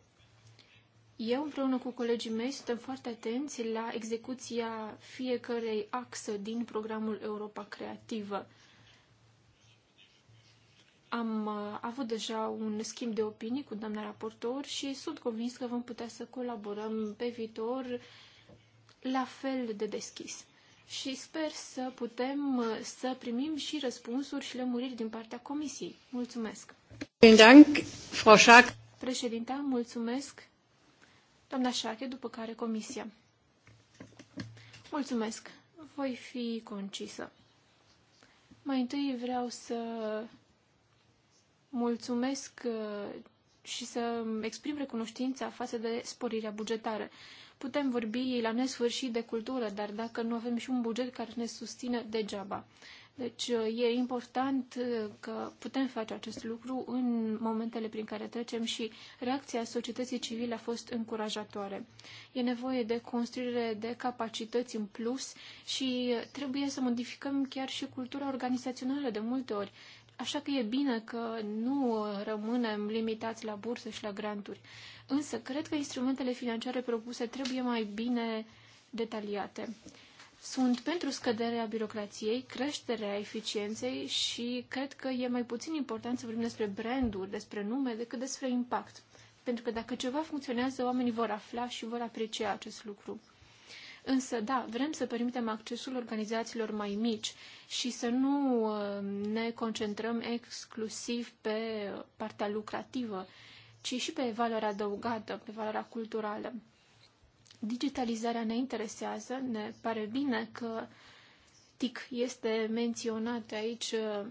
Eu, împreună cu colegii mei, suntem foarte atenți la execuția fiecărei axă din programul Europa Creativă. Am uh, avut deja un schimb de opinii cu doamna raportor și sunt convins că vom putea să colaborăm pe viitor la fel de deschis. Și sper să putem uh, să primim și răspunsuri și lămuriri din partea Comisiei. Mulțumesc! Președinta, mulțumesc! Doamna Șache, după care Comisia. Mulțumesc! Voi fi concisă. Mai întâi vreau să mulțumesc uh, și să exprim recunoștința față de sporirea bugetară. Putem vorbi la nesfârșit de cultură, dar dacă nu avem și un buget care ne susține degeaba. Deci uh, e important uh, că putem face acest lucru în momentele prin care trecem și reacția societății civile a fost încurajatoare. E nevoie de construire de capacități în plus și trebuie să modificăm chiar și cultura organizațională de multe ori. Așa că e bine că nu rămânem limitați la bursă și la granturi. Însă, cred că instrumentele financiare propuse trebuie mai bine detaliate. Sunt pentru scăderea birocrației, creșterea eficienței și cred că e mai puțin important să vorbim despre branduri, despre nume, decât despre impact. Pentru că dacă ceva funcționează, oamenii vor afla și vor aprecia acest lucru. Însă, da, vrem să permitem accesul organizațiilor mai mici și să nu uh, ne concentrăm exclusiv pe partea lucrativă, ci și pe valoarea adăugată, pe valoarea culturală. Digitalizarea ne interesează, ne pare bine că TIC este menționat aici, uh,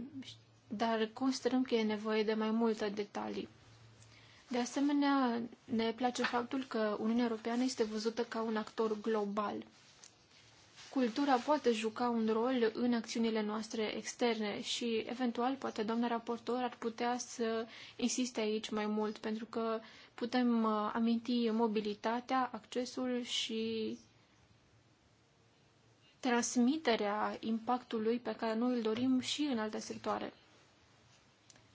dar considerăm că e nevoie de mai multe detalii. De asemenea, ne place faptul că Uniunea Europeană este văzută ca un actor global. Cultura poate juca un rol în acțiunile noastre externe și, eventual, poate doamna raportor ar putea să insiste aici mai mult, pentru că putem uh, aminti mobilitatea, accesul și transmiterea impactului pe care noi îl dorim și în alte sectoare.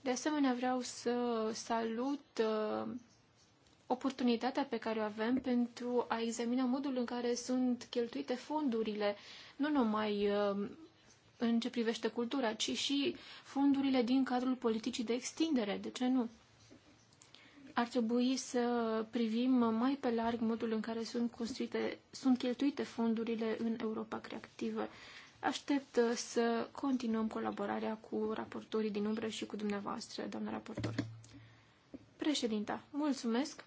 De asemenea, vreau să salut uh, oportunitatea pe care o avem pentru a examina modul în care sunt cheltuite fondurile, nu numai uh, în ce privește cultura, ci și fondurile din cadrul politicii de extindere, de ce nu? Ar trebui să privim mai pe larg modul în care sunt, construite, sunt cheltuite fondurile în Europa creativă. Aștept uh, să continuăm colaborarea cu raportorii din umbră și cu dumneavoastră, doamnă raportor. Președinta, mulțumesc!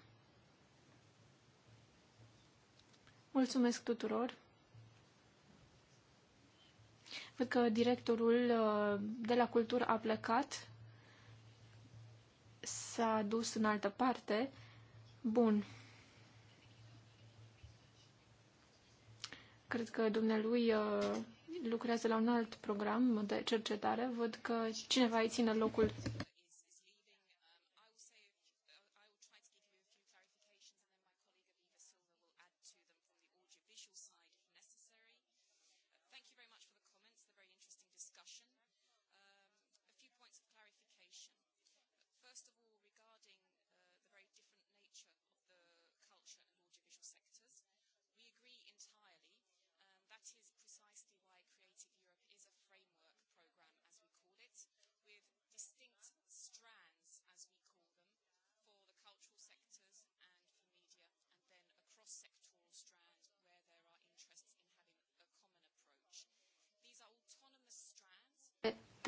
Mulțumesc tuturor! Văd că directorul uh, de la cultură a plecat, s-a dus în altă parte. Bun. Cred că dumnealui uh, lucrează la un alt program de cercetare. Văd că cineva îi ține locul.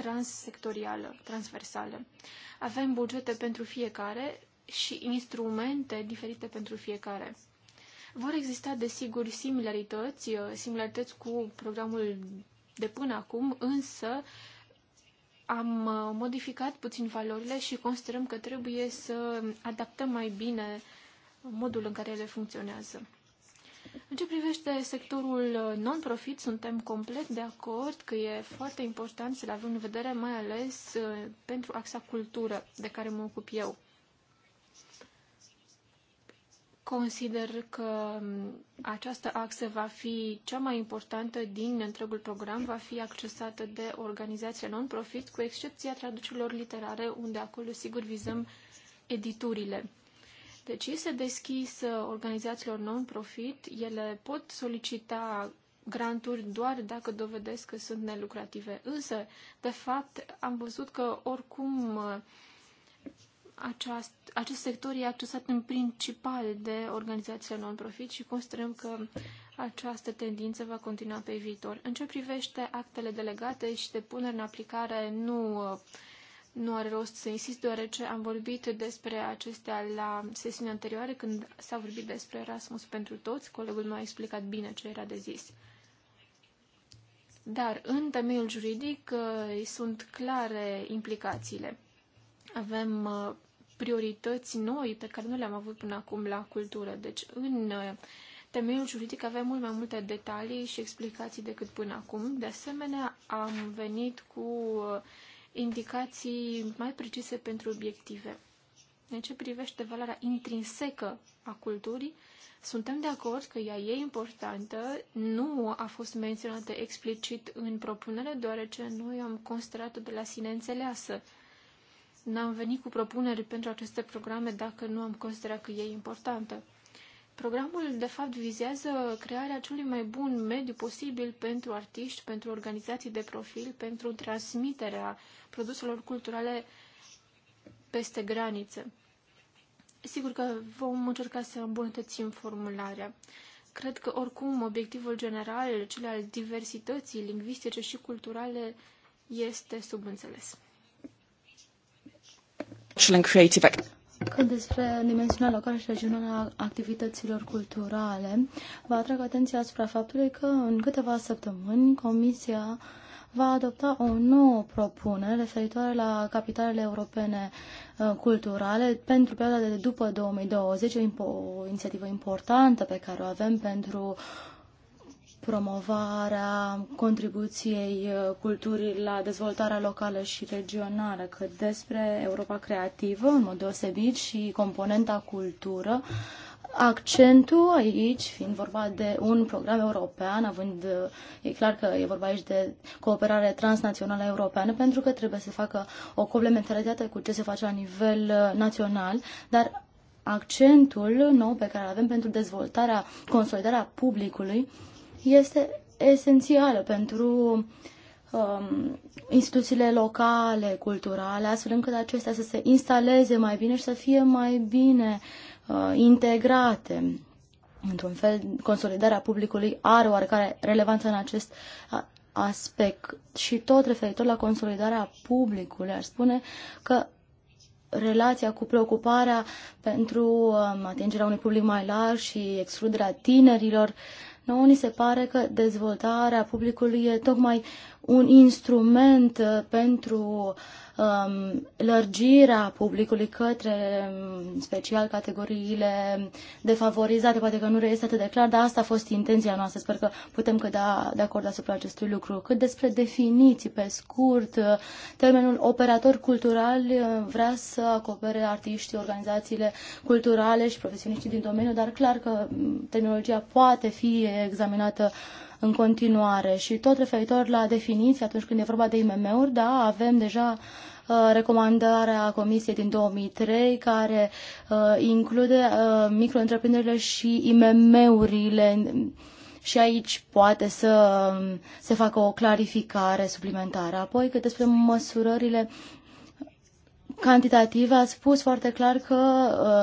transsectorială, transversală. Avem bugete pentru fiecare și instrumente diferite pentru fiecare. Vor exista, desigur, similarități, uh, similarități cu programul de până acum, însă am uh, modificat puțin valorile și considerăm că trebuie să adaptăm mai bine modul în care ele funcționează. În ce privește sectorul uh, non-profit, suntem complet de acord că e foarte important să-l avem în vedere, mai ales uh, pentru axa cultură de care mă ocup eu. Consider că um, această axă va fi cea mai importantă din întregul program, va fi accesată de organizații non-profit, cu excepția traducerilor literare, unde acolo sigur vizăm editurile. Deci este deschis uh, organizațiilor non-profit, ele pot solicita granturi doar dacă dovedesc că sunt nelucrative. Însă, de fapt, am văzut că oricum uh, aceast, acest sector e accesat în principal de organizațiile non-profit și considerăm că această tendință va continua pe viitor. În ce privește actele delegate și de punere în aplicare, nu uh, nu are rost să insist, deoarece am vorbit despre acestea la sesiunea anterioară, când s-a vorbit despre Erasmus pentru toți. Colegul meu a explicat bine ce era de zis. Dar în temeiul juridic uh, sunt clare implicațiile. Avem uh, priorități noi pe care nu le-am avut până acum la cultură. Deci în uh, temeiul juridic avem mult mai multe detalii și explicații decât până acum. De asemenea, am venit cu indicații mai precise pentru obiective. În ce privește valoarea intrinsecă a culturii, suntem de acord că ea e importantă, nu a fost menționată explicit în propunere, deoarece noi am considerat-o de la sine înțeleasă. N-am venit cu propuneri pentru aceste programe dacă nu am considerat că e importantă. Programul, de fapt, vizează crearea celui mai bun mediu posibil pentru artiști, pentru organizații de profil, pentru transmiterea produselor culturale peste granițe. Sigur că vom încerca să îmbunătățim formularea. Cred că, oricum, obiectivul general, cel al diversității lingvistice și culturale, este subînțeles. Cultural creative când despre dimensiunea locală și regională a activităților culturale, vă atrag atenția asupra faptului că în câteva săptămâni Comisia va adopta o nouă propunere referitoare la capitalele europene uh, culturale pentru perioada de după 2020, o inițiativă importantă pe care o avem pentru promovarea contribuției uh, culturii la dezvoltarea locală și regională, că despre Europa creativă, în mod deosebit, și componenta cultură, accentul aici, fiind vorba de un program european, având, uh, e clar că e vorba aici de cooperare transnațională europeană, pentru că trebuie să facă o complementaritate cu ce se face la nivel uh, național, dar accentul nou pe care îl avem pentru dezvoltarea, consolidarea publicului, este esențială pentru um, instituțiile locale, culturale, astfel încât acestea să se instaleze mai bine și să fie mai bine uh, integrate. Într-un fel, consolidarea publicului are oarecare relevanță în acest aspect. Și tot referitor la consolidarea publicului, ar spune că relația cu preocuparea pentru um, atingerea unui public mai larg și excluderea tinerilor uh, Nouă ni se pare că dezvoltarea publicului e tocmai un instrument uh, pentru um, lărgirea publicului către, um, în special, categoriile defavorizate. Poate că nu reiese atât de clar, dar asta a fost intenția noastră. Sper că putem cădea de acord asupra acestui lucru. Cât despre definiții, pe scurt, uh, termenul operator cultural uh, vrea să acopere artiștii, organizațiile culturale și profesioniștii din domeniu, dar clar că mm, terminologia poate fi examinată în continuare. Și tot referitor la definiții, atunci când e vorba de IMM-uri, da, avem deja Uh, recomandarea Comisiei din 2003, care uh, include uh, micro-întreprinderile și IMM-urile. Și aici poate să um, se facă o clarificare suplimentară. Apoi, că despre măsurările cantitative a spus foarte clar că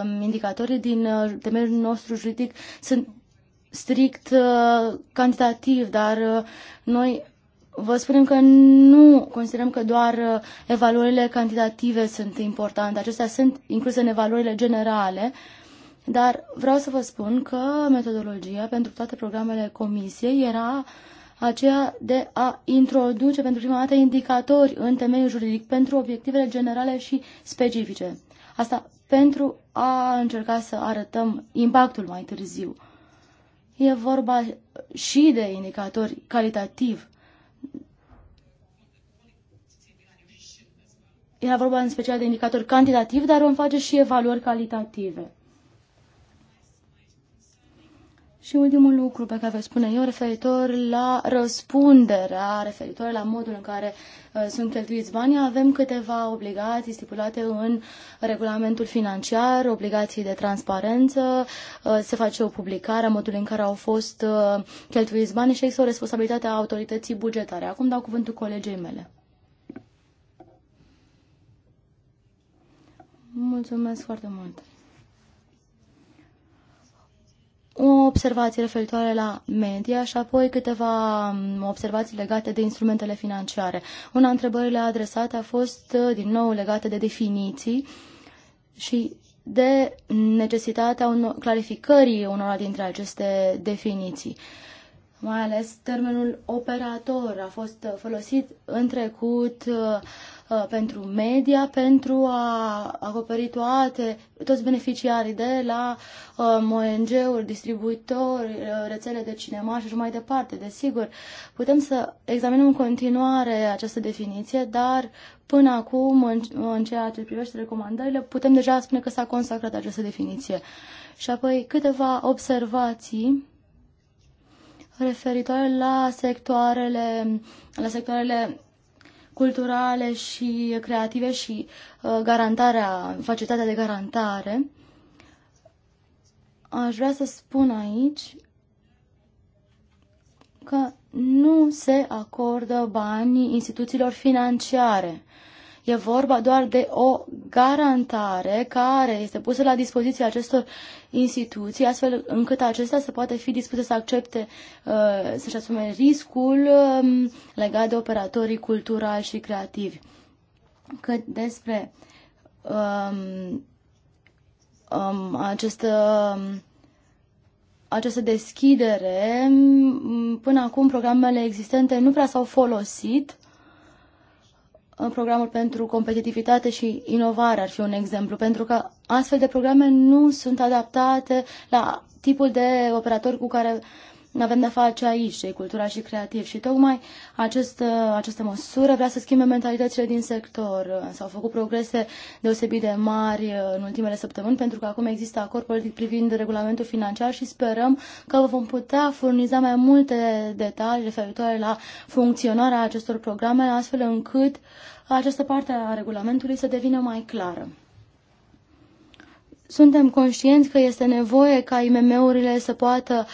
um, indicatorii din uh, temeiul nostru juridic sunt strict uh, cantitativ, dar uh, noi Vă spunem că nu considerăm că doar uh, evaluările cantitative sunt importante, acestea sunt incluse în evaluările generale, dar vreau să vă spun că metodologia pentru toate programele comisiei era aceea de a introduce pentru prima dată indicatori în temeiul juridic pentru obiectivele generale și specifice. Asta pentru a încerca să arătăm impactul mai târziu. E vorba și de indicatori calitativ Era vorba în special de indicatori cantitativi, dar vom face și evaluări calitative. Și ultimul lucru pe care vă spune eu, referitor la răspunderea, referitor la modul în care uh, sunt cheltuiți banii, avem câteva obligații stipulate în regulamentul financiar, obligații de transparență, uh, se face o publicare a modului în care au fost uh, cheltuiți banii și există o responsabilitate a autorității bugetare. Acum dau cuvântul colegei mele. Mulțumesc foarte mult. O observație referitoare la media și apoi câteva observații legate de instrumentele financiare. Una întrebările adresate a fost uh, din nou legată de definiții și de necesitatea unor, clarificării unora dintre aceste definiții. Mai ales termenul operator a fost folosit în trecut uh, Uh, pentru media, pentru a acoperi toate, toți beneficiarii de la um, uh, ONG-uri, distribuitori, uh, rețele de cinema și așa mai departe. Desigur, putem să examinăm în continuare această definiție, dar până acum, în, în ceea ce privește recomandările, putem deja spune că s-a consacrat această definiție. Și apoi câteva observații referitoare la sectoarele, la sectoarele culturale și creative și uh, garantarea, facilitatea de garantare. Aș vrea să spun aici că nu se acordă bani instituțiilor financiare. E vorba doar de o garantare care este pusă la dispoziția acestor instituții, astfel încât acestea să poată fi dispuse să accepte, uh, să-și asume riscul um, legat de operatorii culturali și creativi. Cât despre um, um, această um, această deschidere, până acum programele existente nu prea s-au folosit programul pentru competitivitate și inovare ar fi un exemplu, pentru că astfel de programe nu sunt adaptate la tipul de operatori cu care avem de face aici, cei cultura și creativ. Și tocmai acest, uh, această măsură vrea să schimbe mentalitățile din sector. S-au făcut progrese deosebit de mari uh, în ultimele săptămâni, pentru că acum există acord politic privind regulamentul financiar și sperăm că vom putea furniza mai multe detalii referitoare la funcționarea acestor programe, astfel încât această parte a regulamentului să devină mai clară. Suntem conștienți că este nevoie ca IMM-urile să poată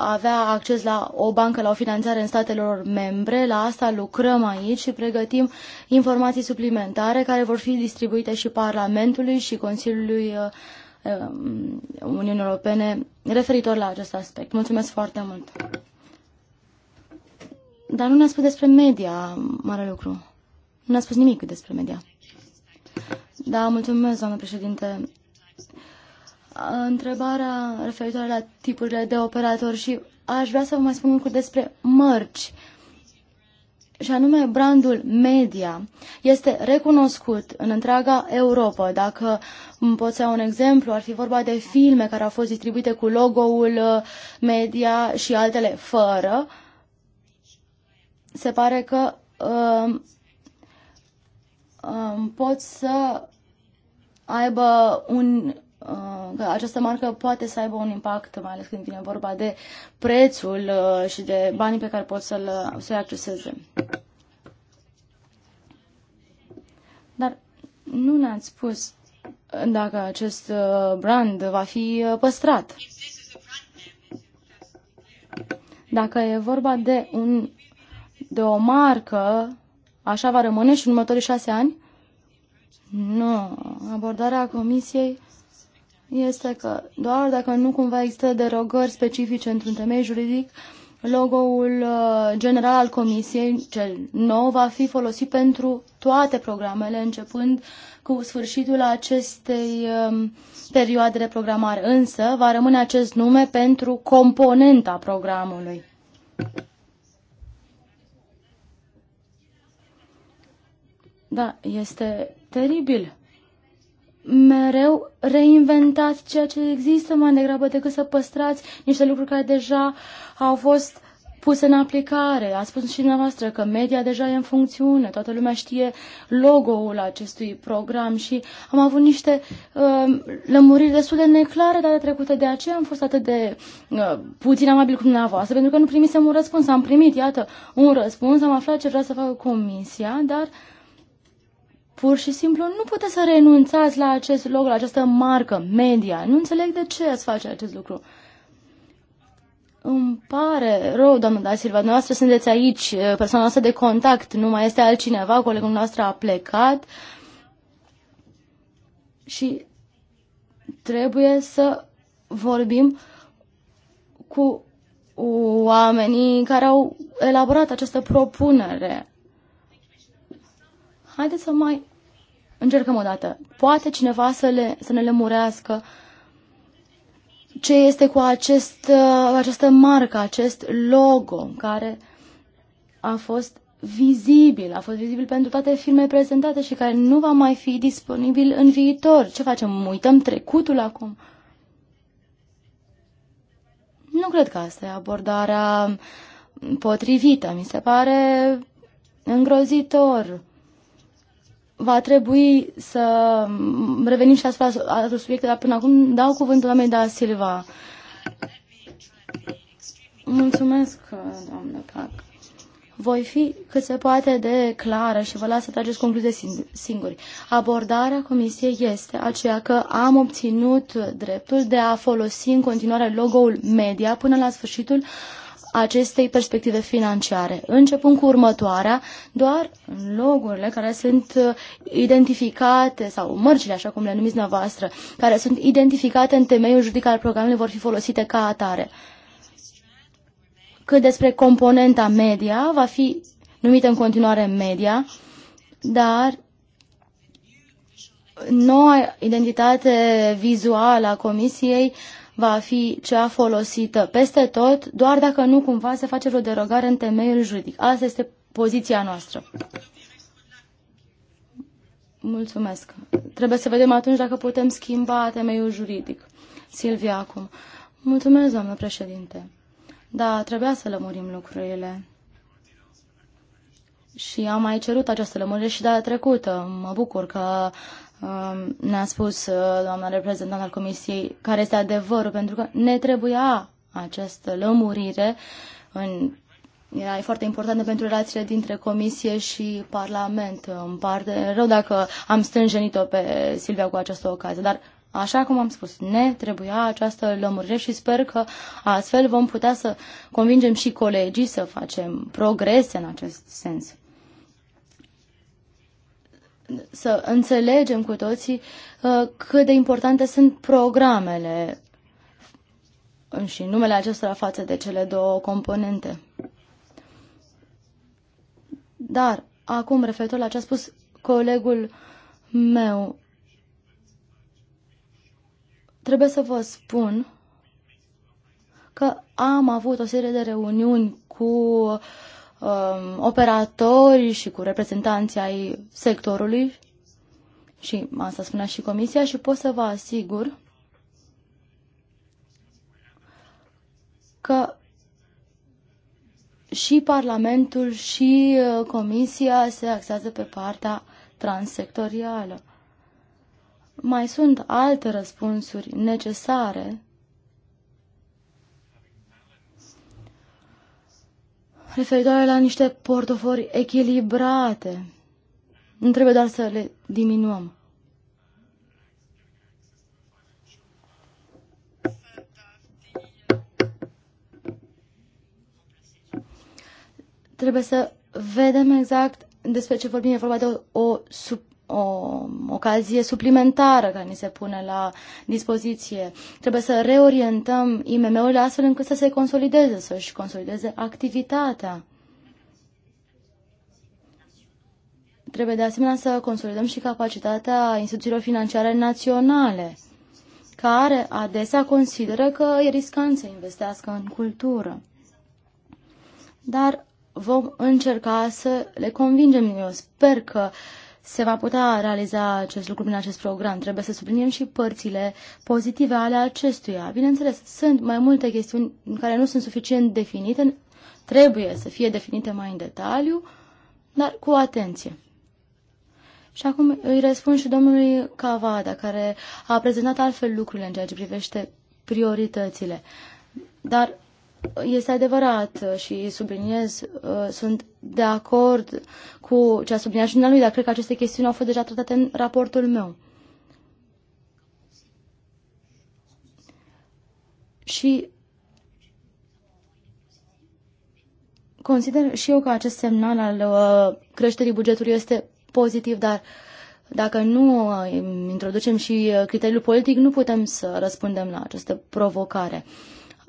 avea acces la o bancă, la o finanțare în statelor membre. La asta lucrăm aici și pregătim informații suplimentare care vor fi distribuite și Parlamentului și Consiliului Uniunii Europene referitor la acest aspect. Mulțumesc foarte mult! Dar nu ne-a spus despre media mare lucru. Nu ne-a spus nimic despre media. Da, mulțumesc, doamnă președinte întrebarea referitoare la tipurile de operatori și aș vrea să vă mai spun un lucru despre mărci. Și anume, brandul media este recunoscut în întreaga Europa. Dacă pot să iau un exemplu, ar fi vorba de filme care au fost distribuite cu logo-ul uh, media și altele fără. Se pare că um, um, pot să aibă un uh, că această marcă poate să aibă un impact, mai ales când vine vorba de prețul uh, și de banii pe care pot să-l, uh, să acceseze. Dar nu ne-ați spus dacă acest brand va fi păstrat. Dacă e vorba de, un, de o marcă, așa va rămâne și în următorii șase ani? Nu. Abordarea Comisiei este că doar dacă nu cumva există derogări specifice într-un temei juridic, logo-ul uh, general al Comisiei, cel nou, va fi folosit pentru toate programele, începând cu sfârșitul acestei um, perioade de programare. Însă, va rămâne acest nume pentru componenta programului. Da, este teribil. Mereu reinventați ceea ce există mai degrabă decât să păstrați niște lucruri care deja au fost puse în aplicare. A spus și dumneavoastră că media deja e în funcțiune, toată lumea știe logo-ul acestui program și am avut niște uh, lămuriri destul de neclare data trecută, de aceea am fost atât de uh, puțin amabil cu dumneavoastră, pentru că nu primisem un răspuns. Am primit, iată, un răspuns, am aflat ce vrea să facă comisia, dar uh, Pur și simplu nu puteți să renunțați la acest loc, la această marcă, media. Nu înțeleg de ce ați face acest lucru. Îmi pare rău, doamnă Da Silva, dumneavoastră sunteți aici, eh, persoana noastră de contact, nu mai este altcineva, colegul nostru a plecat și trebuie să vorbim cu oamenii care au elaborat această propunere haideți să mai încercăm o dată. Poate cineva să, le, să ne lămurească ce este cu acest, uh, această marcă, acest logo care a fost vizibil, a fost vizibil pentru toate filmele prezentate și care nu va mai fi disponibil în viitor. Ce facem? Uităm trecutul acum? Nu cred că asta e abordarea potrivită. Mi se pare îngrozitor va trebui să revenim și asupra altor subiecte, dar până acum dau cuvântul la da Silva. Mulțumesc, doamnă Pac. Voi fi cât se poate de clară și vă las să trageți concluzii singuri. Abordarea comisiei este aceea că am obținut dreptul de a folosi în continuare logo-ul media până la sfârșitul uh, acestei perspective financiare, începând cu următoarea, doar locurile care sunt uh, identificate sau mărcile, așa cum le numiți dumneavoastră, care sunt identificate în temeiul juridic al programului vor fi folosite ca atare. Cât despre componenta media, va fi numită în continuare media, dar noua identitate vizuală a Comisiei uh, va fi cea folosită peste tot, doar dacă nu cumva se face o derogare în temeiul juridic. Asta este poziția noastră. Mulțumesc. Trebuie să vedem atunci dacă putem schimba temeiul juridic. Silvia acum. Mulțumesc, doamnă președinte. Da, trebuia să lămurim lucrurile. Și am mai cerut această lămurire și data trecută. Mă bucur că Um, ne-a spus uh, doamna reprezentant al Comisiei care este adevărul, pentru că ne trebuia această lămurire în era foarte importantă pentru relațiile dintre Comisie și Parlament. Îmi pare rău dacă am strânjenit-o pe Silvia cu această ocazie, dar Așa cum am spus, ne trebuia această lămurire și sper că astfel vom putea să convingem și colegii să facem progrese în acest sens să înțelegem cu toții uh, cât de importante sunt programele și numele acestora față de cele două componente. Dar, acum, referitor la ce a spus colegul meu, trebuie să vă spun că am avut o serie de reuniuni cu um, operatori și cu reprezentanții ai sectorului și asta spunea și comisia și pot să vă asigur că și Parlamentul și uh, Comisia se axează pe partea transsectorială. Mai sunt alte răspunsuri necesare referitoare la niște portofori echilibrate. Nu trebuie doar să le diminuăm. Trebuie să vedem exact despre ce vorbim. E vorba de o, o sub o ocazie suplimentară care ni se pune la dispoziție. Trebuie să reorientăm IMM-urile astfel încât să se consolideze, să-și consolideze activitatea. Trebuie de asemenea să consolidăm și capacitatea instituțiilor financiare naționale, care adesea consideră că e riscant să investească în cultură. Dar vom încerca să le convingem. Eu sper că uh, se va putea realiza acest lucru prin acest program. Trebuie să subliniem și părțile pozitive ale acestuia. Bineînțeles, sunt mai multe chestiuni care nu sunt suficient definite, trebuie să fie definite mai în detaliu, dar cu atenție. Și acum îi răspund și domnului Cavada, care a prezentat altfel lucrurile în ceea ce privește prioritățile. Dar este adevărat și subliniez, uh, sunt de acord cu ce a subliniat și lui, dar cred că aceste chestiuni au fost deja tratate în raportul meu. Și consider și eu că acest semnal al uh, creșterii bugetului este pozitiv, dar dacă nu uh, introducem și criteriul politic, nu putem să răspundem la această provocare.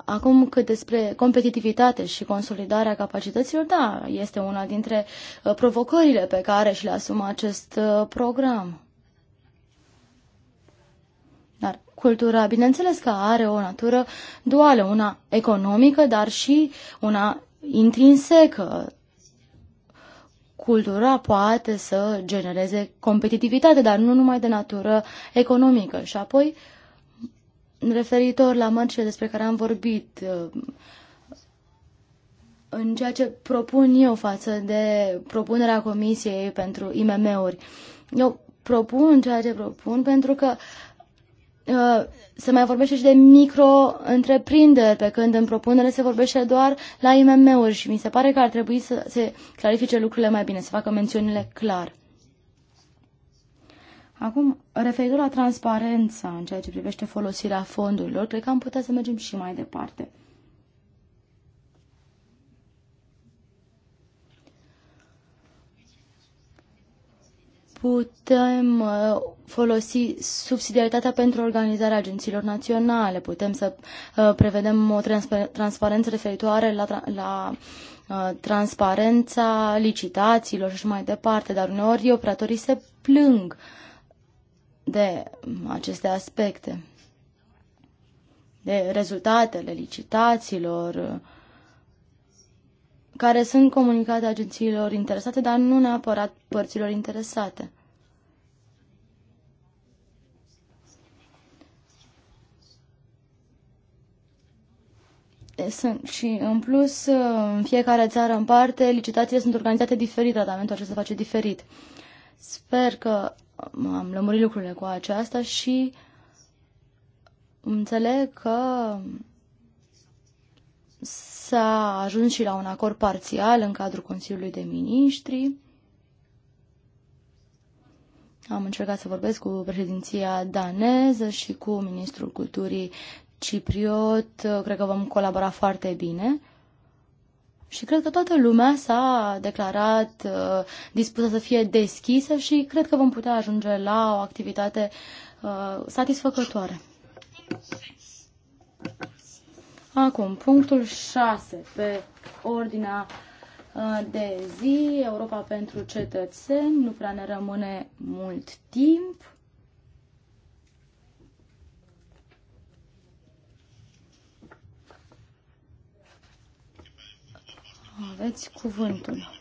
Acum cât despre competitivitate și consolidarea capacităților, da, este una dintre uh, provocările pe care și le asumă acest uh, program. Dar cultura, bineînțeles că are o natură duală, una economică, dar și una intrinsecă. Cultura poate să genereze competitivitate, dar nu numai de natură economică. Și apoi, uh, referitor la mărcile despre care am vorbit, uh, în ceea ce propun eu față de propunerea Comisiei pentru IMM-uri, eu propun ceea ce propun pentru că uh, se mai vorbește și de micro-întreprinderi, pe când în propunere se vorbește doar la IMM-uri și mi se pare că ar trebui să se clarifice lucrurile mai bine, să facă mențiunile clar. Acum, referitor la transparența în ceea ce privește folosirea fondurilor, cred că am putea să mergem și mai departe. putem uh, folosi subsidiaritatea pentru organizarea agențiilor naționale, putem să uh, prevedem o transparență referitoare la, la uh, transparența licitațiilor și mai departe, dar uneori operatorii se plâng uh, de aceste aspecte, de rezultatele licitațiilor care sunt comunicate agențiilor interesate, dar nu neapărat părților interesate. Sunt. Și în plus, în fiecare țară în parte, licitațiile sunt organizate diferit, tratamentul acesta se face diferit. Sper că am lămurit lucrurile cu aceasta și înțeleg că s-a ajuns și la un acord parțial în cadrul Consiliului de Ministri. Am încercat să vorbesc cu președinția daneză și cu ministrul culturii cipriot. Cred că vom colabora foarte bine. Și cred că toată lumea s-a declarat uh, dispusă să fie deschisă și cred că vom putea ajunge la o activitate uh, satisfăcătoare. Acum, punctul 6 pe ordinea uh, de zi, Europa pentru cetățeni, nu prea ne rămâne mult timp. Aveți cuvântul.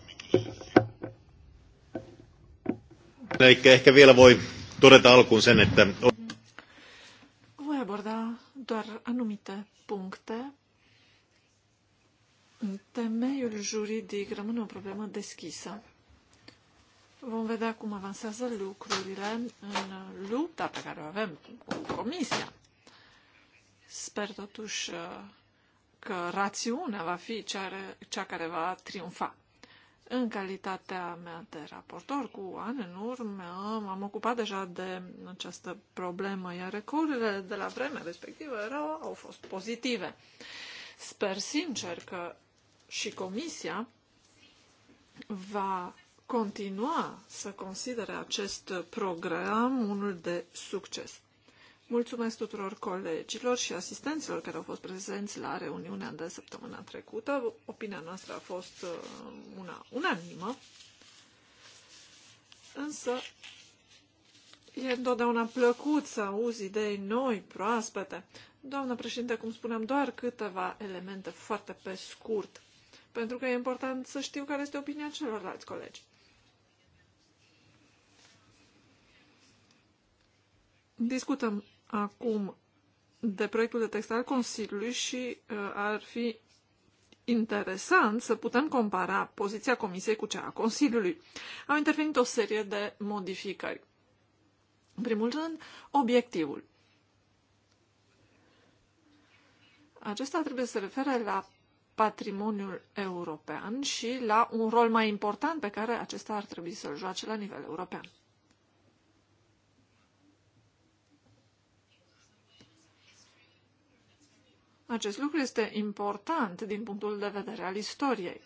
Ehkä, ehkä vielä voi todeta alkuun sen, että... Voi aborda doar anumite puncte. Temeiul juridic rămâne o problemă deschisă. Vom vedea cum avansează lucrurile în lupta pe care o avem cu Comisia. Sper totuși că rațiunea va fi cea, cea care va triumfa. În calitatea mea de raportor, cu ani în urmă, m-am ocupat deja de această problemă, iar recurile de la vremea respectivă erau, au fost pozitive. Sper sincer că și Comisia va continua să considere acest program unul de succes. Mulțumesc tuturor colegilor și asistenților care au fost prezenți la reuniunea de săptămâna trecută. Opinia noastră a fost uh, una unanimă, însă e întotdeauna plăcut să auzi idei noi, proaspete. Doamna președinte, cum spuneam, doar câteva elemente foarte pe scurt, pentru că e important să știu care este opinia celorlalți colegi. Discutăm acum de proiectul de text al Consiliului și uh, ar fi interesant să putem compara poziția Comisiei cu cea a Consiliului. Au intervenit o serie de modificări. În primul rând, obiectivul. Acesta trebuie să se refere la patrimoniul european și la un rol mai important pe care acesta ar trebui să-l joace la nivel european. Acest lucru este important din punctul de vedere al istoriei.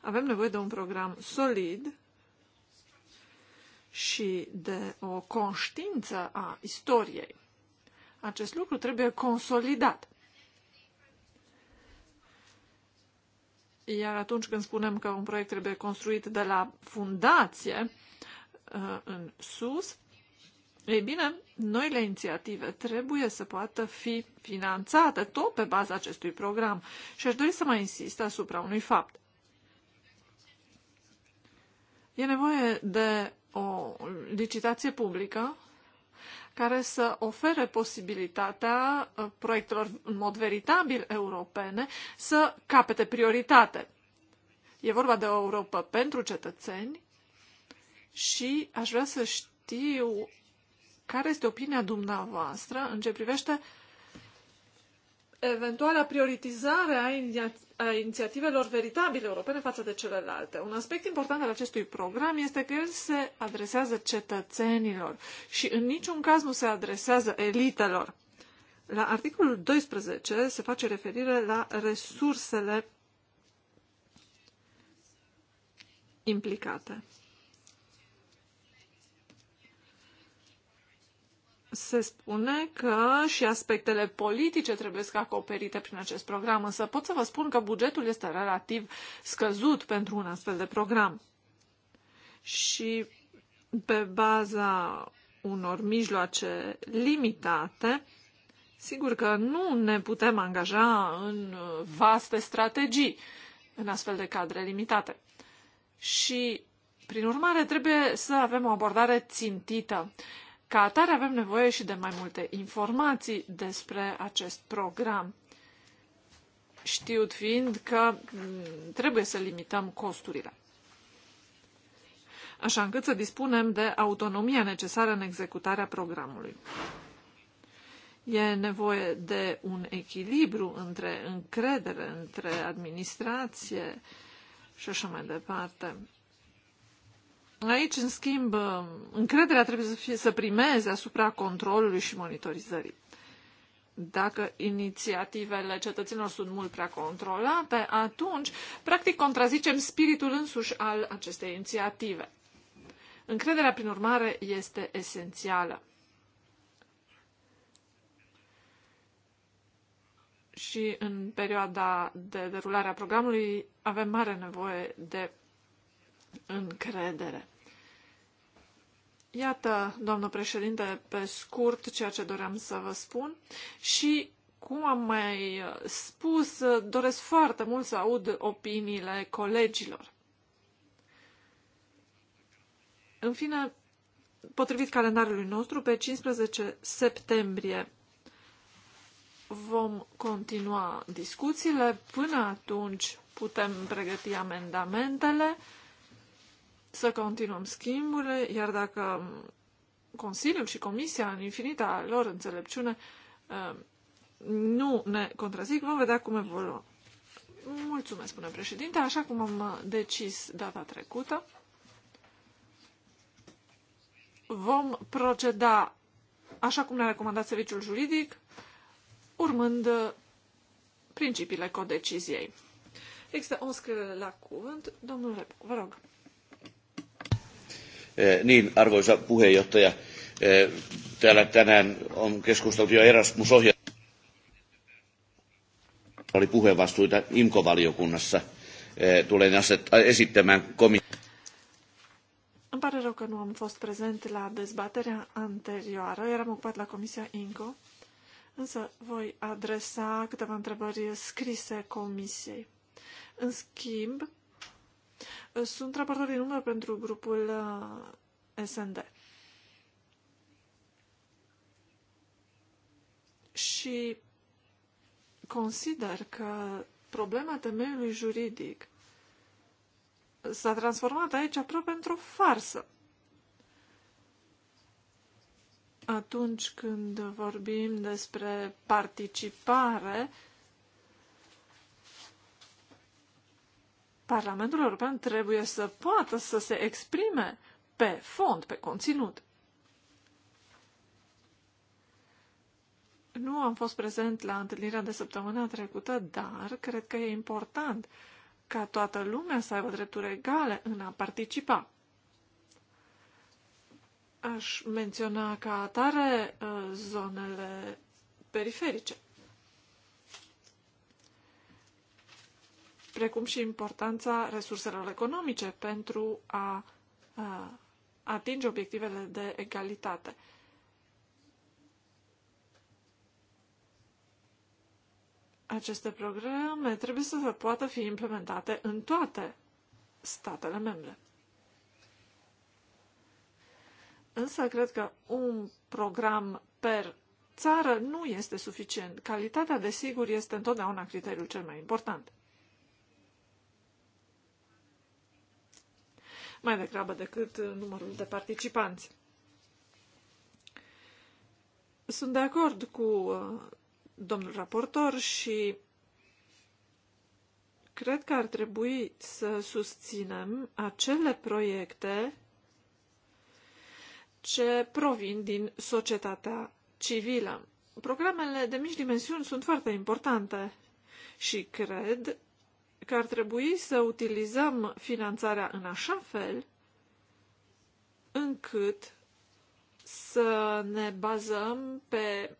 Avem nevoie de un program solid și de o conștiință a istoriei. Acest lucru trebuie consolidat. Iar atunci când spunem că un proiect trebuie construit de la fundație uh, în sus, ei bine, noile inițiative trebuie să poată fi finanțate tot pe baza acestui program și aș dori să mai insist asupra unui fapt. E nevoie de o licitație publică care să ofere posibilitatea uh, proiectelor în mod veritabil europene să capete prioritate. E vorba de o Europa pentru cetățeni și aș vrea să știu care este opinia dumneavoastră în ce privește eventuala prioritizare a, a inițiativelor veritabile europene față de celelalte. Un aspect important al acestui program este că el se adresează cetățenilor și în niciun caz nu se adresează elitelor. La articolul 12 se face referire la resursele implicate. se spune că și aspectele politice trebuie să acoperite prin acest program, însă pot să vă spun că bugetul este relativ scăzut pentru un astfel de program. Și pe baza unor mijloace limitate, sigur că nu ne putem angaja în vaste strategii în astfel de cadre limitate. Și, prin urmare, trebuie să avem o abordare țintită ca atare avem nevoie și de mai multe informații despre acest program, știut fiind că mm, trebuie să limităm costurile așa încât să dispunem de autonomia necesară în executarea programului. E nevoie de un echilibru între încredere, între administrație și așa mai departe. Aici, în schimb, încrederea trebuie să, fie, să primeze asupra controlului și monitorizării. Dacă inițiativele cetățenilor sunt mult prea controlate, atunci, practic, contrazicem spiritul însuși al acestei inițiative. Încrederea, prin urmare, este esențială. și în perioada de derulare a programului avem mare nevoie de încredere. Iată, domnul președinte, pe scurt ceea ce doream să vă spun și cum am mai spus, doresc foarte mult să aud opiniile colegilor. În fine, potrivit calendarului nostru, pe 15 septembrie vom continua discuțiile. Până atunci putem pregăti amendamentele să continuăm schimburile, iar dacă Consiliul și Comisia, în infinita lor înțelepciune, uh, nu ne contrazic, vom vedea cum evoluăm. Mulțumesc, spune președinte, așa cum am decis data trecută, vom proceda așa cum ne-a recomandat serviciul juridic, urmând principiile codeciziei. Există o scriere la cuvânt. Domnule, vă rog. Eh, niin, arvoisa puheenjohtaja, eh, täällä tänään on keskusteltu jo erasmus -ohjelma. oli puhevastuita IMKO-valiokunnassa. Eh, tulen äh, esittämään komitea. Îmi pare rău că nu am fost prezent la dezbaterea anterioară, eram ocupat la Comisia INCO, însă voi adresa câteva întrebări scrise Comisiei. În schimb, Uh, sunt raportor din umbră pentru grupul uh, SND. Și consider că problema temeiului juridic s-a transformat aici aproape într-o farsă. Atunci când vorbim despre participare, uh, Parlamentul European trebuie să poată să se exprime pe fond, pe conținut. Nu am fost prezent la întâlnirea de săptămâna trecută, dar cred că e important ca toată lumea să aibă drepturi egale în a participa. Aș menționa ca atare uh, zonele periferice. precum și importanța resurselor economice pentru a, a atinge obiectivele de egalitate. Aceste programe trebuie să se poată fi implementate în toate statele membre. Însă cred că un program per țară nu este suficient. Calitatea, desigur, este întotdeauna criteriul cel mai important. mai degrabă decât uh, numărul de participanți. Sunt de acord cu uh, domnul raportor și cred că ar trebui să susținem acele proiecte ce provin din societatea civilă. Programele de mici dimensiuni sunt foarte importante și cred că ar trebui să utilizăm finanțarea în așa fel încât să ne bazăm pe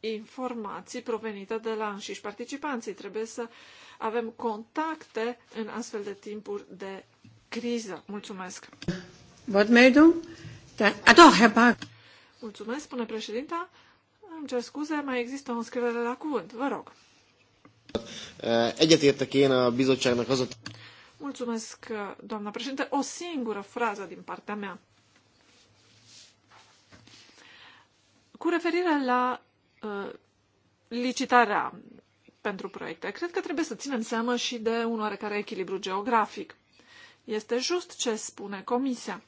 informații provenite de la înșiși participanții. Trebuie să avem contacte în astfel de timpuri de criză. Mulțumesc! Da. Mulțumesc, spune președinta. Îmi cer scuze, mai există o înscriere la cuvânt. Vă rog. Egyetértek én a bizottságnak az a... Mulțumesc, doamna președinte. O singură frază din partea mea. Cu referire la uh, licitarea pentru proiecte, cred că trebuie să ținem seama și de un oarecare echilibru geografic. Este just ce spune Comisia.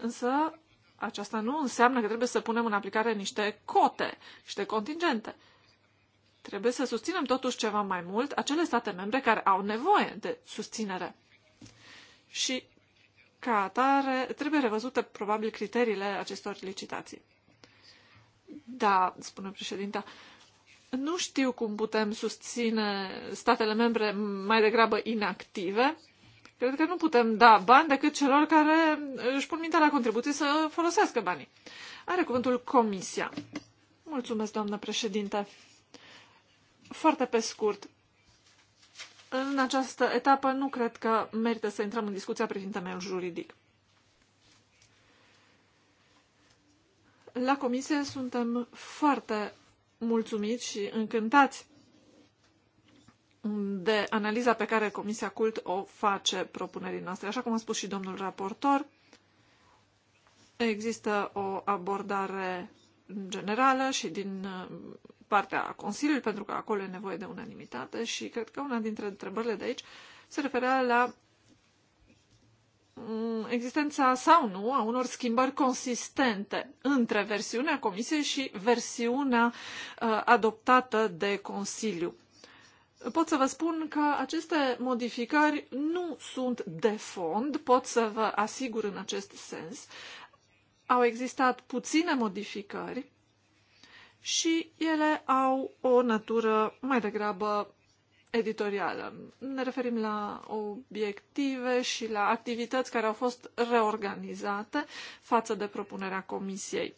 Însă aceasta nu înseamnă că trebuie să punem în aplicare niște cote, niște contingente. Trebuie să susținem totuși ceva mai mult acele state membre care au nevoie de susținere. Și ca atare trebuie revăzute probabil criteriile acestor licitații. Da, spune președinta, nu știu cum putem susține statele membre mai degrabă inactive. Cred că nu putem da bani decât celor care își pun mintea la contribuții să folosească banii. Are cuvântul Comisia. Mulțumesc, doamnă președinte. Foarte pe scurt, în această etapă nu cred că merită să intrăm în discuția privind temeiul juridic. La comisie suntem foarte mulțumiți și încântați de analiza pe care Comisia Cult o face propunerii noastre. Așa cum a spus și domnul raportor, există o abordare generală și din partea Consiliului, pentru că acolo e nevoie de unanimitate și cred că una dintre întrebările de aici se referea la mm, existența sau nu a unor schimbări consistente între versiunea Comisiei și versiunea uh, adoptată de Consiliu. Pot să vă spun că aceste modificări nu sunt de fond, pot să vă asigur în acest sens. Au existat puține modificări și ele au o natură mai degrabă editorială. Ne referim la obiective și la activități care au fost reorganizate față de propunerea comisiei.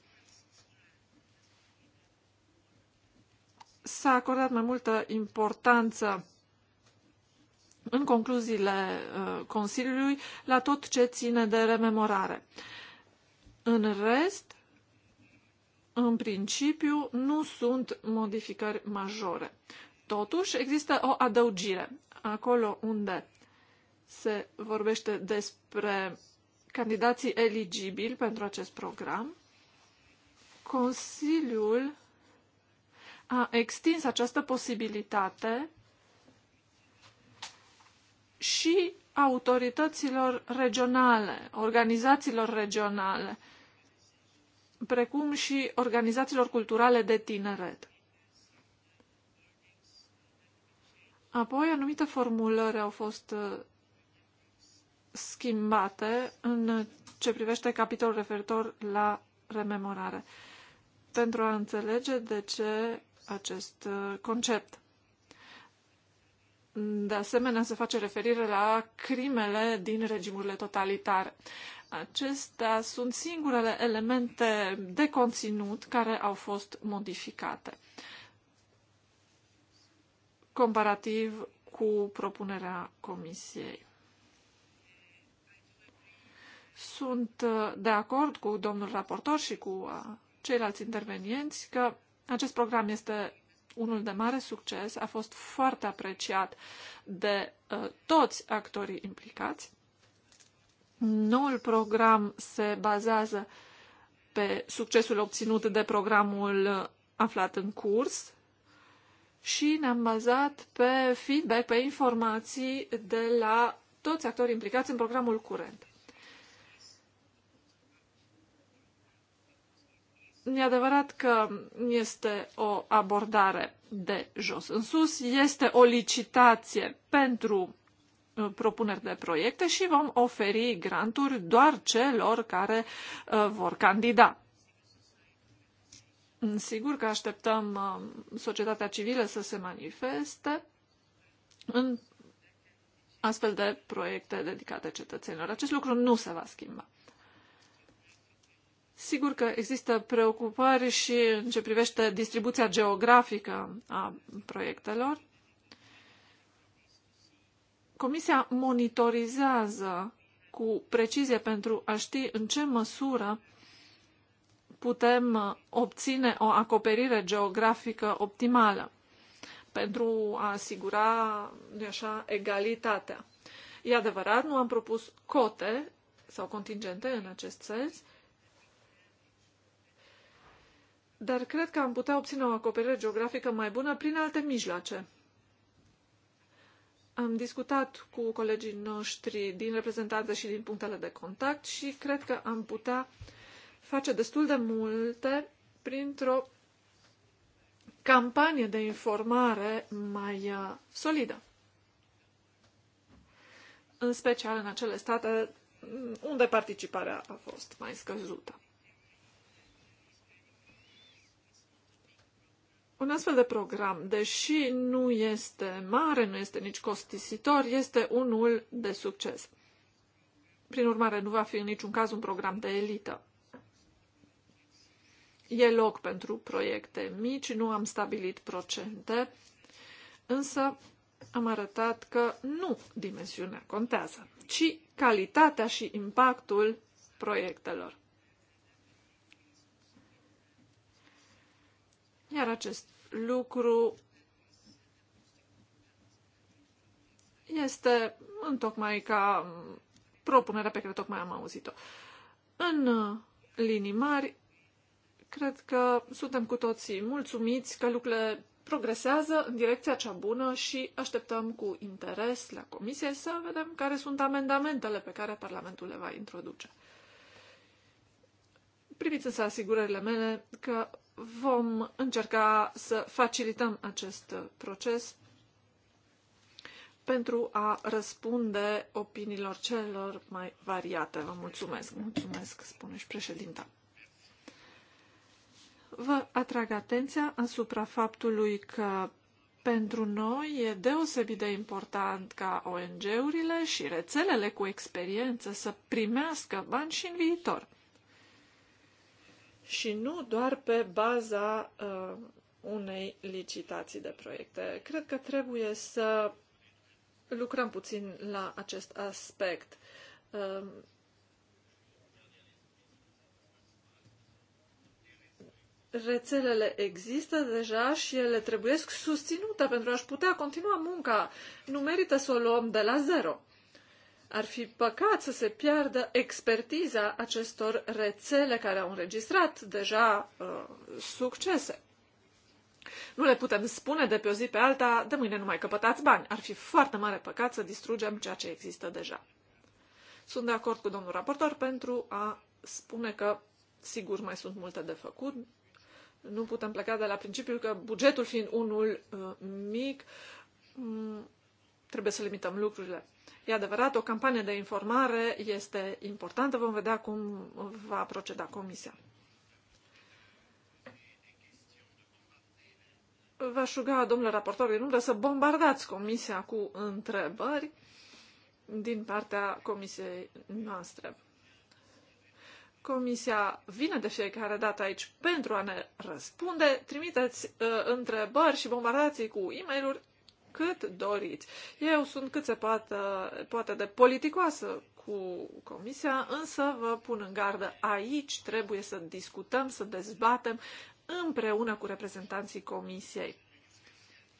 S-a acordat mai multă importanță în concluziile uh, Consiliului la tot ce ține de rememorare. În rest, în principiu, nu sunt modificări majore. Totuși, există o adăugire. Acolo unde se vorbește despre candidații eligibili pentru acest program, Consiliul a extins această posibilitate și autorităților regionale, organizațiilor regionale, precum și organizațiilor culturale de tineret. Apoi, anumite formulări au fost uh, schimbate în ce privește capitolul referitor la rememorare, pentru a înțelege de ce acest uh, concept. De asemenea, se face referire la crimele din regimurile totalitare. Acestea sunt singurele elemente de conținut care au fost modificate comparativ cu propunerea Comisiei. Sunt uh, de acord cu domnul raportor și cu uh, ceilalți intervenienți că acest program este unul de mare succes, a fost foarte apreciat de uh, toți actorii implicați Noul program se bazează pe succesul obținut de programul aflat în curs și ne-am bazat pe feedback, pe informații de la toți actorii implicați în programul curent. E adevărat că este o abordare de jos în sus, este o licitație pentru Uh, propuneri de proiecte și vom oferi granturi doar celor care uh, vor candida. Sigur că așteptăm uh, societatea civilă să se manifeste în astfel de proiecte dedicate cetățenilor. Acest lucru nu se va schimba. Sigur că există preocupări și în ce privește distribuția geografică a proiectelor. Comisia monitorizează cu precizie pentru a ști în ce măsură putem obține o acoperire geografică optimală pentru a asigura așa, egalitatea. E adevărat, nu am propus cote sau contingente în acest sens, dar cred că am putea obține o acoperire geografică mai bună prin alte mijloace. Am discutat cu colegii noștri din reprezentanță și din punctele de contact și cred că am putea face destul de multe printr-o campanie de informare mai uh, solidă. În special în acele state unde participarea a fost mai scăzută. un astfel de program, deși nu este mare, nu este nici costisitor, este unul de succes. Prin urmare, nu va fi în niciun caz un program de elită. E loc pentru proiecte mici, nu am stabilit procente, însă am arătat că nu dimensiunea contează, ci calitatea și impactul proiectelor. Iar acest lucru este întocmai ca propunerea pe care tocmai am auzit-o. În uh, linii mari, cred că suntem cu toții mulțumiți că lucrurile progresează în direcția cea bună și așteptăm cu interes la comisie să vedem care sunt amendamentele pe care Parlamentul le va introduce. Priviți însă asigurările mele că vom încerca să facilităm acest proces pentru a răspunde opiniilor celor mai variate. Vă mulțumesc, mulțumesc, spune și președinta. Vă atrag atenția asupra faptului că pentru noi e deosebit de important ca ONG-urile și rețelele cu experiență să primească bani și în viitor și nu doar pe baza uh, unei licitații de proiecte. Cred că trebuie să lucrăm puțin la acest aspect. Uh, rețelele există deja și ele trebuie susținute pentru a-și putea continua munca. Nu merită să o luăm de la zero. Ar fi păcat să se piardă expertiza acestor rețele care au înregistrat deja uh, succese. Nu le putem spune de pe o zi pe alta, de mâine nu mai căpătați bani. Ar fi foarte mare păcat să distrugem ceea ce există deja. Sunt de acord cu domnul raportor pentru a spune că, sigur, mai sunt multe de făcut. Nu putem pleca de la principiul că bugetul fiind unul uh, mic, mm, trebuie să limităm lucrurile. E adevărat, o campanie de informare este importantă. Vom vedea cum va proceda Comisia. V-aș ruga, domnule raportor nu umbră, să bombardați Comisia cu întrebări din partea Comisiei noastre. Comisia vine de fiecare dată aici pentru a ne răspunde. Trimiteți uh, întrebări și bombardați cu e mail cât doriți. Eu sunt cât se poate, poate de politicoasă cu Comisia, însă vă pun în gardă aici, trebuie să discutăm, să dezbatem împreună cu reprezentanții Comisiei.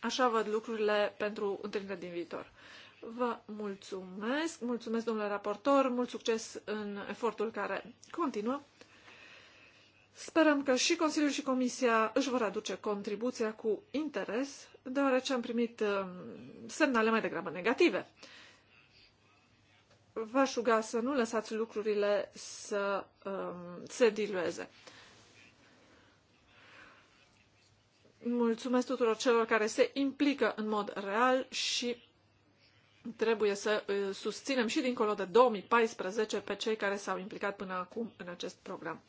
Așa văd lucrurile pentru întâlnirea din viitor. Vă mulțumesc, mulțumesc domnule raportor, mult succes în efortul care continuă. Sperăm că și Consiliul și Comisia își vor aduce contribuția cu interes, deoarece am primit uh, semnale mai degrabă negative. V-aș ruga să nu lăsați lucrurile să um, se dilueze. Mulțumesc tuturor celor care se implică în mod real și trebuie să uh, susținem și dincolo de 2014 pe cei care s-au implicat până acum în acest program.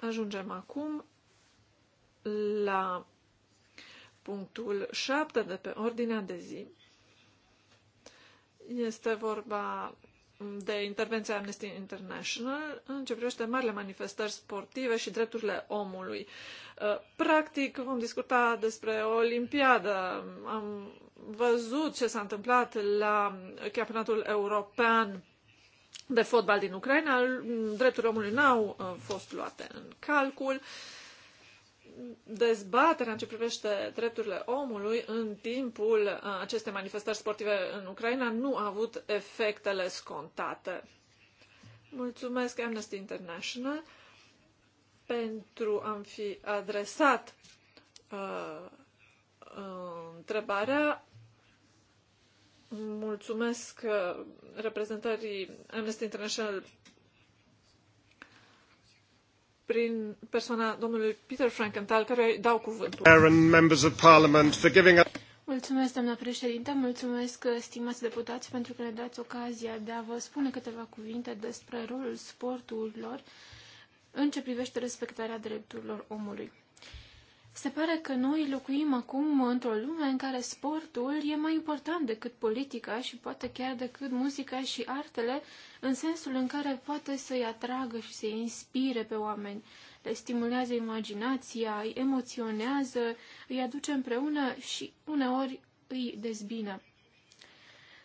Ajungem acum la punctul 7 de pe ordinea de zi. Este vorba de intervenția Amnesty International în ce privește marile manifestări sportive și drepturile omului. Uh, practic, vom discuta despre o olimpiadă. Am văzut ce s-a întâmplat la campionatul european de fotbal din Ucraina. Drepturile omului n-au uh, fost luate în calcul dezbaterea în ce privește drepturile omului în timpul uh, acestei manifestări sportive în Ucraina nu a avut efectele scontate. Mulțumesc Amnesty International pentru a fi adresat uh, întrebarea. Mulțumesc uh, reprezentării Amnesty International prin persoana domnului Peter Frankenthal, care îi dau cuvântul. Mulțumesc, doamna mulțumesc, uh, stimați deputați, pentru că ne dați ocazia de a vă spune câteva cuvinte despre rolul sporturilor în ce privește respectarea drepturilor omului. Se pare că noi locuim acum într-o lume în care sportul e mai important decât politica și poate chiar decât muzica și artele, în sensul în care poate să-i atragă și să-i inspire pe oameni. Le stimulează imaginația, îi emoționează, îi aduce împreună și uneori îi dezbină.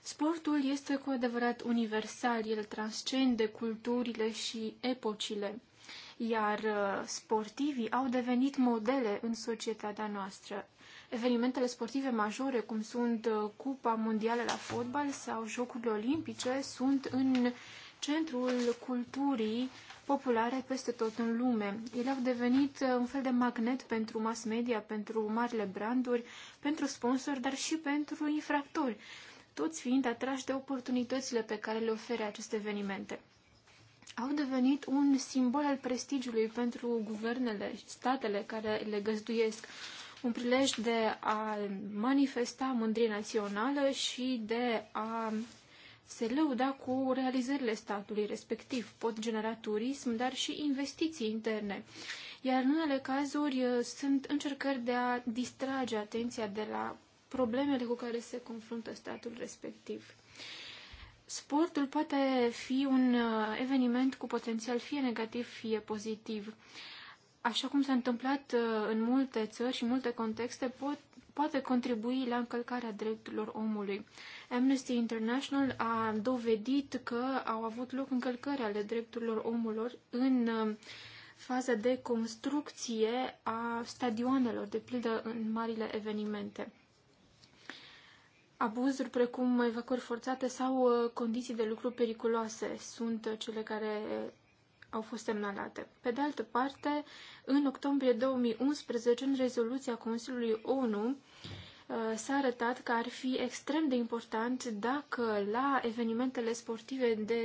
Sportul este cu adevărat universal, el transcende culturile și epocile iar uh, sportivii au devenit modele în societatea noastră. Evenimentele sportive majore, cum sunt uh, Cupa Mondială la fotbal sau Jocurile Olimpice, sunt în centrul culturii populare peste tot în lume. Ele au devenit uh, un fel de magnet pentru mass media, pentru marile branduri, pentru sponsori, dar și pentru infractori, toți fiind atrași de oportunitățile pe care le oferă aceste evenimente au devenit un simbol al prestigiului pentru guvernele și statele care le găzduiesc. Un prilej de a manifesta mândrie națională și de a se lăuda cu realizările statului respectiv. Pot genera turism, dar și investiții interne. Iar în unele cazuri uh, sunt încercări de a distrage atenția de la problemele cu care se confruntă statul respectiv sportul poate fi un uh, eveniment cu potențial fie negativ, fie pozitiv. Așa cum s-a întâmplat uh, în multe țări și multe contexte, pot, poate contribui la încălcarea drepturilor omului. Amnesty International a dovedit că au avut loc încălcări ale drepturilor omului în uh, faza de construcție a stadioanelor, de pildă în marile evenimente abuzuri precum evacuări forțate sau uh, condiții de lucru periculoase sunt uh, cele care au fost semnalate. Pe de altă parte, în octombrie 2011, în rezoluția Consiliului ONU, uh, s-a arătat că ar fi extrem de important dacă la evenimentele sportive de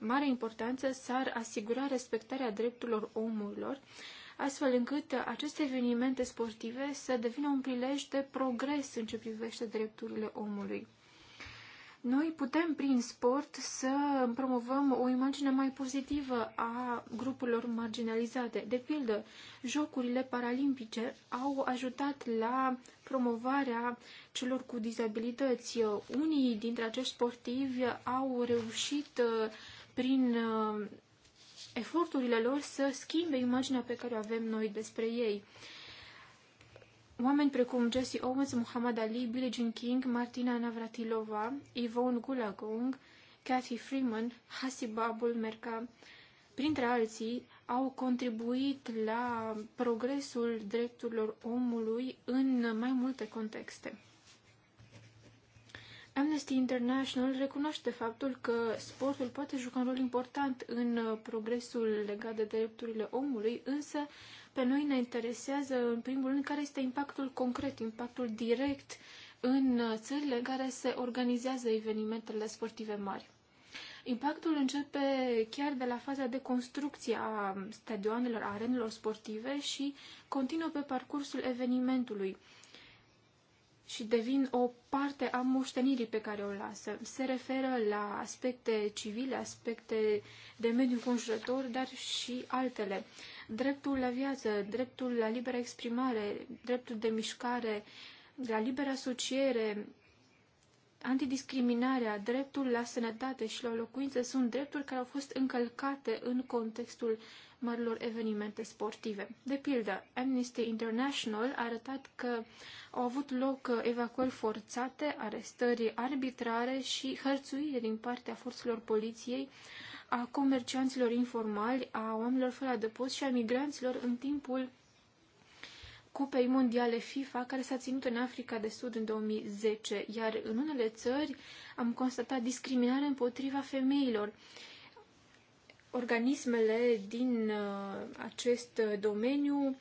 mare importanță s-ar asigura respectarea drepturilor omurilor, astfel încât aceste evenimente sportive să devină un prilej de progres în ce privește drepturile omului. Noi putem, prin sport, să promovăm o imagine mai pozitivă a grupurilor marginalizate. De pildă, Jocurile Paralimpice au ajutat la promovarea celor cu dizabilități. Unii dintre acești sportivi au reușit uh, prin uh, eforturile lor să schimbe imaginea pe care o avem noi despre ei. Oameni precum Jesse Owens, Muhammad Ali, Billie Jean King, Martina Navratilova, Yvonne Gulagong, Kathy Freeman, Babul Bulmerka, printre alții, au contribuit la progresul drepturilor omului în mai multe contexte. Amnesty International recunoaște faptul că sportul poate juca un rol important în uh, progresul legat de drepturile omului, însă pe noi ne interesează, în primul rând, care este impactul concret, impactul direct în uh, țările în care se organizează evenimentele sportive mari. Impactul începe chiar de la faza de construcție a stadioanelor, a arenelor sportive și continuă pe parcursul evenimentului și devin o parte a moștenirii pe care o lasă. Se referă la aspecte civile, aspecte de mediu conjurător, dar și altele. Dreptul la viață, dreptul la liberă exprimare, dreptul de mișcare, la liberă asociere, antidiscriminarea, dreptul la sănătate și la locuință sunt drepturi care au fost încălcate în contextul marilor evenimente sportive. De pildă, Amnesty International a arătat că au avut loc uh, evacuări forțate, arestări arbitrare și hărțuire din partea forțelor poliției a comercianților informali, a oamenilor fără adăpost și a migranților în timpul Cupei Mondiale FIFA, care s-a ținut în Africa de Sud în 2010, iar în unele țări am constatat discriminare împotriva femeilor organismele din uh, acest uh, domeniu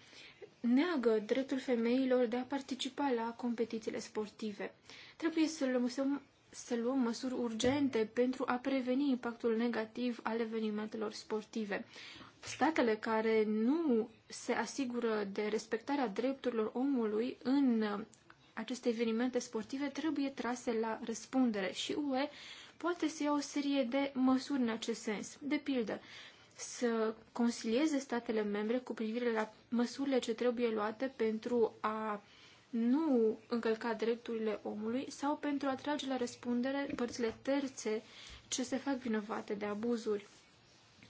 neagă dreptul femeilor de a participa la competițiile sportive. Trebuie să luăm, să luăm măsuri urgente pentru a preveni impactul negativ al evenimentelor sportive. Statele care nu se asigură de respectarea drepturilor omului în aceste evenimente sportive trebuie trase la răspundere și UE poate să ia o serie de măsuri în acest sens. De pildă, să consilieze statele membre cu privire la măsurile ce trebuie luate pentru a nu încălca drepturile omului sau pentru a trage la răspundere părțile terțe ce se fac vinovate de abuzuri.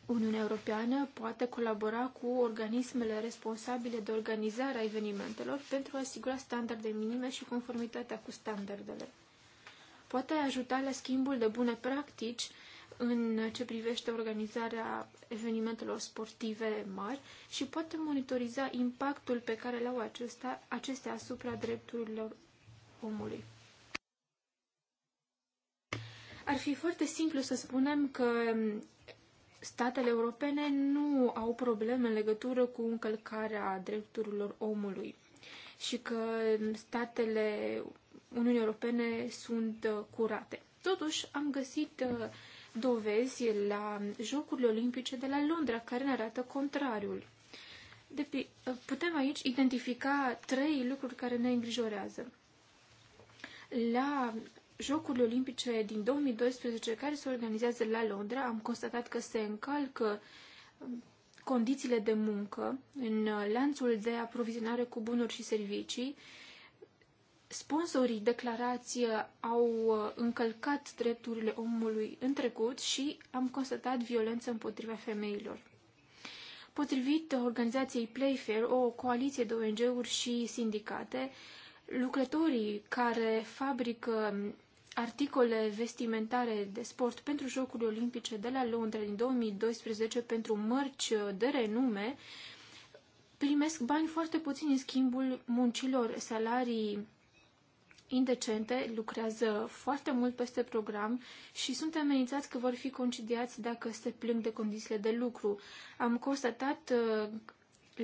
Uniunea Europeană poate colabora cu organismele responsabile de organizarea evenimentelor pentru a asigura standarde minime și conformitatea cu standardele poate ajuta la schimbul de bune practici în ce privește organizarea evenimentelor sportive mari și poate monitoriza impactul pe care l-au acesta, acestea asupra drepturilor omului. Ar fi foarte simplu să spunem că statele europene nu au probleme în legătură cu încălcarea drepturilor omului și că statele Uniunii Europene sunt uh, curate. Totuși, am găsit uh, dovezi la Jocurile Olimpice de la Londra care ne arată contrariul. De, uh, putem aici identifica trei lucruri care ne îngrijorează. La Jocurile Olimpice din 2012 care se organizează la Londra, am constatat că se încalcă um, condițiile de muncă în lanțul de aprovizionare cu bunuri și servicii sponsorii declarație au uh, încălcat drepturile omului în trecut și am constatat violență împotriva femeilor. Potrivit organizației Playfair, o coaliție de ONG-uri și sindicate, lucrătorii care fabrică articole vestimentare de sport pentru Jocurile Olimpice de la Londra din 2012 pentru mărci de renume primesc bani foarte puțini în schimbul muncilor, salarii indecente, lucrează foarte mult peste program și sunt amenințați că vor fi concediați dacă se plâng de condițiile de lucru. Am constatat uh,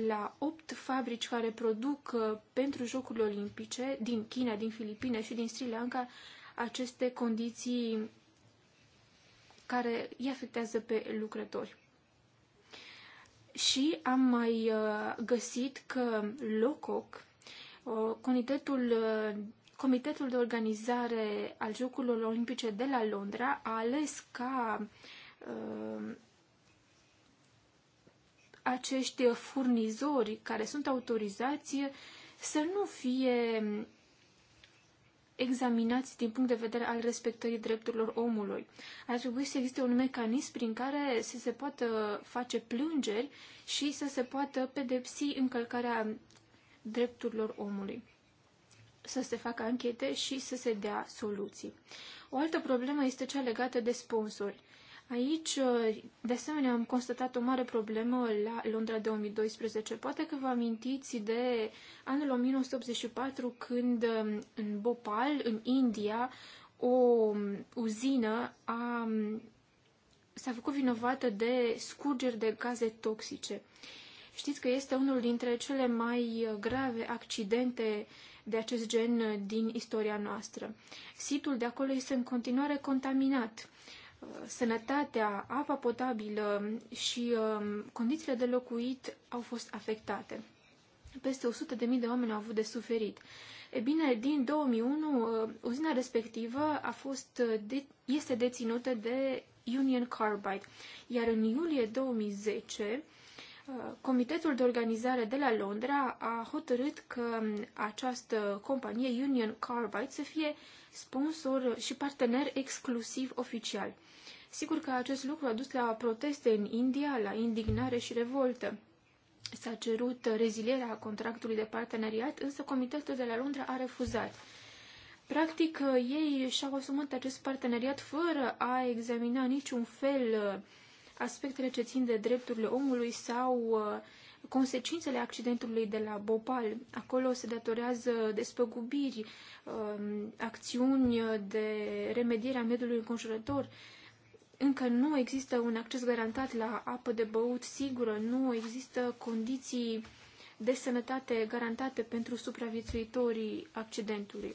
la opt fabrici care produc uh, pentru Jocurile Olimpice din China, din Filipine și din Sri Lanka aceste condiții care îi afectează pe lucrători. Și am mai uh, găsit că LOCOC, Comitetul Comitetul de organizare al Jocurilor Olimpice de la Londra a ales ca uh, acești furnizori care sunt autorizați să nu fie examinați din punct de vedere al respectării drepturilor omului. Ar trebui să existe un mecanism prin care să se poată face plângeri și să se poată pedepsi încălcarea drepturilor omului să se facă anchete și să se dea soluții. O altă problemă este cea legată de sponsori. Aici, uh, de asemenea, am constatat o mare problemă la Londra 2012. Poate că vă amintiți de anul 1984, când um, în Bhopal, în India, o um, uzină a, um, s-a făcut vinovată de scurgeri de gaze toxice. Știți că este unul dintre cele mai uh, grave accidente de acest gen din istoria noastră. Situl de acolo este în continuare contaminat. Uh, sănătatea, apa potabilă și um, condițiile de locuit au fost afectate. Peste 100.000 de oameni au avut de suferit. E bine, din 2001, uh, uzina respectivă a fost uh, de, este deținută de Union Carbide, iar în iulie 2010 Comitetul de organizare de la Londra a hotărât că această companie, Union Carbide, să fie sponsor și partener exclusiv oficial. Sigur că acest lucru a dus la proteste în India, la indignare și revoltă. S-a cerut rezilierea contractului de parteneriat, însă comitetul de la Londra a refuzat. Practic, ei și-au asumat acest parteneriat fără a examina niciun fel uh, aspectele ce țin de drepturile omului sau uh, consecințele accidentului de la Bhopal. Acolo se datorează despăgubiri, um, acțiuni de remediere a mediului înconjurător. Încă nu există un acces garantat la apă de băut sigură, nu există condiții de sănătate garantate pentru supraviețuitorii accidentului.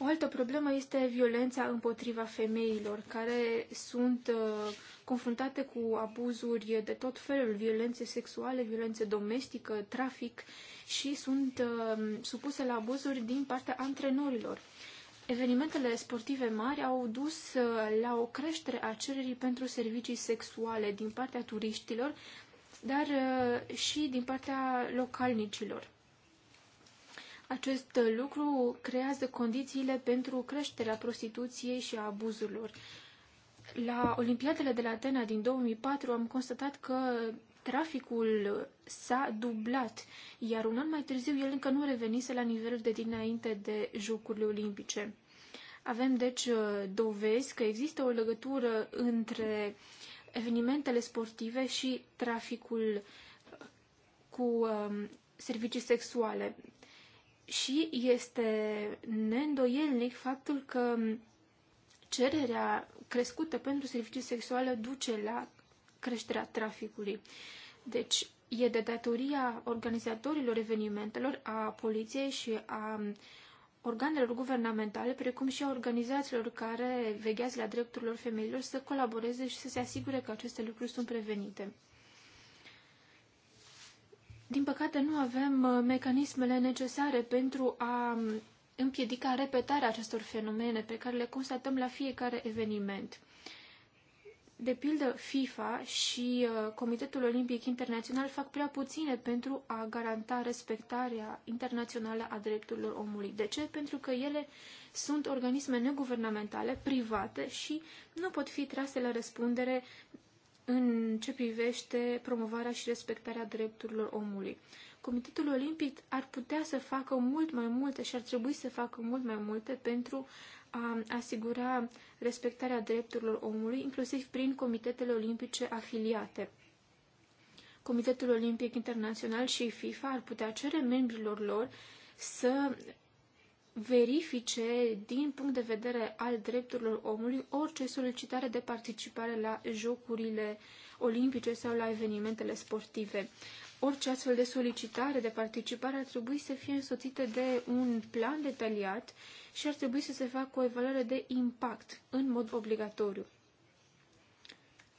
O altă problemă este violența împotriva femeilor, care sunt uh, confruntate cu abuzuri de tot felul, violențe sexuale, violențe domestică, trafic și sunt uh, supuse la abuzuri din partea antrenorilor. Evenimentele sportive mari au dus uh, la o creștere a cererii pentru servicii sexuale din partea turiștilor, dar uh, și din partea localnicilor. Acest lucru creează condițiile pentru creșterea prostituției și a abuzurilor. La Olimpiadele de la Atena din 2004 am constatat că traficul s-a dublat, iar un an mai târziu el încă nu revenise la nivelul de dinainte de Jocurile Olimpice. Avem deci uh, dovezi că există o legătură între evenimentele sportive și traficul uh, cu um, servicii sexuale și este neîndoielnic faptul că cererea crescută pentru servicii sexuale duce la creșterea traficului. Deci, e de datoria organizatorilor evenimentelor, a poliției și a organelor guvernamentale, precum și a organizațiilor care veghează la drepturilor femeilor, să colaboreze și să se asigure că aceste lucruri sunt prevenite. Din păcate, nu avem uh, mecanismele necesare pentru a um, împiedica repetarea acestor fenomene pe care le constatăm la fiecare eveniment. De pildă, FIFA și uh, Comitetul Olimpic Internațional fac prea puține pentru a garanta respectarea internațională a drepturilor omului. De ce? Pentru că ele sunt organisme neguvernamentale, private și nu pot fi trase la răspundere în ce privește promovarea și respectarea drepturilor omului. Comitetul Olimpic ar putea să facă mult mai multe și ar trebui să facă mult mai multe pentru a asigura respectarea drepturilor omului, inclusiv prin comitetele olimpice afiliate. Comitetul Olimpic Internațional și FIFA ar putea cere membrilor lor să verifice din punct de vedere al drepturilor omului orice solicitare de participare la jocurile olimpice sau la evenimentele sportive. Orice astfel de solicitare de participare ar trebui să fie însoțită de un plan detaliat și ar trebui să se facă o evaluare de impact în mod obligatoriu.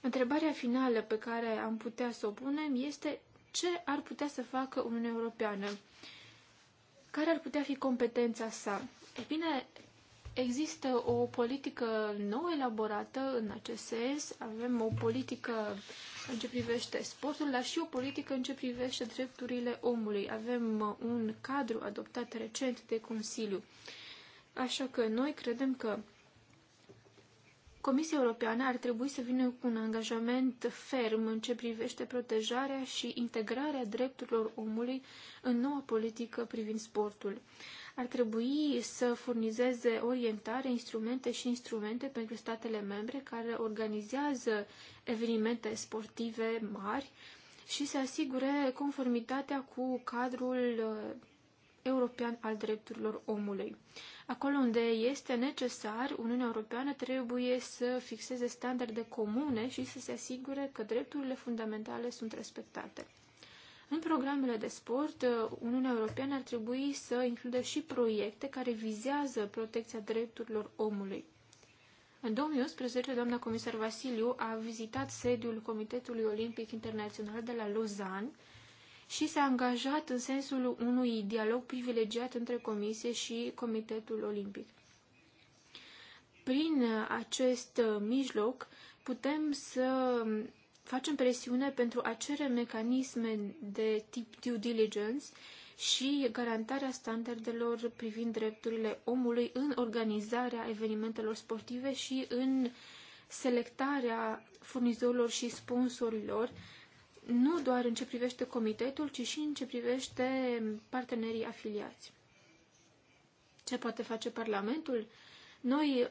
Întrebarea finală pe care am putea să o punem este ce ar putea să facă Uniunea Europeană care ar putea fi competența sa? E bine, există o politică nou elaborată în acest sens. Avem o politică în ce privește sportul, dar și o politică în ce privește drepturile omului. Avem uh, un cadru adoptat recent de Consiliu. Așa că noi credem că Comisia Europeană ar trebui să vină cu un angajament ferm în ce privește protejarea și integrarea drepturilor omului în noua politică privind sportul. Ar trebui să furnizeze orientare, instrumente și instrumente pentru statele membre care organizează evenimente sportive mari și să asigure conformitatea cu cadrul European al Drepturilor Omului. Acolo unde este necesar, Uniunea Europeană trebuie să fixeze standarde comune și să se asigure că drepturile fundamentale sunt respectate. În programele de sport, Uniunea Europeană ar trebui să includă și proiecte care vizează protecția drepturilor omului. În 2011, doamna comisar Vasiliu a vizitat sediul Comitetului Olimpic Internațional de la Lausanne și s-a angajat în sensul unui dialog privilegiat între Comisie și Comitetul Olimpic. Prin acest mijloc putem să facem presiune pentru a cere mecanisme de tip due diligence și garantarea standardelor privind drepturile omului în organizarea evenimentelor sportive și în selectarea furnizorilor și sponsorilor nu doar în ce privește comitetul, ci și în ce privește partenerii afiliați. Ce poate face Parlamentul? Noi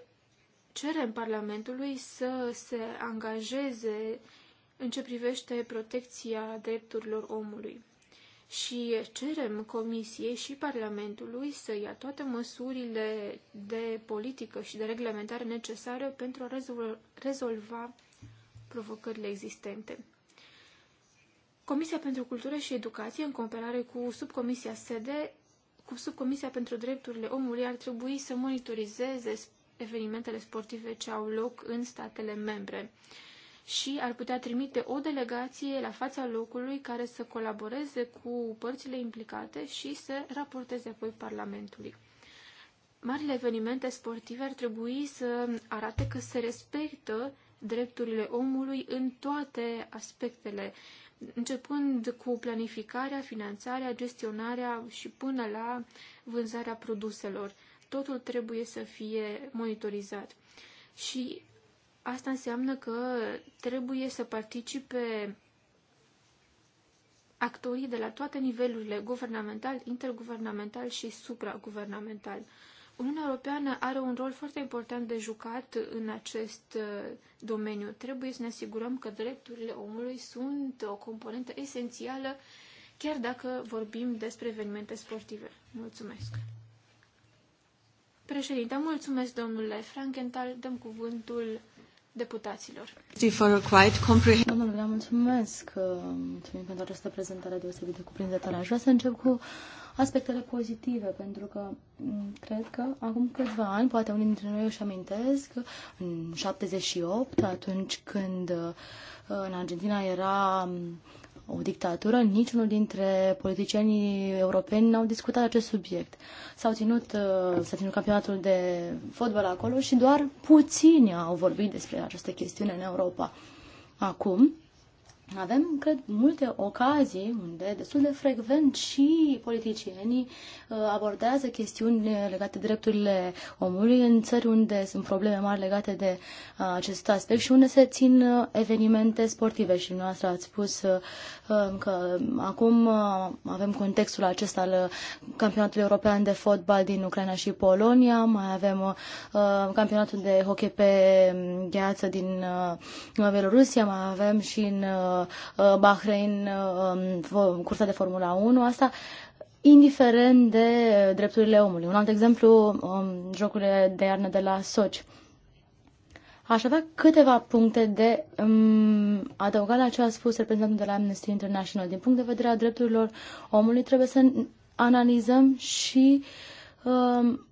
cerem Parlamentului să se angajeze în ce privește protecția drepturilor omului și cerem Comisiei și Parlamentului să ia toate măsurile de politică și de reglementare necesare pentru a rezolva provocările existente. Comisia pentru Cultură și Educație, în cooperare cu subcomisia SEDE, cu subcomisia pentru drepturile omului, ar trebui să monitorizeze evenimentele sportive ce au loc în statele membre și ar putea trimite o delegație la fața locului care să colaboreze cu părțile implicate și să raporteze apoi Parlamentului. Marile evenimente sportive ar trebui să arate că se respectă drepturile omului în toate aspectele începând cu planificarea, finanțarea, gestionarea și până la vânzarea produselor. Totul trebuie să fie monitorizat. Și asta înseamnă că trebuie să participe actorii de la toate nivelurile, guvernamental, interguvernamental și supraguvernamental. Uniunea Europeană are un rol foarte important de jucat în acest uh, domeniu. Trebuie să ne asigurăm că drepturile omului sunt o componentă esențială, chiar dacă vorbim despre evenimente sportive. Mulțumesc! Președinte, mulțumesc domnule Frankenthal. Dăm cuvântul deputaților. Domnule, vreau da, mulțumesc. Uh, mulțumim pentru această prezentare deosebită de cuprinzătoare. Aș vrea să încep cu aspectele pozitive, pentru că mm, cred că acum câțiva ani, poate unii dintre noi își amintesc, în 78, atunci când uh, în Argentina era mm, o dictatură, niciunul dintre politicienii europeni n-au discutat acest subiect. S-au ținut, uh, s-a ținut campionatul de fotbal acolo și doar puțini au vorbit despre această chestiune în Europa. Acum, avem, cred, multe ocazii unde destul de frecvent și politicienii uh, abordează chestiuni legate de drepturile omului în țări unde sunt probleme mari legate de uh, acest aspect și unde se țin uh, evenimente sportive. Și noastră ați spus um, că acum avem contextul acesta al campionatului european de fotbal din Ucraina și Polonia, mai avem campionatul de hockey pe um, gheață din Belorusia, mai avem și în Uh, Bahrain, uh, um, cursa de Formula 1, asta indiferent de drepturile omului. Un alt exemplu, um, jocurile de iarnă de la Sochi. Aș avea câteva puncte de um, adăugat la ce a spus reprezentantul de la Amnesty International. Din punct de vedere a drepturilor omului, trebuie să analizăm și um,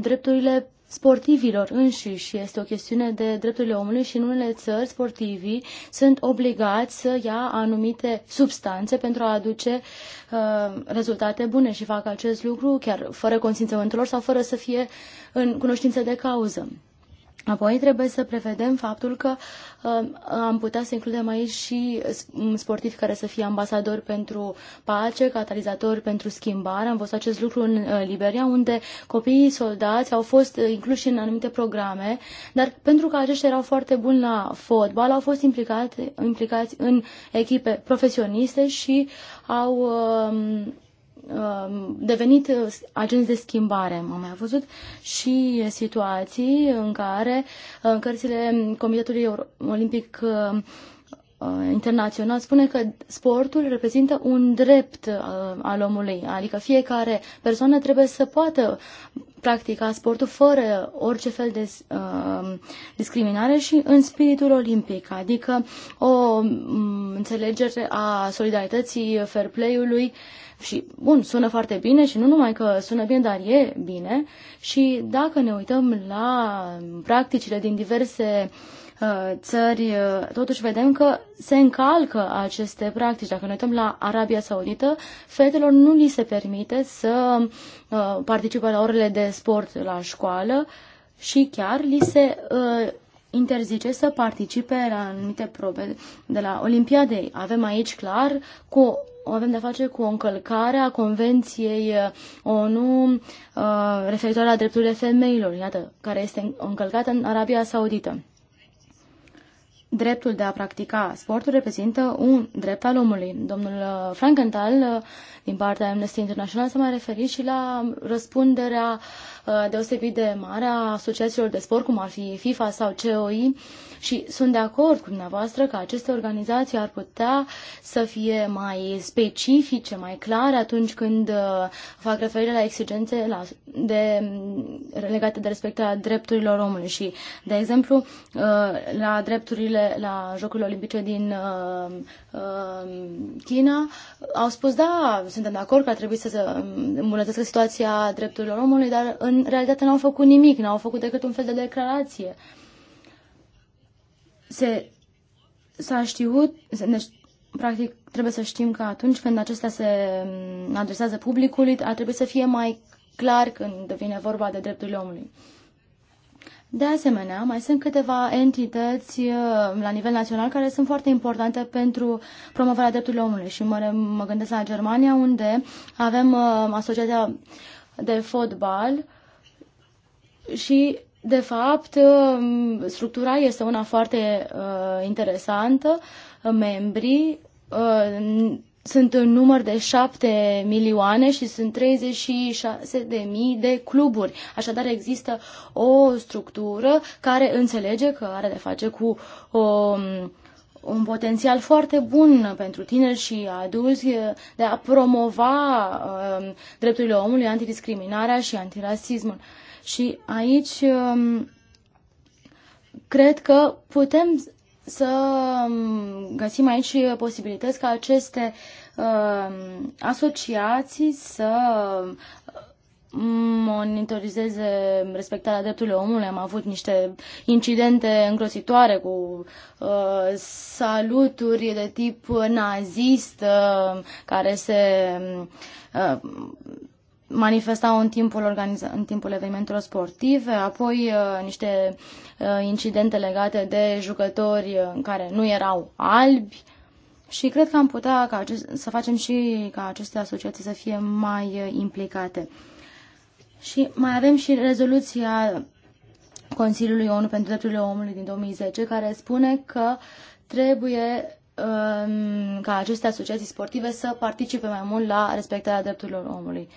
drepturile sportivilor înșiși. Este o chestiune de drepturile omului și în unele țări sportivii sunt obligați să ia anumite substanțe pentru a aduce uh, rezultate bune și fac acest lucru chiar fără consimțământul lor sau fără să fie în cunoștință de cauză. Apoi trebuie să prevedem faptul că uh, am putea să includem aici și um, sportivi care să fie ambasadori pentru pace, catalizatori pentru schimbare. Am văzut acest lucru în uh, Liberia, unde copiii soldați au fost uh, incluși în anumite programe, dar pentru că aceștia erau foarte buni la fotbal, au fost implicați, implicați în echipe profesioniste și au uh, Um, devenit uh, agenți de schimbare, am mai văzut, și situații în care uh, în cărțile Comitetului Olimpic uh, internațional spune că sportul reprezintă un drept al omului, adică fiecare persoană trebuie să poată practica sportul fără orice fel de uh, discriminare și în spiritul olimpic, adică o um, înțelegere a solidarității, fair play-ului și, bun, sună foarte bine și nu numai că sună bine, dar e bine. Și dacă ne uităm la practicile din diverse uh, țări, uh, totuși vedem că se încalcă aceste practici. Dacă ne uităm la Arabia Saudită, fetelor nu li se permite să uh, participe la orele de sport la școală și chiar li se interzice să participe la anumite probe de la Olimpiadei. Avem aici clar cu o avem de-a face cu o încălcare a Convenției uh, ONU uh, referitoare la drepturile femeilor, iată, care este încălcată în Arabia Saudită. Dreptul de a practica sportul reprezintă un drept al omului. Domnul uh, Frankenthal, din partea Amnesty International, s-a mai referit și la răspunderea deosebit de mare a asociațiilor de sport, cum ar fi FIFA sau COI, și sunt de acord cu dumneavoastră că aceste organizații ar putea să fie mai specifice, mai clare atunci când uh, fac referire la exigențe la, de, mm, legate de respectarea drepturilor omului și, de exemplu, uh, la drepturile la Jocurile Olimpice din uh, China, au spus, da, suntem de acord că ar trebui să se mm, îmbunătățească situația drepturilor omului, dar în realitate n-au făcut nimic, n-au făcut decât un fel de declarație se s-a știut, deci, practic trebuie să știm că atunci când acestea se mm, adresează publicului, ar trebui să fie mai clar când vine vorba de drepturile omului. De asemenea, mai sunt câteva entități uh, la nivel național care sunt foarte importante pentru promovarea drepturilor omului și mă, mă gândesc la Germania, unde avem uh, Asociația de Fotbal și de fapt, um, structura este una foarte uh, interesantă. Membrii uh, sunt în număr de 7 milioane și sunt 36 de mii de cluburi. Așadar există o structură care înțelege că are de face cu o, um, un potențial foarte bun pentru tineri și adulți de a promova uh, drepturile omului, antidiscriminarea și antirasismul. Uh, și aici um, cred că putem să um, găsim aici posibilități ca aceste um, asociații să monitorizeze respectarea drepturilor omului. Am avut niște incidente îngrozitoare cu uh, saluturi de tip nazist uh, care se uh, manifestau în timpul, organiza- în timpul evenimentelor sportive, apoi uh, niște uh, incidente legate de jucători uh, care nu erau albi și cred că am putea ca acest, să facem și ca aceste asociații să fie mai implicate. Și mai avem și rezoluția Consiliului ONU pentru Drepturile Omului din 2010, care spune că trebuie um, ca aceste asociații sportive să participe mai mult la respectarea drepturilor omului.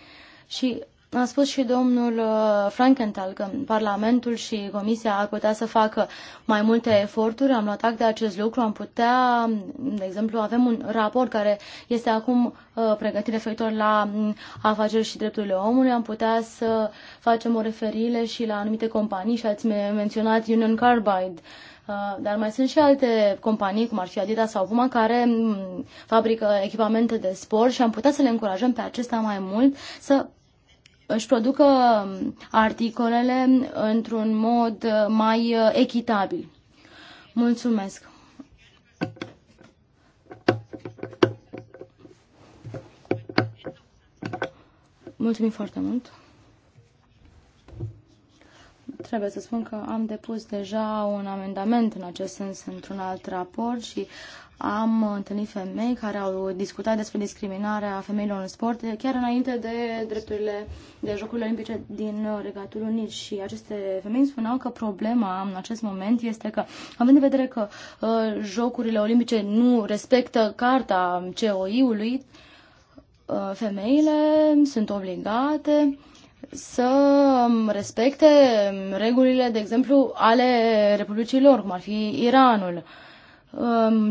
Și a spus și domnul uh, Frankenthal că Parlamentul și Comisia ar putea să facă mai multe eforturi. Am luat act de acest lucru. Am putea, de exemplu, avem un raport care este acum uh, pregătit referitor la mm, afaceri și drepturile omului. Am putea să facem o referire și la anumite companii și ați menționat Union Carbide Uh, dar mai sunt și alte companii, cum ar fi Adidas sau Puma, care mm, fabrică echipamente de sport și am putea să le încurajăm pe acestea mai mult să își producă mm, articolele într-un mod uh, mai uh, echitabil. Mulțumesc! Mulțumim foarte mult! Trebuie să spun că am depus deja un amendament în acest sens într-un alt raport și am întâlnit femei care au discutat despre discriminarea femeilor în sport chiar înainte de drepturile de Jocurile Olimpice din Regatul Unit și aceste femei îmi spuneau că problema în acest moment este că, având în vedere că uh, Jocurile Olimpice nu respectă carta COI-ului, uh, femeile sunt obligate uh, să respecte regulile, de exemplu, ale republicii lor, cum ar fi Iranul.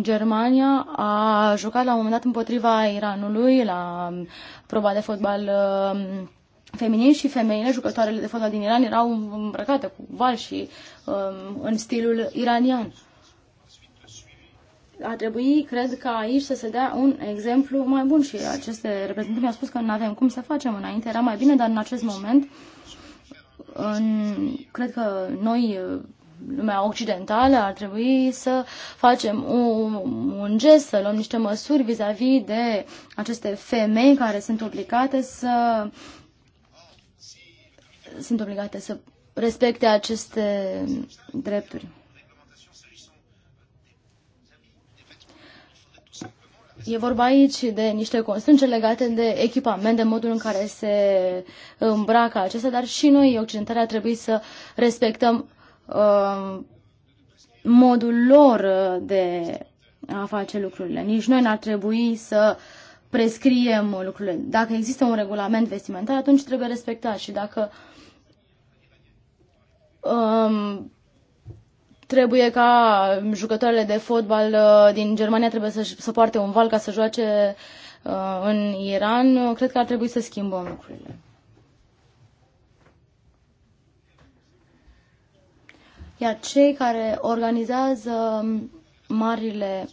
Germania a jucat la un moment dat împotriva Iranului la proba de fotbal um, feminin și femeile, jucătoarele de fotbal din Iran, erau îmbrăcate cu val și um, în stilul iranian. A trebui, cred că aici să se dea un exemplu mai bun și aceste reprezentanți mi-au spus că nu avem cum să facem înainte, era mai bine, dar în acest moment în, cred că noi lumea occidentală ar trebui să facem un, un gest, să luăm niște măsuri vis-a-vis -vis de aceste femei care sunt obligate să sunt obligate să respecte aceste drepturi. E vorba aici de niște constrângeri legate de echipament, de modul în care se îmbracă acestea, dar și noi, occidentali, ar trebui să respectăm uh, modul lor uh, de a face lucrurile. Nici noi n-ar trebui să prescriem lucrurile. Dacă există un regulament vestimentar, atunci trebuie respectat și dacă um, trebuie ca jucătoarele de fotbal uh, din Germania trebuie să, să poarte un val ca să joace uh, în Iran. Cred că ar trebui să schimbăm lucrurile. Iar cei care organizează marile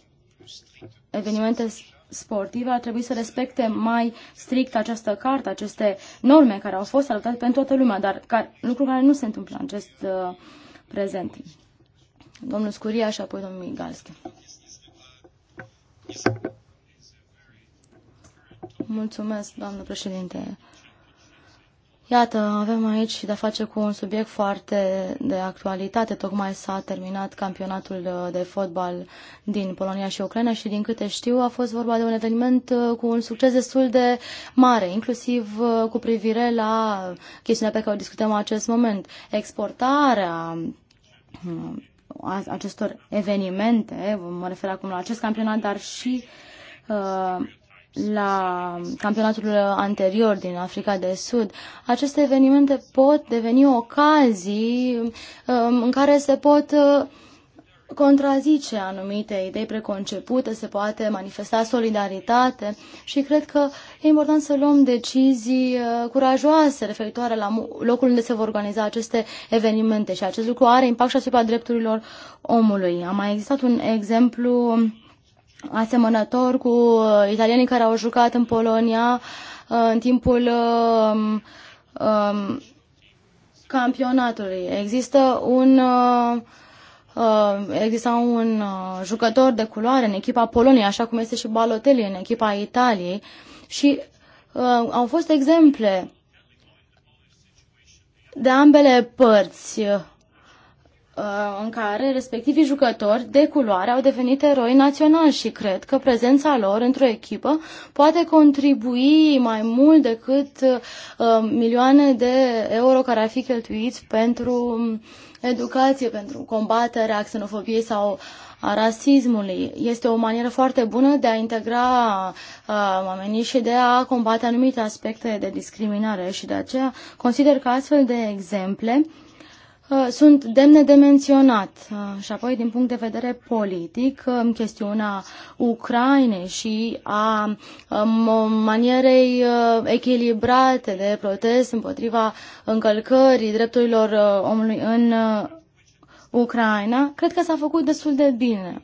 evenimente sportive ar trebui să respecte mai strict această carte, aceste norme care au fost adoptate pentru toată lumea, dar care, lucru care nu se întâmplă în acest uh, prezent domnul Scuria și apoi domnul Migalski. Mulțumesc, doamnă președinte. Iată, avem aici de-a face cu un subiect foarte de actualitate. Tocmai s-a terminat campionatul de fotbal din Polonia și Ucraina și, din câte știu, a fost vorba de un eveniment cu un succes destul de mare, inclusiv cu privire la chestiunea pe care o discutăm în acest moment. Exportarea acestor evenimente, mă refer acum la acest campionat, dar și uh, la campionatul anterior din Africa de Sud. Aceste evenimente pot deveni ocazii uh, în care se pot uh, contrazice anumite idei preconcepute, se poate manifesta solidaritate și cred că e important să luăm decizii uh, curajoase referitoare la locul unde se vor organiza aceste evenimente și acest lucru are impact și asupra drepturilor omului. A mai existat un exemplu asemănător cu uh, italienii care au jucat în Polonia uh, în timpul um, um, campionatului. Există un uh, Uh, exista un uh, jucător de culoare în echipa Poloniei, așa cum este și Balotelli în echipa Italiei și uh, au fost exemple de ambele părți în care respectivii jucători de culoare au devenit eroi naționali și cred că prezența lor într-o echipă poate contribui mai mult decât milioane de euro care ar fi cheltuiți pentru uh, educație pentru combaterea xenofobiei sau a rasismului. Este o manieră foarte bună de a integra uh, oamenii și de a combate anumite aspecte de discriminare și de aceea consider că astfel de exemple uh, Uh, sunt demne de menționat. Uh, și apoi, din punct de vedere politic, uh, chestiunea Ucrainei și a um, manierei echilibrate de protest împotriva încălcării drepturilor omului în Ucraina, cred că s-a făcut destul de bine.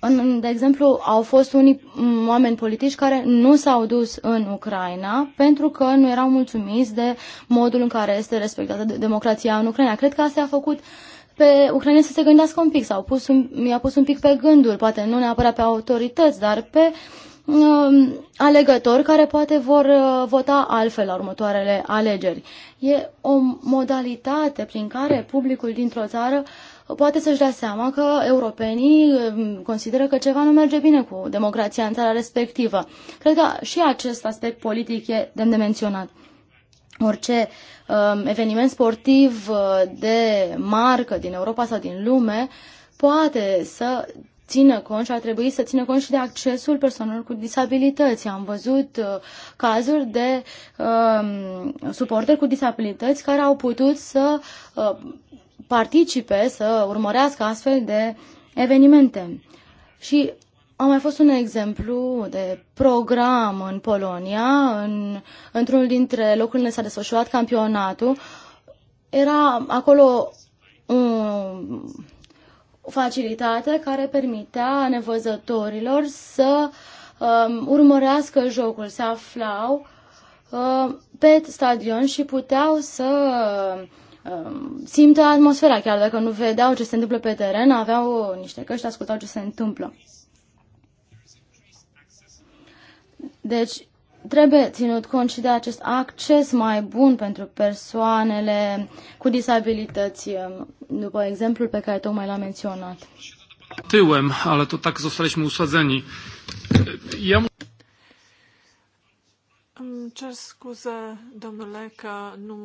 În, de exemplu, au fost unii oameni politici care nu s-au dus în Ucraina pentru că nu erau mulțumiți de modul în care este respectată democrația în Ucraina. Cred că asta a făcut pe Ucraina să se gândească un pic, sau pus un, a pus un pic pe gânduri, poate nu neapărat pe autorități, dar pe uh, alegători care poate vor uh, vota altfel la următoarele alegeri. E o modalitate prin care publicul dintr-o țară uh, poate să-și dea seama că europenii um, consideră că ceva nu merge bine cu democrația în țara respectivă. Cred că și acest aspect politic e demn de menționat. Orice um, eveniment sportiv uh, de marcă din Europa sau din lume poate să țină cont și ar trebui să țină cont și de accesul persoanelor cu disabilități. Am văzut uh, cazuri de uh, suporteri cu disabilități care au putut să uh, participe, să urmărească astfel de evenimente. Și a mai fost un exemplu de program în Polonia, în, într-unul dintre locurile s-a desfășurat campionatul. Era acolo um, o facilitate care permitea nevăzătorilor să um, urmărească jocul, se aflau uh, pe stadion și puteau să uh, Um, simtă atmosfera, chiar dacă nu vedeau ce se întâmplă pe teren, aveau niște căști, ascultau ce se întâmplă. Deci, trebuie ținut cont și de acest acces mai bun pentru persoanele cu disabilități, um, după exemplul pe care tocmai l-am menționat. Tyłem, ale to tak zostaliśmy usadzeni. Ja... Îmi cer scuze, domnule, că nu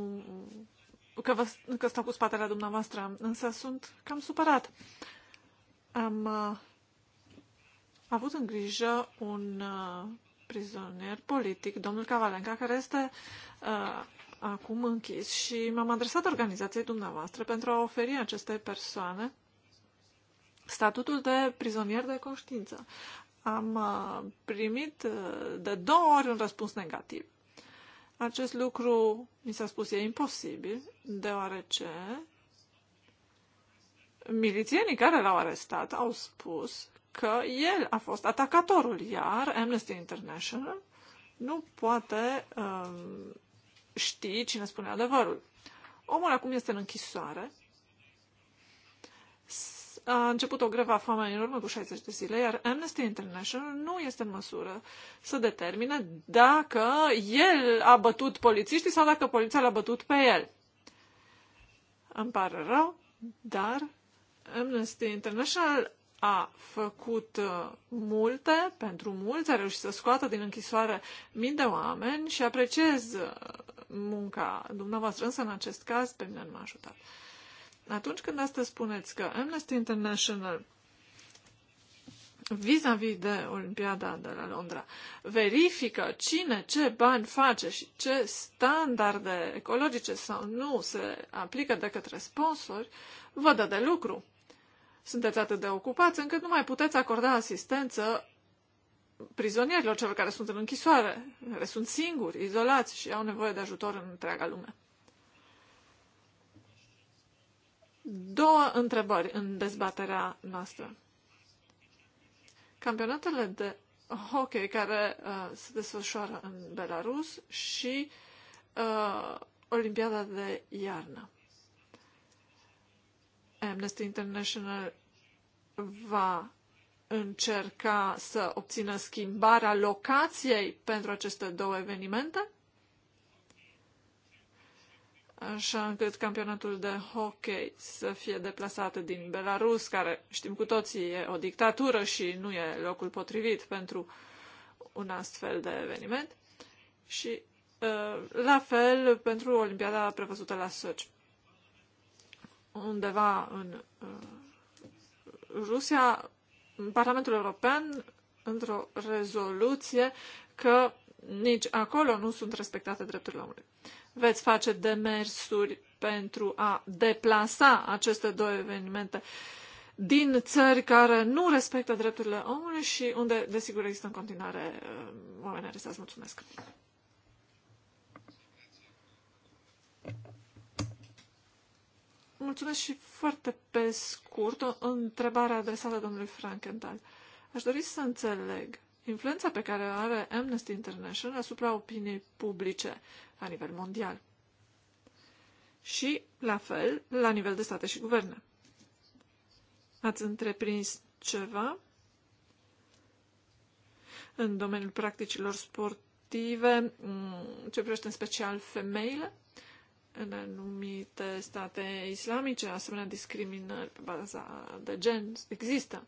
că, vă, că stau cu spatele dumneavoastră, însă sunt cam supărat. Am uh, avut în grijă un uh, prizonier politic, domnul Cavalenca, care este uh, acum închis și m-am adresat organizației dumneavoastră pentru a oferi acestei persoane statutul de prizonier de conștiință. Am uh, primit uh, de două ori un răspuns negativ. Acest lucru, mi s-a spus, e imposibil, deoarece milițienii care l-au arestat au spus că el a fost atacatorul, iar Amnesty International nu poate um, ști cine spune adevărul. Omul acum este în închisoare a început o grevă a foamei în urmă cu 60 de zile, iar Amnesty International nu este în măsură să determine dacă el a bătut polițiștii sau dacă poliția l-a bătut pe el. Îmi pare rău, dar Amnesty International a făcut uh, multe pentru mulți, a reușit să scoată din închisoare mii de oameni și apreciez uh, munca dumneavoastră, însă în acest caz pe mine nu m-a ajutat. Atunci când astăzi spuneți că Amnesty International vis-a-vis -vis de Olimpiada de la Londra, verifică cine ce bani face și ce standarde ecologice sau nu se aplică de către sponsori, vă dă de lucru. Sunteți atât de ocupați încât nu mai puteți acorda asistență prizonierilor, celor care sunt în închisoare, care sunt singuri, izolați și au nevoie de ajutor în întreaga lume. două întrebări în dezbaterea noastră. Campionatele de hockey care uh, se desfășoară în Belarus și uh, Olimpiada de iarnă. Amnesty International va încerca să obțină schimbarea locației pentru aceste două evenimente așa încât campionatul de hockey să fie deplasat din Belarus, care știm cu toții e o dictatură și nu e locul potrivit pentru un astfel de eveniment. Și uh, la fel pentru Olimpiada prevăzută la Sochi. Undeva în uh, Rusia, Parlamentul European, într-o rezoluție, că nici acolo nu sunt respectate drepturile omului. Veți face demersuri pentru a deplasa aceste două evenimente din țări care nu respectă drepturile omului și unde, desigur, există în continuare uh, oameni arestați. Mulțumesc! Mulțumesc și foarte pe scurt o întrebare adresată domnului Frankenthal. Aș dori să înțeleg influența pe care are Amnesty International asupra opiniei publice la nivel mondial și, la fel, la nivel de state și guverne. Ați întreprins ceva în domeniul practicilor sportive, mm, ce privește în special femeile, în anumite state islamice, asemenea discriminări pe baza de gen există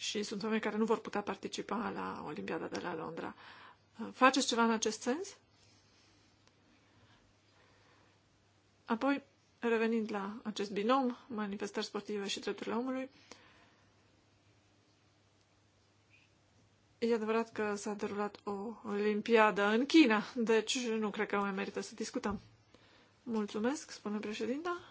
și sunt oameni care nu vor putea participa la Olimpiada de la Londra. Faceți ceva în acest sens? Apoi, revenind la acest binom, manifestări sportive și drepturile omului, E adevărat că s-a derulat o olimpiadă în China, deci nu cred că mai merită să discutăm. Mulțumesc, spune președinta.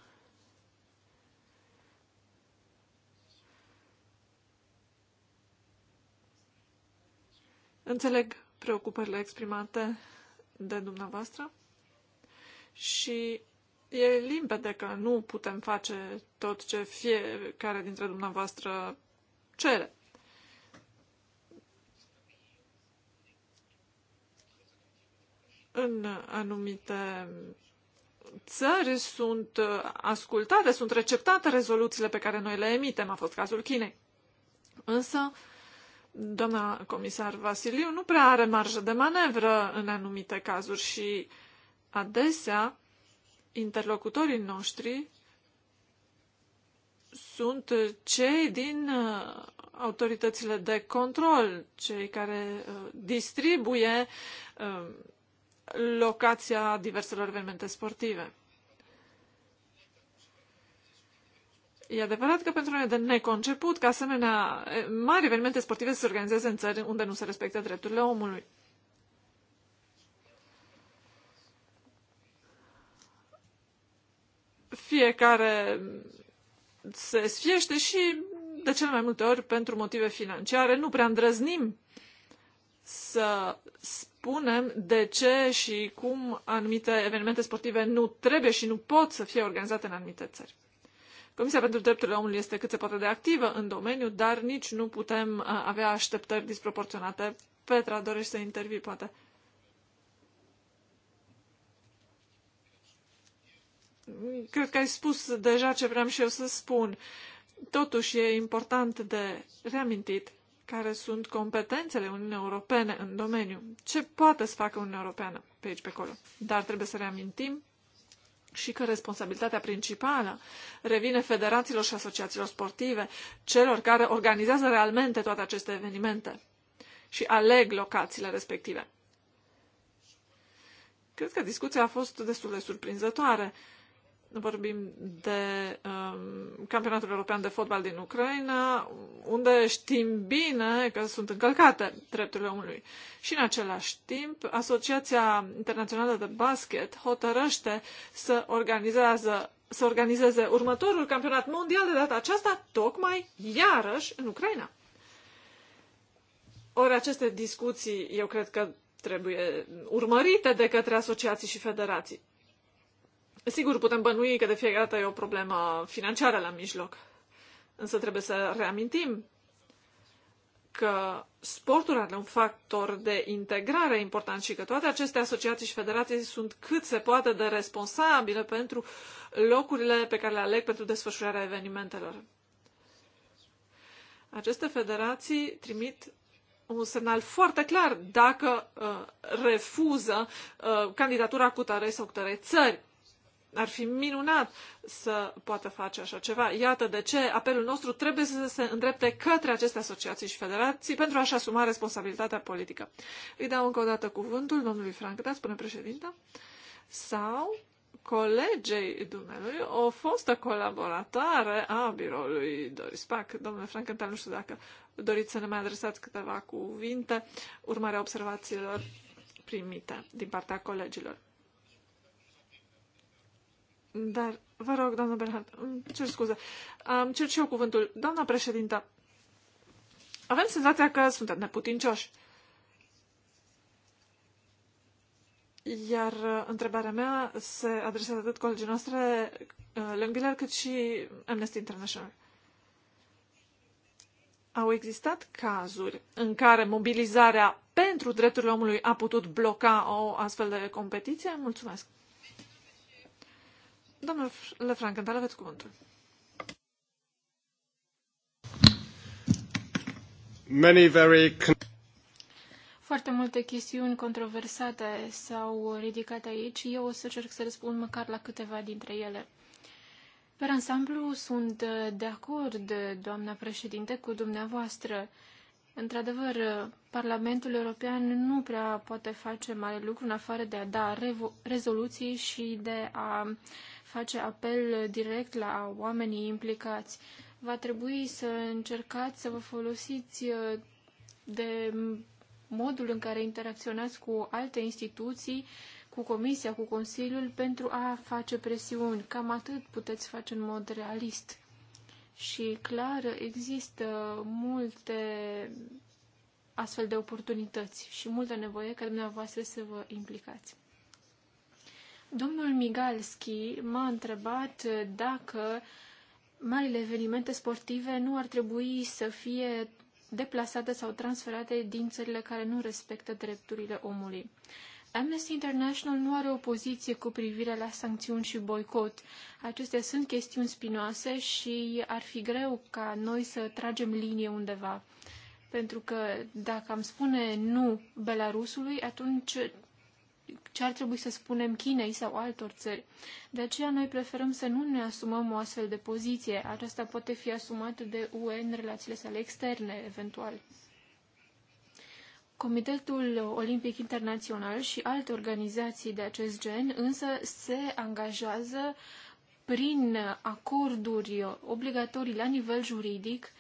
Înțeleg preocupările exprimate de dumneavoastră și e limpede că nu putem face tot ce fiecare dintre dumneavoastră cere. În anumite țări sunt ascultate, sunt receptate rezoluțiile pe care noi le emitem. A fost cazul Chinei. Însă, uh, doamna comisar Vasiliu nu prea are marjă de manevră în anumite cazuri și adesea interlocutorii noștri sunt cei din uh, autoritățile de control, cei care uh, distribuie uh, locația diverselor evenimente sportive. E adevărat că pentru noi de neconceput ca asemenea mari evenimente sportive să se organizeze în țări unde nu se respectă drepturile omului. Fiecare se sfiește și de cele mai multe ori pentru motive financiare. Nu prea îndrăznim să spunem de ce și cum anumite evenimente sportive nu trebuie și nu pot să fie organizate în anumite țări. Comisia pentru Drepturile Omului este cât se poate de activă în domeniu, dar nici nu putem uh, avea așteptări disproporționate. Petra, dorești să intervii, poate? Cred că ai spus deja ce vreau și eu să spun. Totuși, e important de reamintit care sunt competențele Uniunii Europene în domeniu, ce poate să facă Uniunea Europeană pe aici, pe acolo. Dar trebuie să reamintim și că responsabilitatea principală revine federațiilor și asociațiilor sportive, celor care organizează realmente toate aceste evenimente și aleg locațiile respective. Cred că discuția a fost destul de surprinzătoare vorbim de um, campionatul european de fotbal din Ucraina, unde știm bine că sunt încălcate drepturile omului. Și în același timp, Asociația Internațională de Basket hotărăște să, organizează, să organizeze următorul campionat mondial de data aceasta, tocmai iarăși în Ucraina. Ori aceste discuții, eu cred că trebuie urmărite de către asociații și federații. Sigur, putem bănui că de fiecare dată e o problemă financiară la mijloc. Însă trebuie să reamintim că sportul are un factor de integrare important și că toate aceste asociații și federații sunt cât se poate de responsabile pentru locurile pe care le aleg pentru desfășurarea evenimentelor. Aceste federații trimit un semnal foarte clar dacă uh, refuză uh, candidatura cu tare sau cu tare țări. Ar fi minunat să poată face așa ceva. Iată de ce apelul nostru trebuie să se îndrepte către aceste asociații și federații pentru a-și asuma responsabilitatea politică. Îi dau încă o dată cuvântul domnului Frank, da, spune președinta, sau colegei dumnealui, o fostă colaboratoare a biroului Doris Pac. Domnule Frankenthal, nu știu dacă doriți să ne mai adresați câteva cuvinte, urmarea observațiilor primite din partea colegilor. Dar, vă rog, doamnă Bernhard, îmi cer scuze. Am cer și eu cuvântul. Doamna președintă, avem senzația că suntem neputincioși. Iar uh, întrebarea mea se adresează atât colegii noastre, uh, Lengbiler, cât și Amnesty International. Au existat cazuri în care mobilizarea pentru drepturile omului a putut bloca o astfel de competiție? Mulțumesc! aveți cuvântul. Many very foarte multe chestiuni controversate s-au ridicat aici. Eu o să încerc să răspund măcar la câteva dintre ele. Pe ansamblu, sunt de acord, doamna președinte, cu dumneavoastră. Într-adevăr, Parlamentul European nu prea poate face mare lucru în afară de a da rezoluții și de a face apel direct la oamenii implicați. Va trebui să încercați să vă folosiți uh, de modul în care interacționați cu alte instituții, cu Comisia, cu Consiliul, pentru a face presiuni. Cam atât puteți face în mod realist. Și clar există multe astfel de oportunități și multă nevoie ca dumneavoastră să vă implicați. Domnul Migalski m-a întrebat dacă marile evenimente sportive nu ar trebui să fie deplasate sau transferate din țările care nu respectă drepturile omului. Amnesty International nu are o poziție cu privire la sancțiuni și boicot. Acestea sunt chestiuni spinoase și ar fi greu ca noi să tragem linie undeva. Pentru că dacă am spune nu Belarusului, atunci ce ar trebui să spunem Chinei sau altor țări. De aceea noi preferăm să nu ne asumăm o astfel de poziție. Aceasta poate fi asumată de UE în relațiile sale externe, eventual. Comitetul Olimpic Internațional și alte organizații de acest gen însă se angajează prin acorduri obligatorii la nivel juridic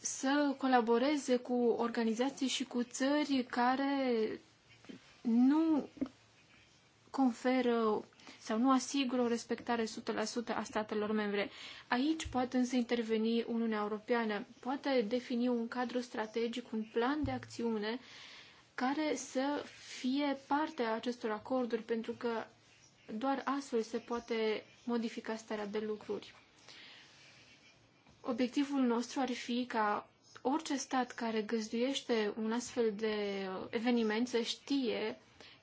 să colaboreze cu organizații și cu țări care nu conferă sau nu asigură o respectare 100% a statelor membre. Aici poate însă interveni Uniunea Europeană, poate defini un cadru strategic, un plan de acțiune care să fie parte a acestor acorduri, pentru că doar astfel se poate modifica starea de lucruri. Obiectivul nostru ar fi ca orice stat care găzduiește un astfel de eveniment să știe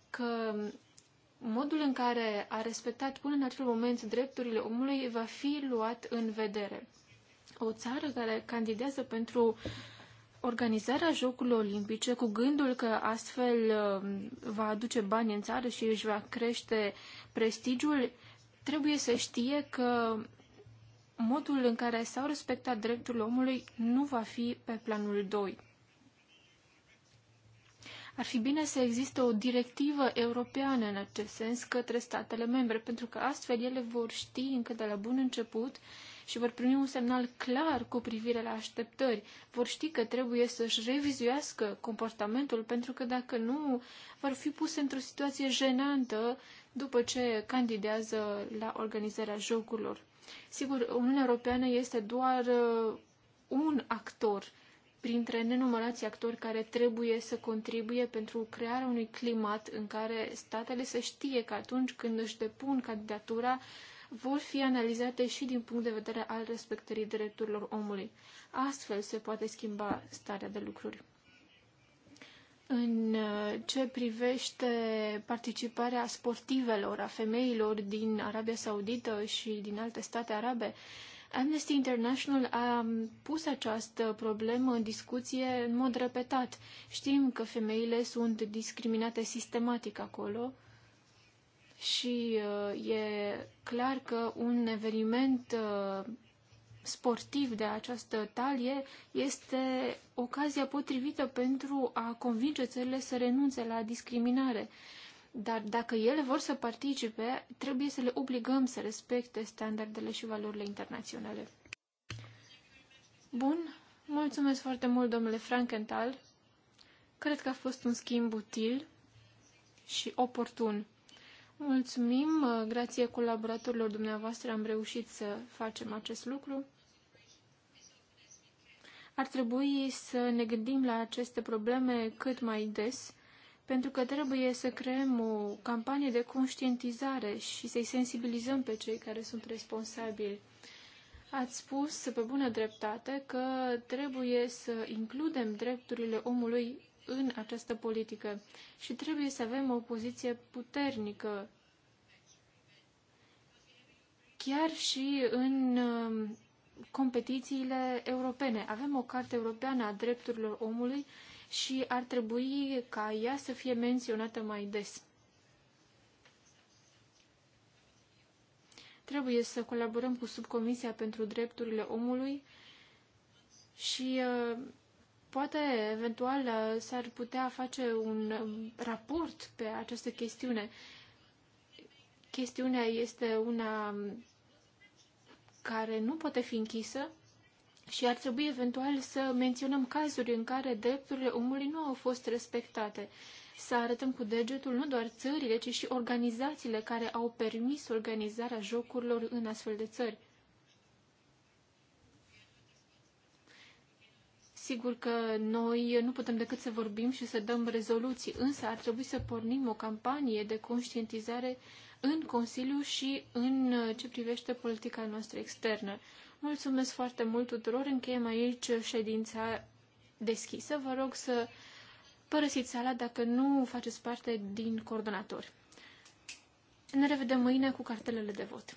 că modul în care a respectat până în acel moment drepturile omului va fi luat în vedere. O țară care candidează pentru organizarea Jocurilor Olimpice cu gândul că astfel um, va aduce bani în țară și își va crește prestigiul, trebuie să știe că modul în care s-au respectat drepturile omului nu va fi pe planul 2. Ar fi bine să existe o directivă europeană în acest sens către statele membre, pentru că astfel ele vor ști încă de la bun început și vor primi un semnal clar cu privire la așteptări. Vor ști că trebuie să-și revizuiască comportamentul, pentru că dacă nu, vor fi puse într-o situație jenantă după ce candidează la organizarea jocurilor. Sigur, Uniunea Europeană este doar uh, un actor printre nenumărați actori care trebuie să contribuie pentru crearea unui climat în care statele să știe că atunci când își depun candidatura, vor fi analizate și din punct de vedere al respectării drepturilor omului. Astfel se poate schimba starea de lucruri. În uh, ce privește participarea sportivelor, a femeilor din Arabia Saudită și din alte state arabe, Amnesty International a pus această problemă în discuție în mod repetat. Știm că femeile sunt discriminate sistematic acolo și uh, e clar că un eveniment uh, sportiv de această talie este ocazia potrivită pentru a convinge țările să renunțe la discriminare. Dar dacă ele vor să participe, trebuie să le obligăm să respecte standardele și valorile internaționale. Bun, mulțumesc foarte mult, domnule Frankenthal. Cred că a fost un schimb util și oportun. Mulțumim, grație colaboratorilor dumneavoastră am reușit să facem acest lucru. Ar trebui să ne gândim la aceste probleme cât mai des pentru că trebuie să creăm o campanie de conștientizare și să-i sensibilizăm pe cei care sunt responsabili. Ați spus pe bună dreptate că trebuie să includem drepturile omului în această politică și trebuie să avem o poziție puternică chiar și în um, competițiile europene. Avem o carte europeană a drepturilor omului și ar trebui ca ea să fie menționată mai des. Trebuie să colaborăm cu Subcomisia pentru Drepturile Omului și uh, poate eventual uh, s-ar putea face un um, raport pe această chestiune. Chestiunea este una um, care nu poate fi închisă și ar trebui eventual să menționăm cazuri în care drepturile omului nu au fost respectate. Să arătăm cu degetul nu doar țările, ci și organizațiile care au permis organizarea jocurilor în astfel de țări. Sigur că noi nu putem decât să vorbim și să dăm rezoluții, însă ar trebui să pornim o campanie de conștientizare în Consiliu și în ce privește politica noastră externă. Mulțumesc foarte mult tuturor. Încheiem aici ședința deschisă. Vă rog să părăsiți sala dacă nu faceți parte din coordonatori. Ne revedem mâine cu cartelele de vot.